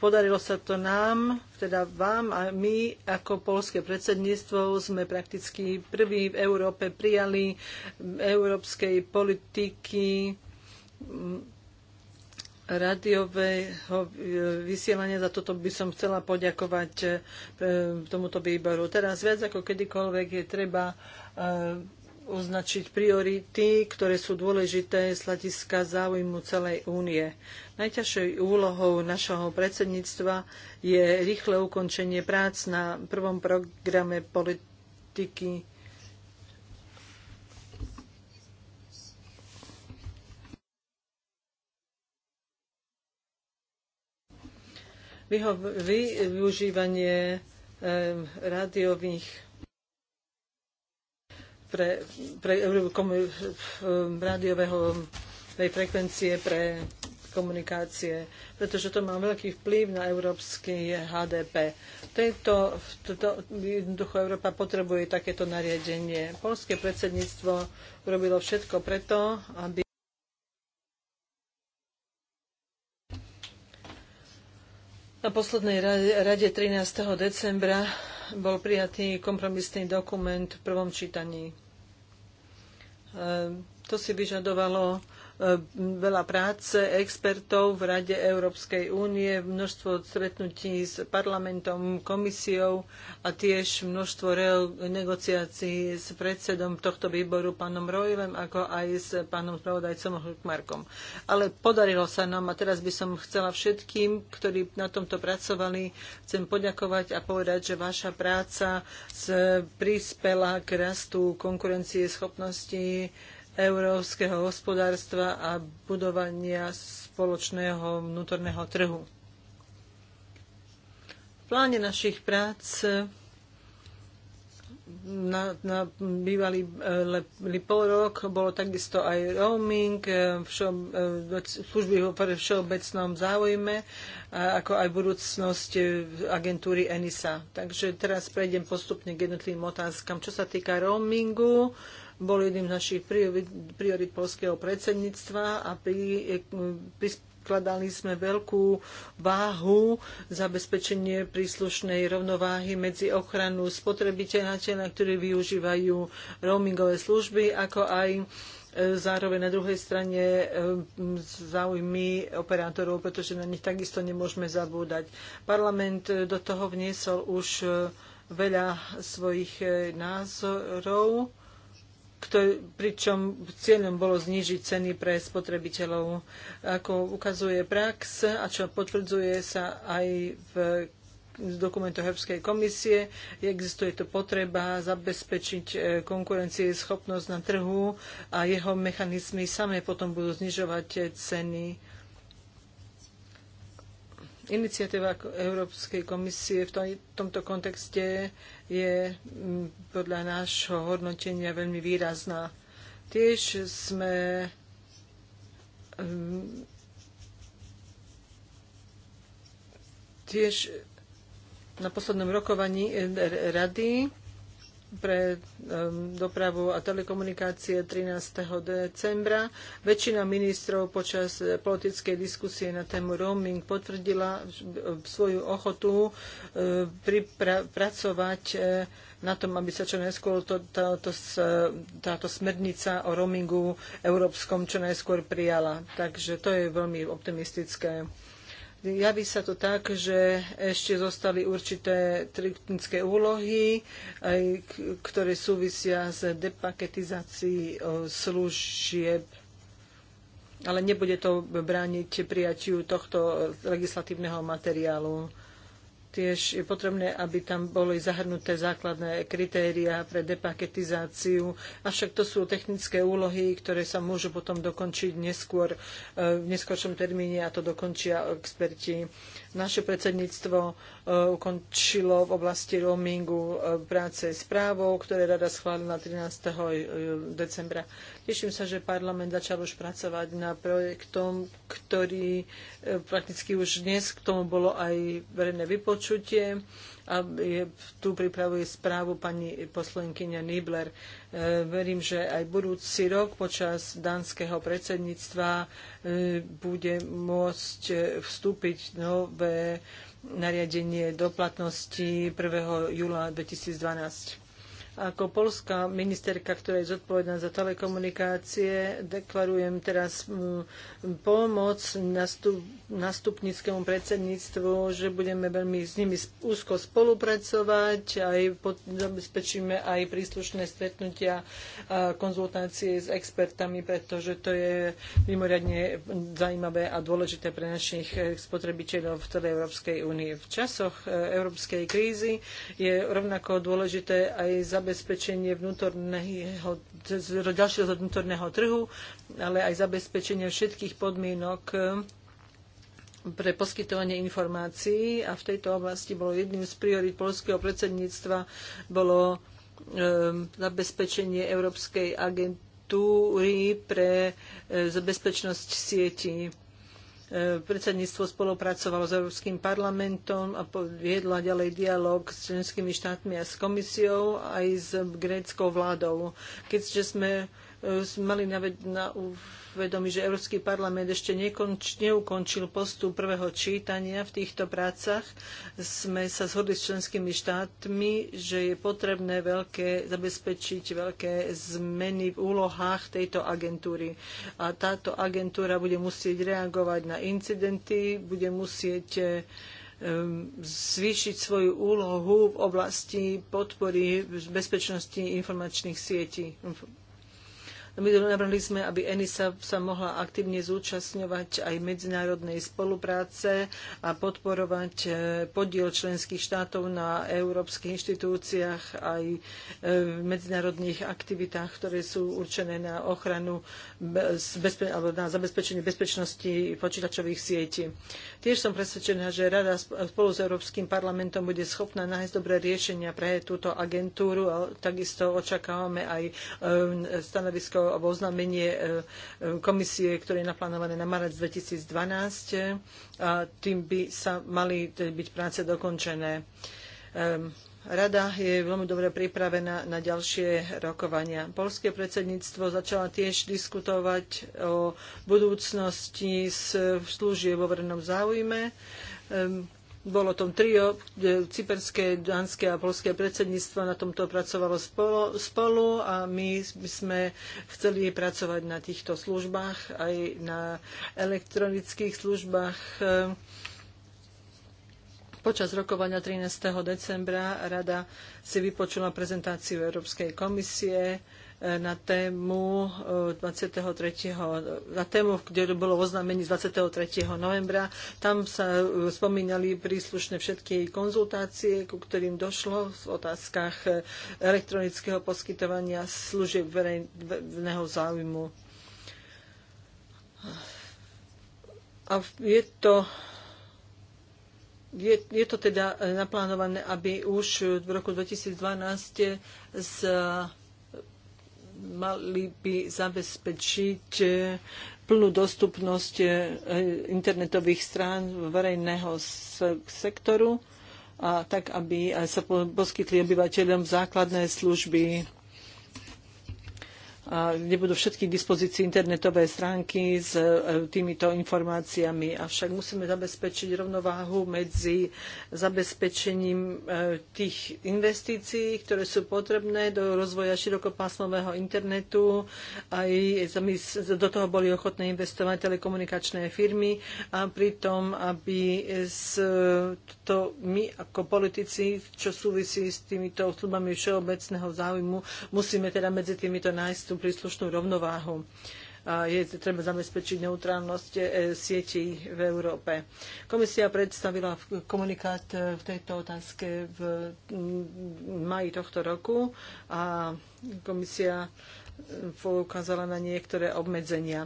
podarilo sa to nám, teda vám a my ako polské predsedníctvo sme prakticky prví v Európe prijali európskej politiky radiového e, vysielania. Za toto by som chcela poďakovať e, tomuto výboru. Teraz viac ako kedykoľvek je treba e, označiť priority, ktoré sú dôležité z hľadiska záujmu celej únie. Najťažšou úlohou našeho predsedníctva je rýchle ukončenie prác na prvom programe politiky využívanie eh, rádiových pre, pre komu, eh, rádiového tej frekvencie pre komunikácie, pretože to má veľký vplyv na európsky HDP. toto, jednoducho Európa potrebuje takéto nariadenie. Polské predsedníctvo urobilo všetko preto, aby na poslednej rade 13. decembra bol prijatý kompromisný dokument v prvom čítaní. E, to si vyžadovalo Ehm, veľa práce expertov v Rade Európskej únie, množstvo stretnutí s parlamentom, komisiou a tiež množstvo negociácií s predsedom tohto výboru, pánom Rojlem, ako aj s pánom spravodajcom Hukmarkom. Ale podarilo sa nám a teraz by som chcela všetkým, ktorí na tomto pracovali, chcem poďakovať a povedať, že vaša práca prispela k rastu konkurencie schopnosti európskeho hospodárstva a budovania spoločného vnútorného trhu. V pláne našich prác na, na bývalý e, le, pol rok bolo takisto aj roaming, e, všo, e, služby pre všeobecnom záujme, ako aj budúcnosť agentúry ENISA. Takže teraz prejdem postupne k jednotlivým otázkam. Čo sa týka roamingu, bol jedným z našich priorit, priorit polského predsedníctva a pri, pri sme veľkú váhu zabezpečenie príslušnej rovnováhy medzi ochranu spotrebiteľa, ktorí využívajú roamingové služby, ako aj e, zároveň na druhej strane e, záujmy operátorov, pretože na nich takisto nemôžeme zabúdať. Parlament e, do toho vniesol už veľa svojich názorov pričom cieľom bolo znížiť ceny pre spotrebiteľov. Ako ukazuje prax a čo potvrdzuje sa aj v z dokumentu Európskej komisie. Existuje tu potreba zabezpečiť e, schopnosť na trhu a jeho mechanizmy samé potom budú znižovať e, ceny. Iniciatíva Európskej komisie v tomto kontexte je mm, podľa nášho hodnotenia veľmi výrazná. Tiež sme mm, tiež na poslednom rokovaní eh, rady pre um, dopravu a telekomunikácie 13. decembra. Väčšina ministrov počas eh, politickej diskusie na tému roaming potvrdila eh, svoju ochotu eh, pracovať na tom, aby sa čo najskôr to, táto, táto smernica o roamingu európskom čo najskôr prijala. Takže to je veľmi optimistické. Javí sa to tak, že ešte zostali určité technické úlohy, ktoré súvisia s depaketizácií služieb ale nebude to brániť prijatiu tohto e, legislatívneho materiálu. Tiež je potrebné, aby tam boli zahrnuté základné kritéria pre depaketizáciu. Avšak to sú technické úlohy, ktoré sa môžu potom dokončiť neskôr, e, v neskôršom termíne a to dokončia experti. Naše predsedníctvo e, ukončilo v oblasti roamingu e, práce s právou, ktoré rada schválila 13. decembra Teším sa, že parlament začal už pracovať na projektom, ktorý e, prakticky už dnes k tomu bolo aj verejné vypočutie. A tu pripravuje správu pani poslankyňa Nibler. E, verím, že aj budúci rok počas dánskeho predsedníctva e, bude môcť vstúpiť nové nariadenie do platnosti 1. júla 2012. Ako polská ministerka, ktorá je zodpovedná za telekomunikácie, deklarujem teraz mm, pomoc nastup, nastupníckému predsedníctvu, že budeme veľmi s nimi úzko spolupracovať, aj zabezpečíme aj príslušné stretnutia a konzultácie s expertami, pretože to je mimoriadne zaujímavé a dôležité pre našich eh, spotrebiteľov v celej Európskej únii. V časoch eh, európskej krízy je rovnako dôležité aj zabezpečiť zabezpečenie vnútorného, ďalšieho vnútorného trhu, ale aj zabezpečenie všetkých podmienok eh, pre poskytovanie informácií a v tejto oblasti bolo jedným z priorít polského predsedníctva bolo eh, zabezpečenie Európskej agentúry pre eh, bezpečnosť sietí E, predsedníctvo spolupracovalo s Európskym parlamentom a viedla ďalej dialog s členskými štátmi a s komisiou aj s gréckou vládou. Keďže sme mali na, uvedomi, že Európsky parlament ešte nekonč, neukončil postup prvého čítania v týchto prácach. Sme sa zhodli s členskými štátmi, že je potrebné veľké, zabezpečiť veľké zmeny v úlohách tejto agentúry. A táto agentúra bude musieť reagovať na incidenty, bude musieť eh, zvýšiť svoju úlohu v oblasti podpory bezpečnosti informačných sietí No, my navrhli sme, aby ENISA sa mohla aktívne zúčastňovať aj medzinárodnej spolupráce a podporovať e, podiel členských štátov na európskych inštitúciách aj e, v medzinárodných aktivitách, ktoré sú určené na ochranu bezpe- alebo na zabezpečenie bezpečnosti počítačových sietí. Tiež som presvedčená, že Rada spolu s Európskym parlamentom bude schopná nájsť dobré riešenia pre túto agentúru a takisto očakávame aj e, stanovisko alebo oznámenie e, e, komisie, ktoré je naplánované na marec 2012. E, a tým by sa mali byť práce dokončené. Ehm, rada je veľmi dobre pripravená na ďalšie rokovania. Polské predsedníctvo začala tiež diskutovať o budúcnosti služieb vo verejnom záujme ehm, bolo tom trio, cyperské, dánske a polské predsedníctvo na tomto pracovalo spolu, spolu a my sme chceli pracovať na týchto službách, aj na elektronických službách. Počas rokovania 13. decembra rada si vypočula prezentáciu Európskej komisie na tému 23. Eh, na tému, kde bolo oznámenie z 23. novembra. Tam sa eh, spomínali príslušné všetky konzultácie, ku ktorým došlo v otázkach eh, elektronického poskytovania služieb verejného záujmu. A je to je, je to teda naplánované, aby už v roku 2012 z mali by zabezpečiť e, plnú dostupnosť e, internetových strán verejného sektoru a tak, aby sa poskytli obyvateľom základné služby kde budú všetky k dispozícii internetové stránky s e, týmito informáciami. Avšak musíme zabezpečiť rovnováhu medzi zabezpečením e, tých investícií, ktoré sú potrebné do rozvoja širokopásmového internetu. Aj do toho boli ochotné investovať telekomunikačné firmy a pritom, aby to my ako politici, čo súvisí s týmito službami všeobecného záujmu, musíme teda medzi týmito nájsť tú príslušnú rovnováhu. A je treba zabezpečiť neutrálnosť e, sietí v Európe. Komisia predstavila komunikát e, v tejto otázke v maji tohto roku a komisia e, poukázala na niektoré obmedzenia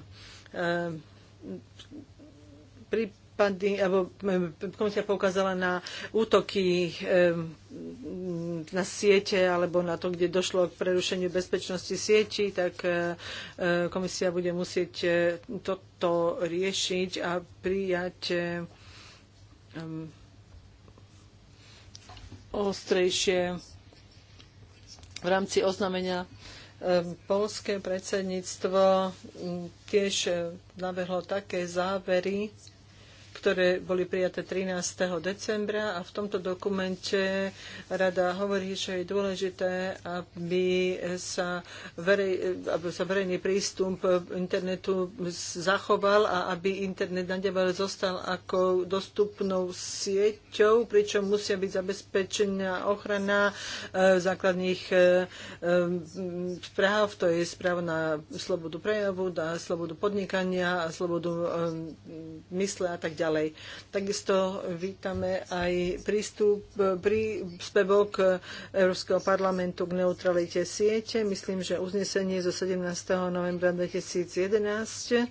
pri prípady, alebo komisia poukázala na útoky na siete alebo na to, kde došlo k prerušeniu bezpečnosti sieti, tak e, e, komisia bude musieť e, toto riešiť a prijať ostrejšie v rámci oznámenia Polské predsedníctvo tiež navrhlo také závery, ktoré boli prijaté 13. decembra a v tomto dokumente rada hovorí, že je dôležité, aby sa, verej, aby sa verejný prístup internetu zachoval a aby internet naďalej zostal ako dostupnou sieťou, pričom musia byť zabezpečená ochrana e, základných e, e, práv, to je správ na slobodu prejavu, na slobodu podnikania a slobodu mysle a tak ďalej ďalej. Takisto vítame aj prístup, príspevok Európskeho parlamentu k neutralite siete. Myslím, že uznesenie zo 17. novembra 2011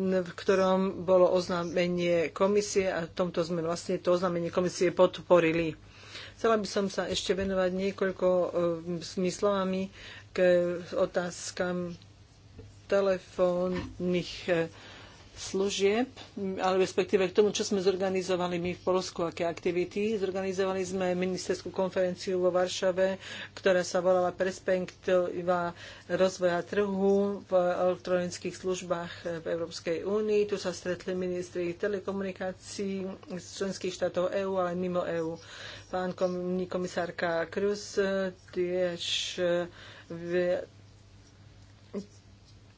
v ktorom bolo oznámenie komisie a v tomto sme vlastne to oznámenie komisie podporili. Chcela by som sa ešte venovať niekoľko e, smyslovami k otázkam telefónnych e, služieb, ale respektíve k tomu, čo sme zorganizovali my v Polsku, aké aktivity. Zorganizovali sme ministerskú konferenciu vo Varšave, ktorá sa volala Perspektíva rozvoja trhu v elektronických službách v Európskej únii. Tu sa stretli ministri telekomunikácií z členských štátov EÚ, ale mimo EÚ. Pán komisárka Krus tiež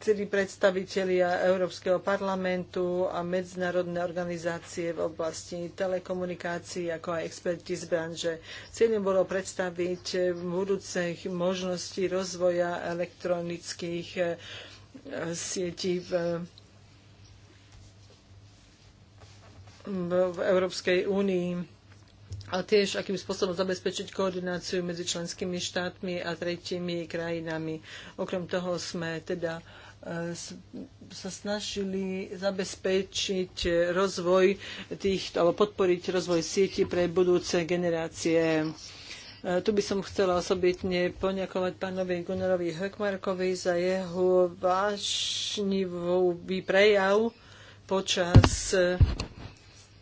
tri predstavitelia Európskeho parlamentu a medzinárodné organizácie v oblasti telekomunikácií, ako aj experti z branže. Cieľom bolo predstaviť budúce možnosti rozvoja elektronických e, sietí v, v Európskej únii a tiež akým spôsobom zabezpečiť koordináciu medzi členskými štátmi a tretími krajinami. Okrem toho sme teda sa snažili zabezpečiť rozvoj týchto, alebo podporiť rozvoj sieti pre budúce generácie. E, tu by som chcela osobitne poďakovať pánovi Gunarovi Hökmarkovi za jeho vášnivý prejav počas e,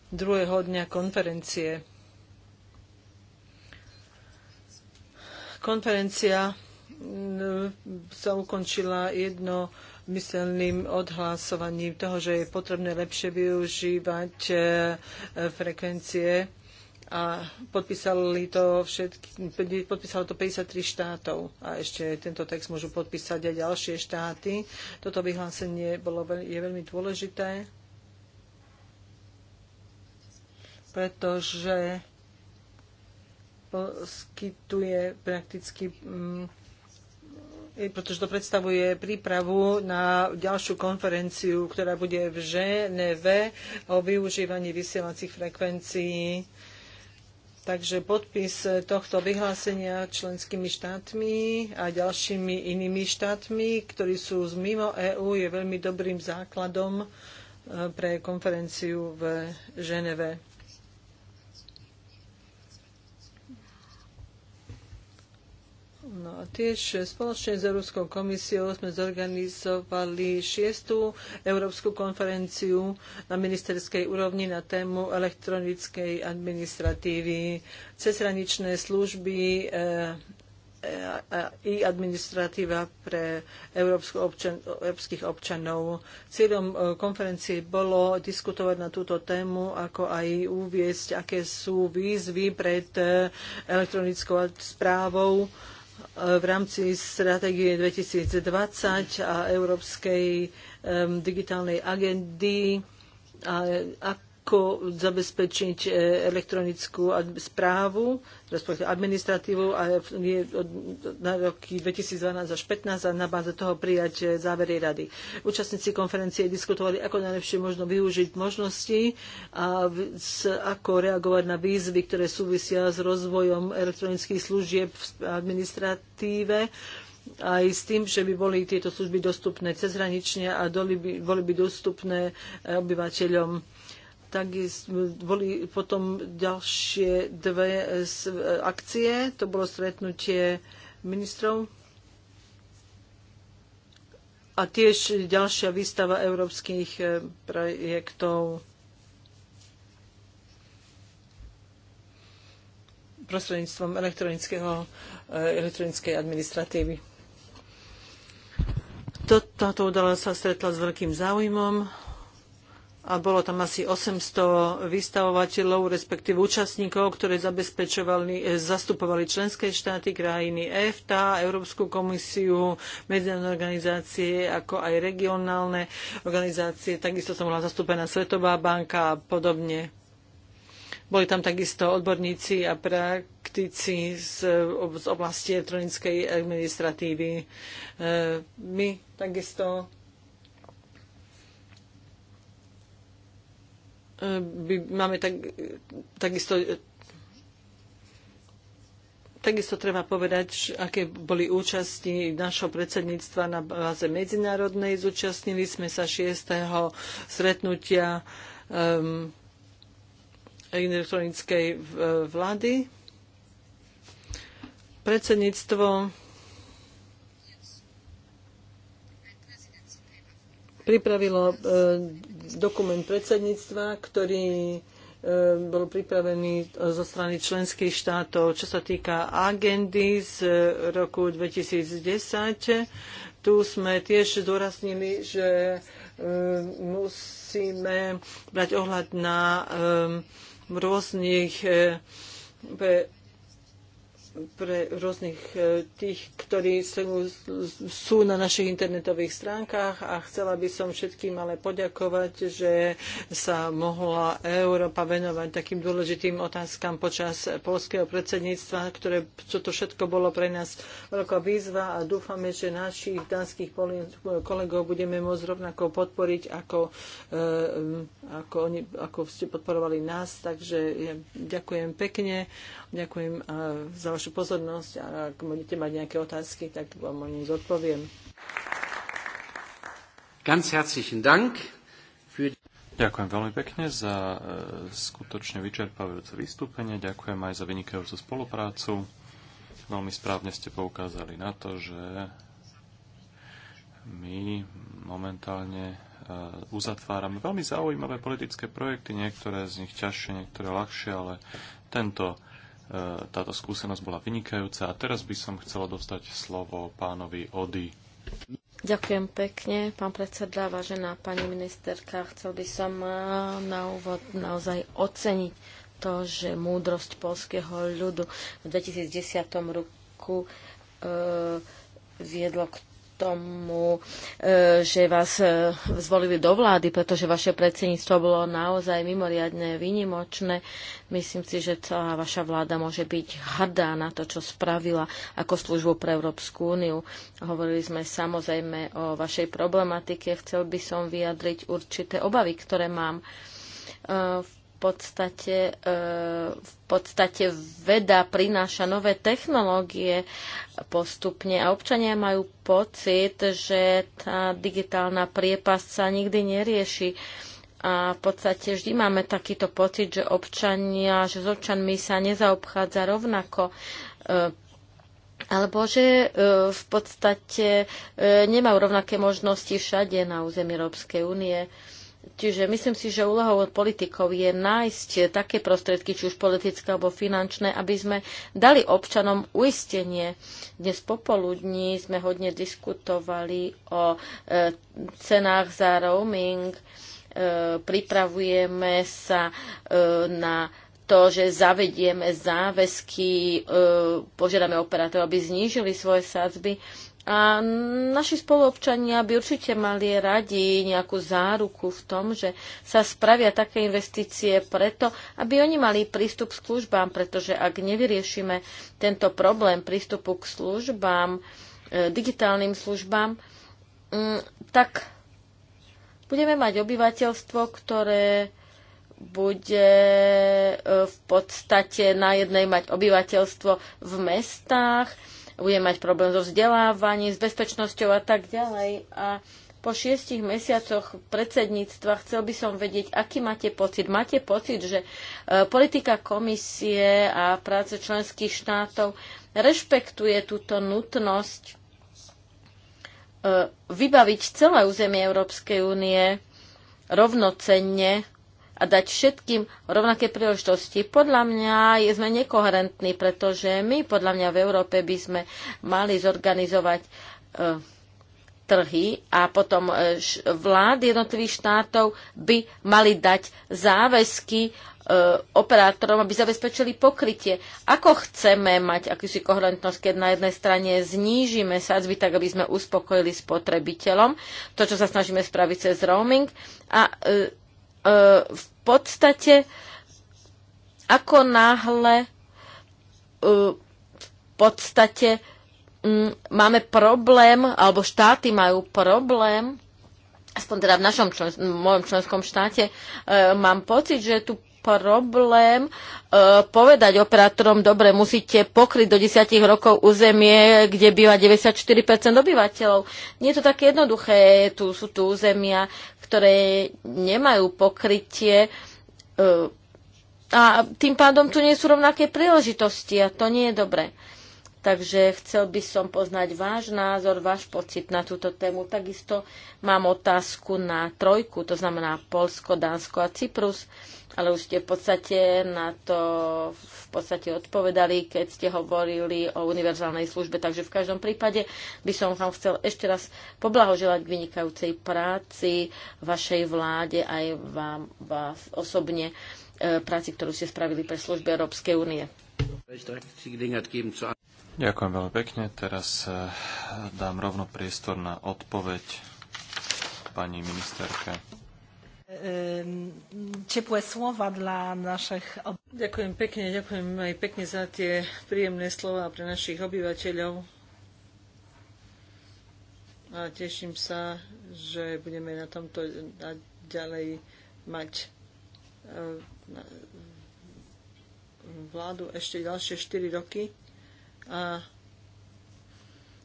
druhého dňa konferencie. Konferencia sa ukončila jedno zmyselným odhlasovaním toho, že je potrebné lepšie využívať e, frekvencie a podpísali to všetky, podpísalo to 53 štátov a ešte tento text môžu podpísať aj ďalšie štáty. Toto vyhlásenie bolo, je veľmi dôležité, pretože poskytuje prakticky mm, E, pretože to predstavuje prípravu na ďalšiu konferenciu, ktorá bude v Ženeve o využívaní vysielacích frekvencií. Takže podpis tohto vyhlásenia členskými štátmi a ďalšími inými štátmi, ktorí sú z mimo EÚ, je veľmi dobrým základom e, pre konferenciu v Ženeve. No a tiež spoločne s Európskou komisiou sme zorganizovali šiestu Európsku konferenciu na ministerskej úrovni na tému elektronickej administratívy, cezhraničné služby, eh, eh, i administratíva pre európskych občanov. Cieľom eh, konferencie bolo diskutovať na túto tému, ako aj uviesť, aké sú výzvy pred elektronickou správou v rámci stratégie 2020 a Európskej digitálnej agendy a ako zabezpečiť e, elektronickú správu, respektíve administratívu a je od, na roky 2012 až 15 a na báze toho prijať e, závery rady. Účastníci konferencie diskutovali, ako najlepšie možno využiť možnosti a ako reagovať na výzvy, ktoré súvisia s rozvojom elektronických služieb v administratíve aj s tým, že by boli tieto služby dostupné cezhranične a boli by dostupné e, obyvateľom tak boli potom ďalšie dve e, e, akcie. To bolo stretnutie ministrov a tiež ďalšia výstava európskych e, projektov. prostredníctvom elektronickej administratívy. Toto, táto udalosť sa stretla s veľkým záujmom a bolo tam asi 800 vystavovateľov, respektíve účastníkov, ktoré zabezpečovali, eh, zastupovali členské štáty, krajiny EFTA, Európsku komisiu, medzinárodné organizácie, ako aj regionálne organizácie. Takisto som bola zastúpená Svetová banka a podobne. Boli tam takisto odborníci a praktici z, z oblasti elektronickej administratívy. Eh, my takisto by, máme tak, takisto Takisto treba povedať, aké boli účasti našho predsedníctva na báze medzinárodnej. Zúčastnili sme sa 6. stretnutia um, elektronickej eh, vlády. Predsedníctvo pripravilo e, dokument predsedníctva, ktorý e, bol pripravený zo strany členských štátov. Čo sa týka agendy z e, roku 2010, tu sme tiež zdôraznili, že musíme brať ohľad na rôznych pre rôznych e, tých, ktorí sú, na našich internetových stránkach a chcela by som všetkým ale poďakovať, že sa mohla Európa venovať takým dôležitým otázkam počas polského predsedníctva, ktoré, toto všetko bolo pre nás veľká výzva a dúfame, že našich dánskych kolegov budeme môcť rovnako podporiť, ako, e, ako, oni, ako ste podporovali nás. Takže ja ďakujem pekne, ďakujem e, za vašu pozornosť a ak budete mať nejaké otázky, tak vám o nich zodpoviem. Ganz herzlichen Dank. Ďakujem veľmi pekne za e, skutočne vyčerpávajúce vystúpenie. Ďakujem aj za vynikajúcu spoluprácu. Veľmi správne ste poukázali na to, že my momentálne e, uzatvárame veľmi zaujímavé politické projekty, niektoré z nich ťažšie, niektoré ľahšie, ale tento táto skúsenosť bola vynikajúca. A teraz by som chcela dostať slovo pánovi Ody. Ďakujem pekne, pán predseda, vážená pani ministerka. Chcel by som eh, na úvod naozaj oceniť to, že múdrosť polského ľudu v 2010 roku e, viedlo k tomu, e, že vás e, zvolili do vlády, pretože vaše predsedníctvo bolo naozaj mimoriadne výnimočné. Myslím si, že celá vaša vláda môže byť hrdá na to, čo spravila ako službu pre Európsku úniu. Hovorili sme samozrejme o vašej problematike. Chcel by som vyjadriť určité obavy, ktoré mám e, v podstate, e, v podstate veda prináša nové technológie postupne a občania majú pocit, že tá digitálna priepasť sa nikdy nerieši. A v podstate vždy máme takýto pocit, že občania, že s občanmi sa nezaobchádza rovnako e, alebo že e, v podstate nemajú rovnaké možnosti všade na území Európskej únie Čiže myslím si, že úlohou politikov je nájsť také prostriedky, či už politické alebo finančné, aby sme dali občanom uistenie. Dnes popoludní sme hodne diskutovali o e, cenách za roaming. E, pripravujeme sa e, na to, že zavedieme záväzky, e, požiadame operátorov, aby znížili svoje sádzby. A naši spoluobčania by určite mali radi nejakú záruku v tom, že sa spravia také investície preto, aby oni mali prístup k službám, pretože ak nevyriešime tento problém prístupu k službám, e, digitálnym službám, mm, tak budeme mať obyvateľstvo, ktoré bude e, v podstate na jednej mať obyvateľstvo v mestách, bude mať problém so vzdelávaním, s bezpečnosťou a tak ďalej. A po šiestich mesiacoch predsedníctva chcel by som vedieť, aký máte pocit. Máte pocit, že e, politika komisie a práce členských štátov rešpektuje túto nutnosť e, vybaviť celé územie Európskej únie rovnocenne a dať všetkým rovnaké príležitosti. Podľa mňa sme nekoherentní, pretože my podľa mňa v Európe by sme mali zorganizovať e, trhy a potom e, vlády jednotlivých štátov by mali dať záväzky e, operátorom, aby zabezpečili pokrytie. Ako chceme mať akúsi koherentnosť, keď na jednej strane znížime sadzby tak, aby sme uspokojili spotrebiteľom, to, čo sa snažíme spraviť cez roaming, a E, v podstate ako náhle e, v podstate máme problém, alebo štáty majú problém, aspoň teda v našom člen, v mojom členskom štáte, e, mám pocit, že je tu problém e, povedať operátorom, dobre, musíte pokryť do 10 rokov územie, kde býva 94% obyvateľov. Nie je to také jednoduché, tu, sú tu územia, ktoré nemajú pokrytie e, a tým pádom tu nie sú rovnaké príležitosti a to nie je dobré. Takže chcel by som poznať váš názor, váš pocit na túto tému. Takisto mám otázku na trojku, to znamená Polsko, Dánsko a Cyprus, ale už ste v podstate na to v podstate odpovedali, keď ste hovorili o univerzálnej službe. Takže v každom prípade by som vám chcel ešte raz poblahoželať k vynikajúcej práci vašej vláde aj vám, vás osobne e, práci, ktorú ste spravili pre služby Európskej únie. Ďakujem veľmi pekne. Teraz e, dám rovno priestor na odpoveď pani ministerke. Ehm, dla Ďakujem pekne, ďakujem aj pekne za tie príjemné slova pre našich obyvateľov. A teším sa, že budeme na tomto ďalej mať eh, vládu ešte ďalšie 4 roky. A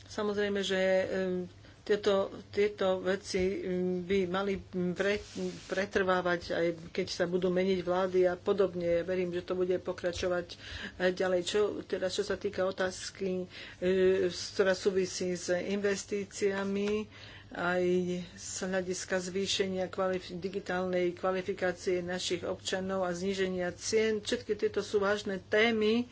samozrejme, že ehm, tieto, tieto veci mm, by mali pre, pretrvávať, aj keď sa budú meniť vlády a podobne. Verím, že to bude pokračovať ďalej. Čo, teda, čo sa týka otázky, e, ktorá súvisí s investíciami, aj z hľadiska zvýšenia kvalif- digitálnej kvalifikácie našich občanov a zníženia cien. Všetky tieto sú vážne témy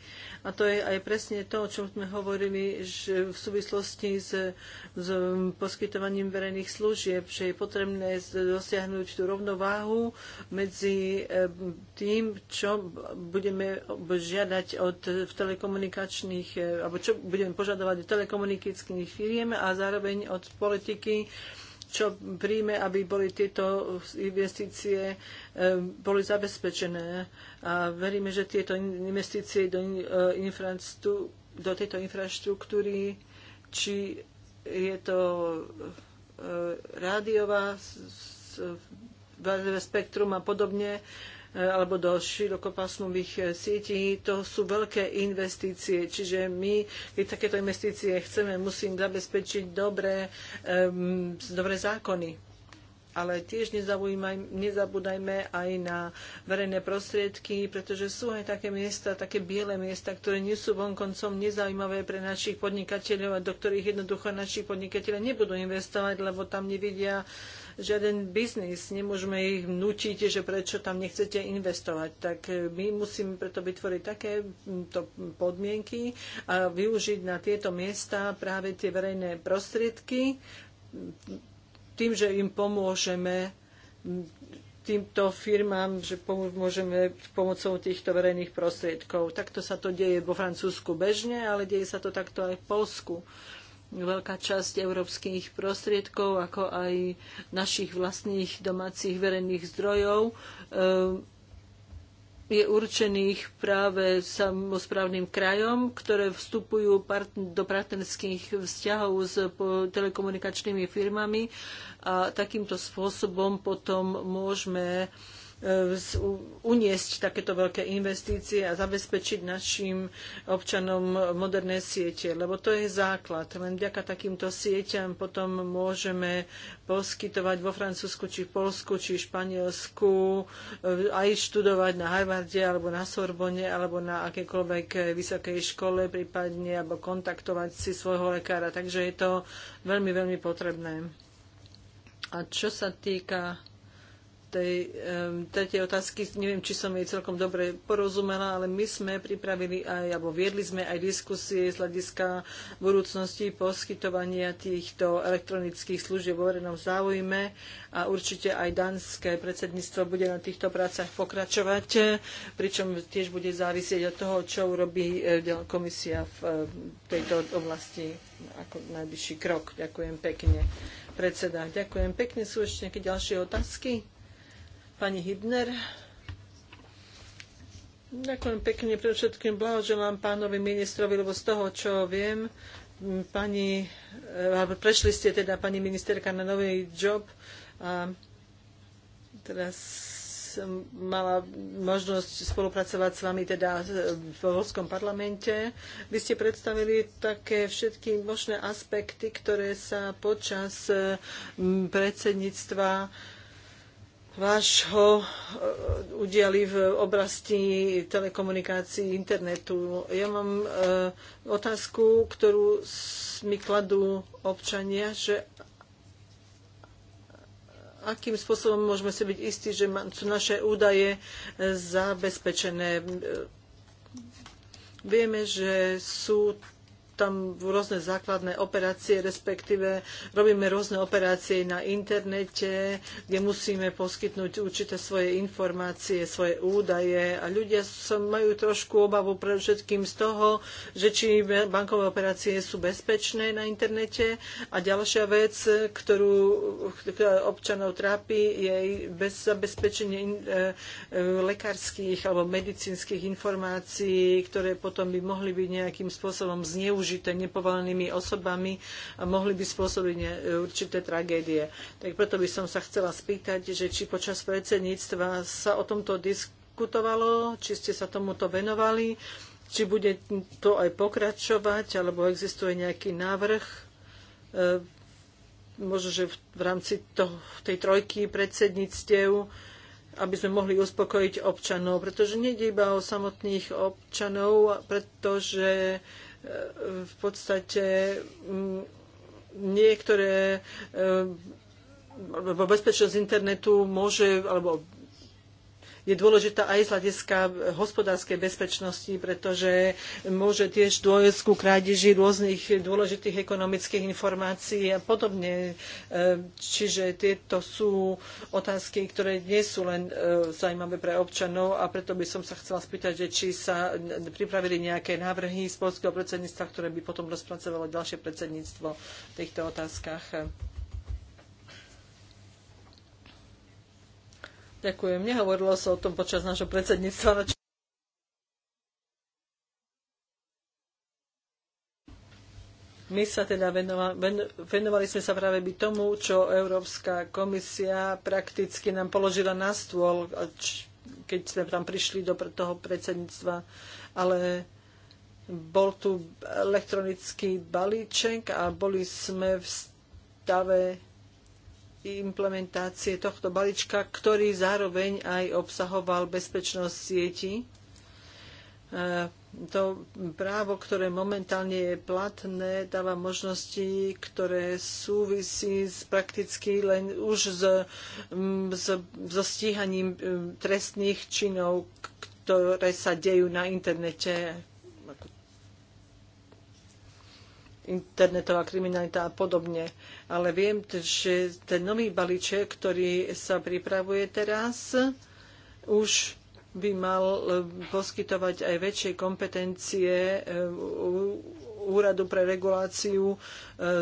a to je aj presne to, o čom sme hovorili že v súvislosti s, s poskytovaním verejných služieb, že je potrebné dosiahnuť tú rovnováhu medzi e, tým, čo budeme žiadať od telekomunikačných, e, alebo čo budeme požadovať od telekomunikačných firiem a zároveň od politiky, čo príjme, aby boli tieto investície e, boli zabezpečené. A veríme, že tieto investície do, e, do tejto infraštruktúry, či je to e, rádiová rádiové spektrum a podobne, alebo do širokopásmových sietí, to sú veľké investície. Čiže my, keď takéto investície chceme, musím zabezpečiť dobré, um, dobré zákony ale tiež nezabúdajme aj na verejné prostriedky, pretože sú aj také miesta, také biele miesta, ktoré nie sú vonkoncom nezaujímavé pre našich podnikateľov a do ktorých jednoducho naši podnikateľe nebudú investovať, lebo tam nevidia žiaden biznis, nemôžeme ich nutiť, že prečo tam nechcete investovať. Tak e, my musíme preto vytvoriť takéto podmienky a využiť na tieto miesta práve tie verejné prostriedky, tým, že im pomôžeme týmto firmám, že pomôžeme pomocou týchto verejných prostriedkov. Takto sa to deje vo Francúzsku bežne, ale deje sa to takto aj v Polsku veľká časť európskych prostriedkov, ako aj našich vlastných domácich verejných zdrojov eh, je určených práve samozprávnym krajom, ktoré vstupujú do partnerských vzťahov s telekomunikačnými firmami a takýmto spôsobom potom môžeme E, uniesť takéto veľké investície a zabezpečiť našim občanom moderné siete, lebo to je základ. Len vďaka takýmto sieťam potom môžeme poskytovať vo Francúzsku, či v Polsku, či v Španielsku, e, aj študovať na Harvarde, alebo na Sorbonne, alebo na akékoľvek vysokej škole prípadne, alebo kontaktovať si svojho lekára. Takže je to veľmi, veľmi potrebné. A čo sa týka tej um, tretej otázky, neviem, či som jej celkom dobre porozumela, ale my sme pripravili aj, alebo viedli sme aj diskusie z hľadiska budúcnosti poskytovania týchto elektronických služieb vo verejnom záujme a určite aj danské predsedníctvo bude na týchto prácach pokračovať, pričom tiež bude závisieť od toho, čo urobí e, komisia v e, tejto oblasti ako najbližší krok. Ďakujem pekne. Predseda, ďakujem pekne. Sú ešte nejaké ďalšie otázky? pani Hibner. Ďakujem pekne, predovšetkým blahoželám pánovi ministrovi, lebo z toho, čo viem, pani, prešli ste teda pani ministerka na nový job a teraz som mala možnosť spolupracovať s vami teda v Európskom parlamente. Vy ste predstavili také všetky možné aspekty, ktoré sa počas predsedníctva vášho eh, udiali v oblasti telekomunikácií internetu. Ja mám eh, otázku, ktorú mi kladú občania, že akým spôsobom môžeme si byť istí, že sú naše údaje eh, zabezpečené. Vieme, že sú tam rôzne základné operácie, respektíve robíme rôzne operácie na internete, kde musíme poskytnúť určité svoje informácie, svoje údaje a ľudia majú trošku obavu pre všetkým z toho, že či bankové operácie sú bezpečné na internete a ďalšia vec, ktorú občanov trápi, je bez zabezpečenie e, e, lekárskych alebo medicínskych informácií, ktoré potom by mohli byť nejakým spôsobom zneužité zneužité nepovolenými osobami a mohli by spôsobiť určité tragédie. Tak preto by som sa chcela spýtať, že či počas predsedníctva sa o tomto diskutovalo, či ste sa tomuto venovali, či bude to aj pokračovať, alebo existuje nejaký návrh e, možno, že v rámci tej trojky predsedníctiev, aby sme mohli uspokojiť občanov, pretože nejde iba o samotných občanov, pretože v podstate mm, niektoré eh, alebo bezpečnosť internetu môže, alebo je dôležitá aj z hľadiska hospodárskej bezpečnosti, pretože môže tiež dôjsť ku krádeži rôznych dôležitých ekonomických informácií a podobne. E, čiže tieto sú otázky, ktoré nie sú len e, zaujímavé pre občanov a preto by som sa chcela spýtať, že či sa pripravili nejaké návrhy z polského predsedníctva, ktoré by potom rozpracovalo ďalšie predsedníctvo v týchto otázkach. Ďakujem. Nehovorilo sa o tom počas nášho predsedníctva. My sa teda venovali, venovali sme sa práve by tomu, čo Európska komisia prakticky nám položila na stôl, keď sme tam prišli do toho predsedníctva. Ale bol tu elektronický balíček a boli sme v stave implementácie tohto balíčka, ktorý zároveň aj obsahoval bezpečnosť sieti. E, to právo, ktoré momentálne je platné, dáva možnosti, ktoré súvisí s prakticky len už s, s, so stíhaním trestných činov, ktoré sa dejú na internete internetová kriminalita a podobne. Ale viem, že ten nový balíček, ktorý sa pripravuje teraz, už by mal eh, poskytovať aj väčšie kompetencie eh, úradu pre reguláciu e,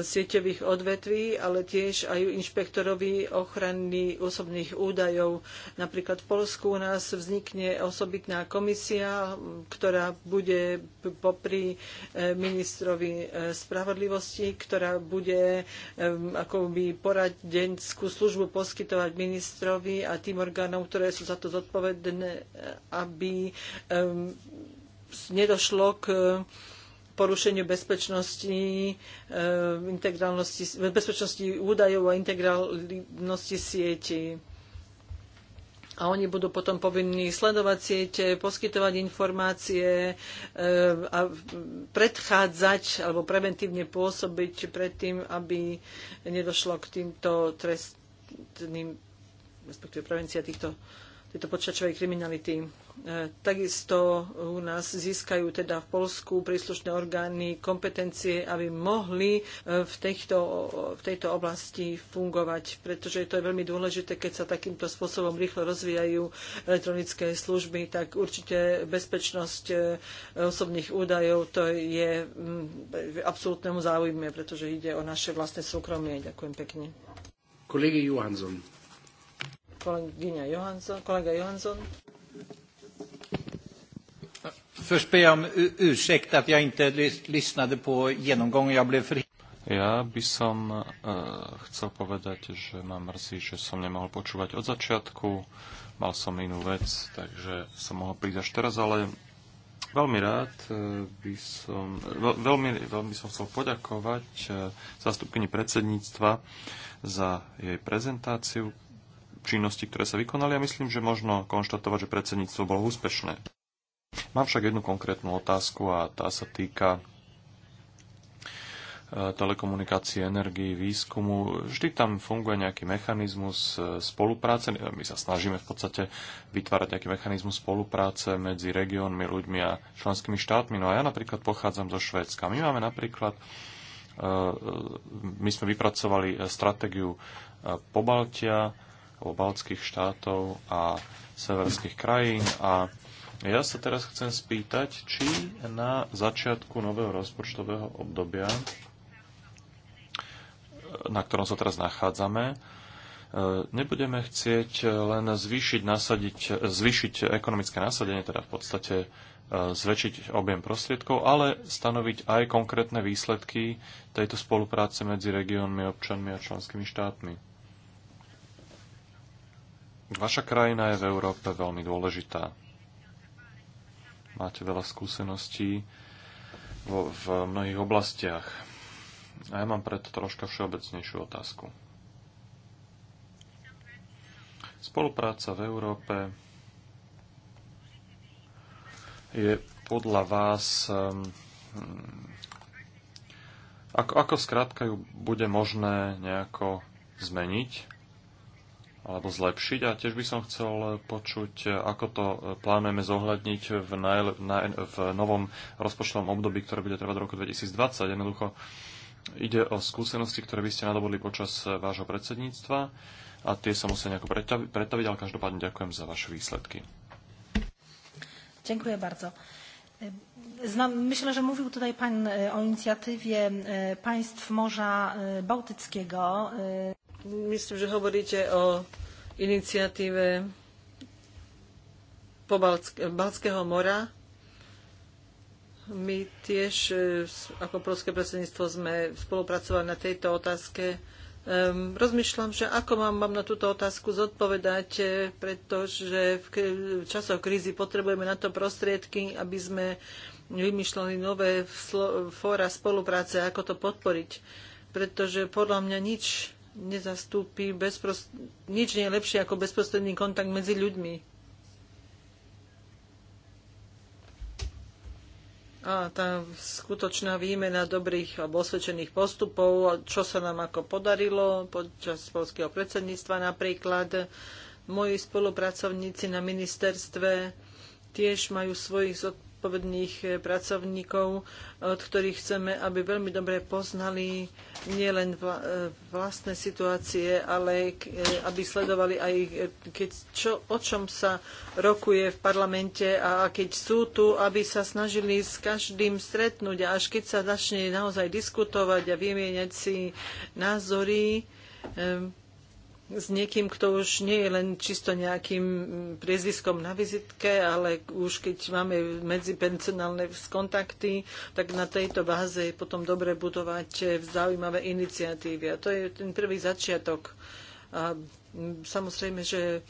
sieťových odvetví, ale tiež aj inšpektorovi ochrany osobných údajov. Napríklad v Polsku u nás vznikne osobitná komisia, ktorá bude popri e, ministrovi e, spravodlivosti, ktorá bude akoby poradenskú službu poskytovať ministrovi a tým orgánom, ktoré sú za to zodpovedné, aby nedošlo k porušeniu bezpečnosti, eh, bezpečnosti údajov a integrálnosti sieti. A oni budú potom povinní sledovať siete, poskytovať informácie eh, a predchádzať alebo preventívne pôsobiť tým, aby nedošlo k týmto trestným, respektíve prevencia týchto tejto počačovej kriminality. E, takisto u nás získajú teda v Polsku príslušné orgány kompetencie, aby mohli e, v, v tejto oblasti fungovať, pretože to je veľmi dôležité, keď sa takýmto spôsobom rýchlo rozvíjajú e, elektronické služby, tak určite bezpečnosť osobných údajov to je v absolútnemu záujme, pretože ide o naše vlastné súkromie. Ďakujem pekne. Johansson. Kolegyňa Johansson, kolega Johansson. Först ber jag om ursäkt att jag inte lyssnade på genomgången. Jag blev förhindrad. Ja by som uh, chcel povedať, že ma mrzí, že som nemohol počúvať od začiatku. Mal som inú vec, takže som mohol prísť až teraz, ale veľmi rád eh, by som, veľ, veľmi, veľmi som chcel poďakovať eh, zastupkyni predsedníctva za jej prezentáciu, činnosti, ktoré sa vykonali a myslím, že možno konštatovať, že predsedníctvo bolo úspešné. Mám však jednu konkrétnu otázku a tá sa týka e, telekomunikácie, energii, výskumu. Vždy tam funguje nejaký mechanizmus e, spolupráce. My sa snažíme v podstate vytvárať nejaký mechanizmus spolupráce medzi regiónmi, ľuďmi a členskými štátmi. No a ja napríklad pochádzam zo Švédska. My máme napríklad, e, my sme vypracovali stratégiu Pobaltia, alebo baltských štátov a severských krajín. A ja sa teraz chcem spýtať, či na začiatku nového rozpočtového obdobia, na ktorom sa teraz nachádzame, e, nebudeme chcieť len zvýšiť, nasadiť, zvýšiť ekonomické nasadenie, teda v podstate e, zväčšiť objem prostriedkov, ale stanoviť aj konkrétne výsledky tejto spolupráce medzi regiónmi, občanmi a členskými štátmi. Vaša krajina je v Európe veľmi dôležitá. Máte veľa skúseností vo, v mnohých oblastiach. A ja mám preto troška všeobecnejšiu otázku. Spolupráca v Európe je podľa vás... Ehm, ako, ako skrátka ju bude možné nejako zmeniť? alebo zlepšiť. A tiež by som chcel počuť, ako to plánujeme zohľadniť v, najle, na, v novom rozpočtovom období, ktoré bude trvať do roku 2020. Jednoducho ide o skúsenosti, ktoré by ste nadobudli počas vášho predsedníctva a tie sa musia nejako pretaviť, ale každopádne ďakujem za vaše výsledky. Dziękuję bardzo. Znam, myślę, że mówił tutaj Pan e, o inicjatywie e, państw Morza e, Bałtyckiego. Myslím, že hovoríte o iniciatíve Balckého mora. My tiež e, ako polské predsedníctvo sme spolupracovali na tejto otázke. Um, rozmýšľam, že ako mám, mám na túto otázku zodpovedať, e, pretože v časoch krízy potrebujeme na to prostriedky, aby sme vymýšľali nové fóra spolupráce, ako to podporiť. Pretože podľa mňa nič nezastúpi bezprost... nič nie je lepšie ako bezprostredný kontakt medzi ľuďmi. A tá skutočná výmena dobrých alebo osvedčených postupov, čo sa nám ako podarilo počas polského predsedníctva napríklad. Moji spolupracovníci na ministerstve tiež majú svojich zodpovedných zodpovedných eh, pracovníkov, eh, od ktorých chceme, aby veľmi dobre poznali nielen eh, vlastné situácie, ale aby sledovali aj, keď, čo, o čom sa rokuje v parlamente a keď sú tu, aby sa snažili s každým stretnúť a až keď sa začne naozaj diskutovať a vymieňať si názory, s niekým, kto už nie je len čisto nejakým mm, priezviskom na vizitke, ale už keď máme medzipensionálne kontakty, tak na tejto báze je potom dobre budovať eh, zaujímavé iniciatívy. A to je ten prvý začiatok. A samozrejme, že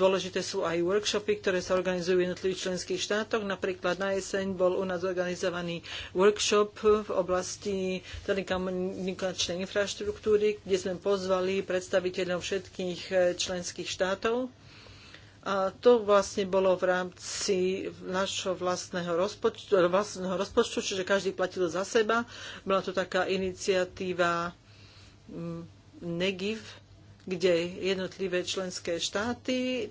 dôležité sú aj workshopy, ktoré sa organizujú v jednotlivých členských štátoch. Napríklad na jeseň bol u nás organizovaný workshop v oblasti telekomunikačnej infraštruktúry, kde sme pozvali predstaviteľov všetkých e, členských štátov. A to vlastne bolo v rámci našho vlastného rozpočtu, vlastného rozpočtu, čiže každý platil za seba. Bola to taká iniciatíva Negiv, kde jednotlivé členské štáty, e,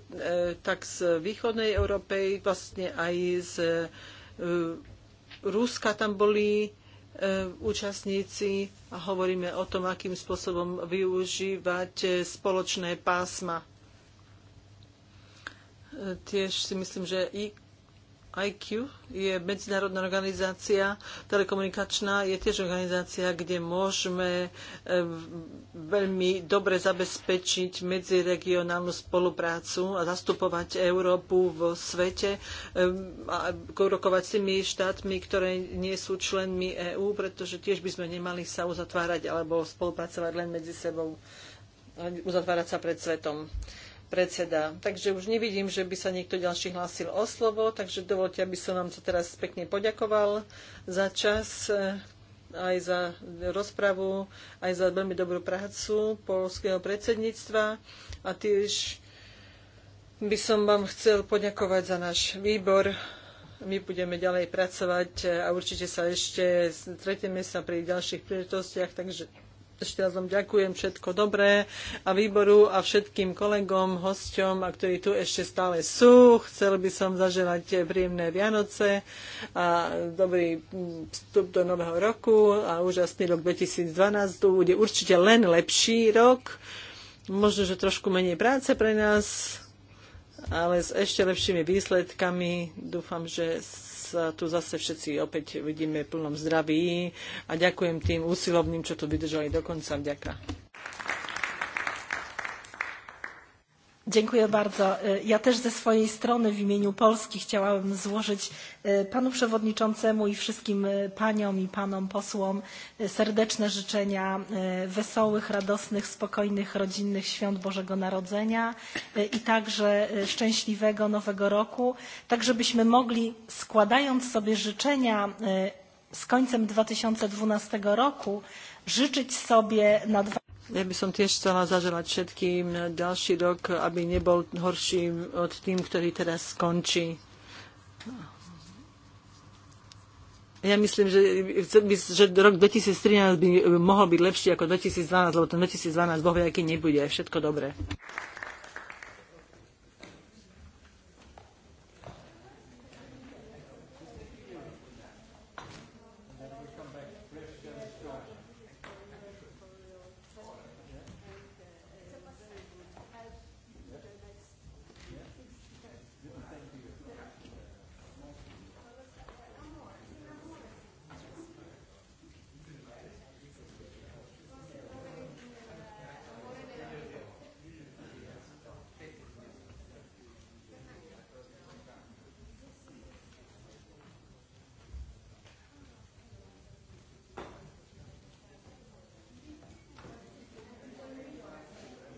tak z východnej Európy, vlastne aj z e, Ruska tam boli e, účastníci a hovoríme o tom, akým spôsobom využívať spoločné pásma. Tiež si myslím, že IQ je medzinárodná organizácia, telekomunikačná je tiež organizácia, kde môžeme e, veľmi dobre zabezpečiť medziregionálnu spoluprácu a zastupovať Európu vo svete e, a rokovať s tými štátmi, ktoré nie sú členmi EÚ, pretože tiež by sme nemali sa uzatvárať alebo spolupracovať len medzi sebou, uzatvárať sa pred svetom predseda. Takže už nevidím, že by sa niekto ďalší hlásil o slovo, takže dovolte, aby som vám sa teraz pekne poďakoval za čas, eh, aj za rozpravu, aj za veľmi dobrú prácu polského predsedníctva a tiež by som vám chcel poďakovať za náš výbor. My budeme ďalej pracovať eh, a určite sa ešte stretneme sa pri ďalších príležitostiach, takže ešte raz vám ďakujem všetko dobré a výboru a všetkým kolegom, hosťom, a ktorí tu ešte stále sú. Chcel by som zaželať príjemné Vianoce a dobrý vstup do nového roku a úžasný rok 2012. Tu bude určite len lepší rok. Možno, že trošku menej práce pre nás, ale s ešte lepšími výsledkami. Dúfam, že sa tu zase všetci opäť vidíme v plnom zdraví a ďakujem tým úsilovným, čo tu vydržali do konca. Vďaka. Dziękuję bardzo. E, ja też ze swojej strony w imieniu Polski chciałabym złożyć e, panu przewodniczącemu i wszystkim e, paniom i panom posłom serdeczne życzenia wesołych, radosnych, spokojnych, rodzinnych świąt Bożego Narodzenia i także szczęśliwego Nowego Roku, tak żebyśmy mogli, składając sobie życzenia z końcem 2012 roku, życzyć sobie na dwa ja by som tiež chcela zaželať všetkým ďalší rok, aby nebol horší od tým, ktorý teraz skončí. Ja myslím, že, že rok 2013 by mohol byť lepší ako 2012, lebo ten 2012 bohvie, aký nebude. Všetko dobré.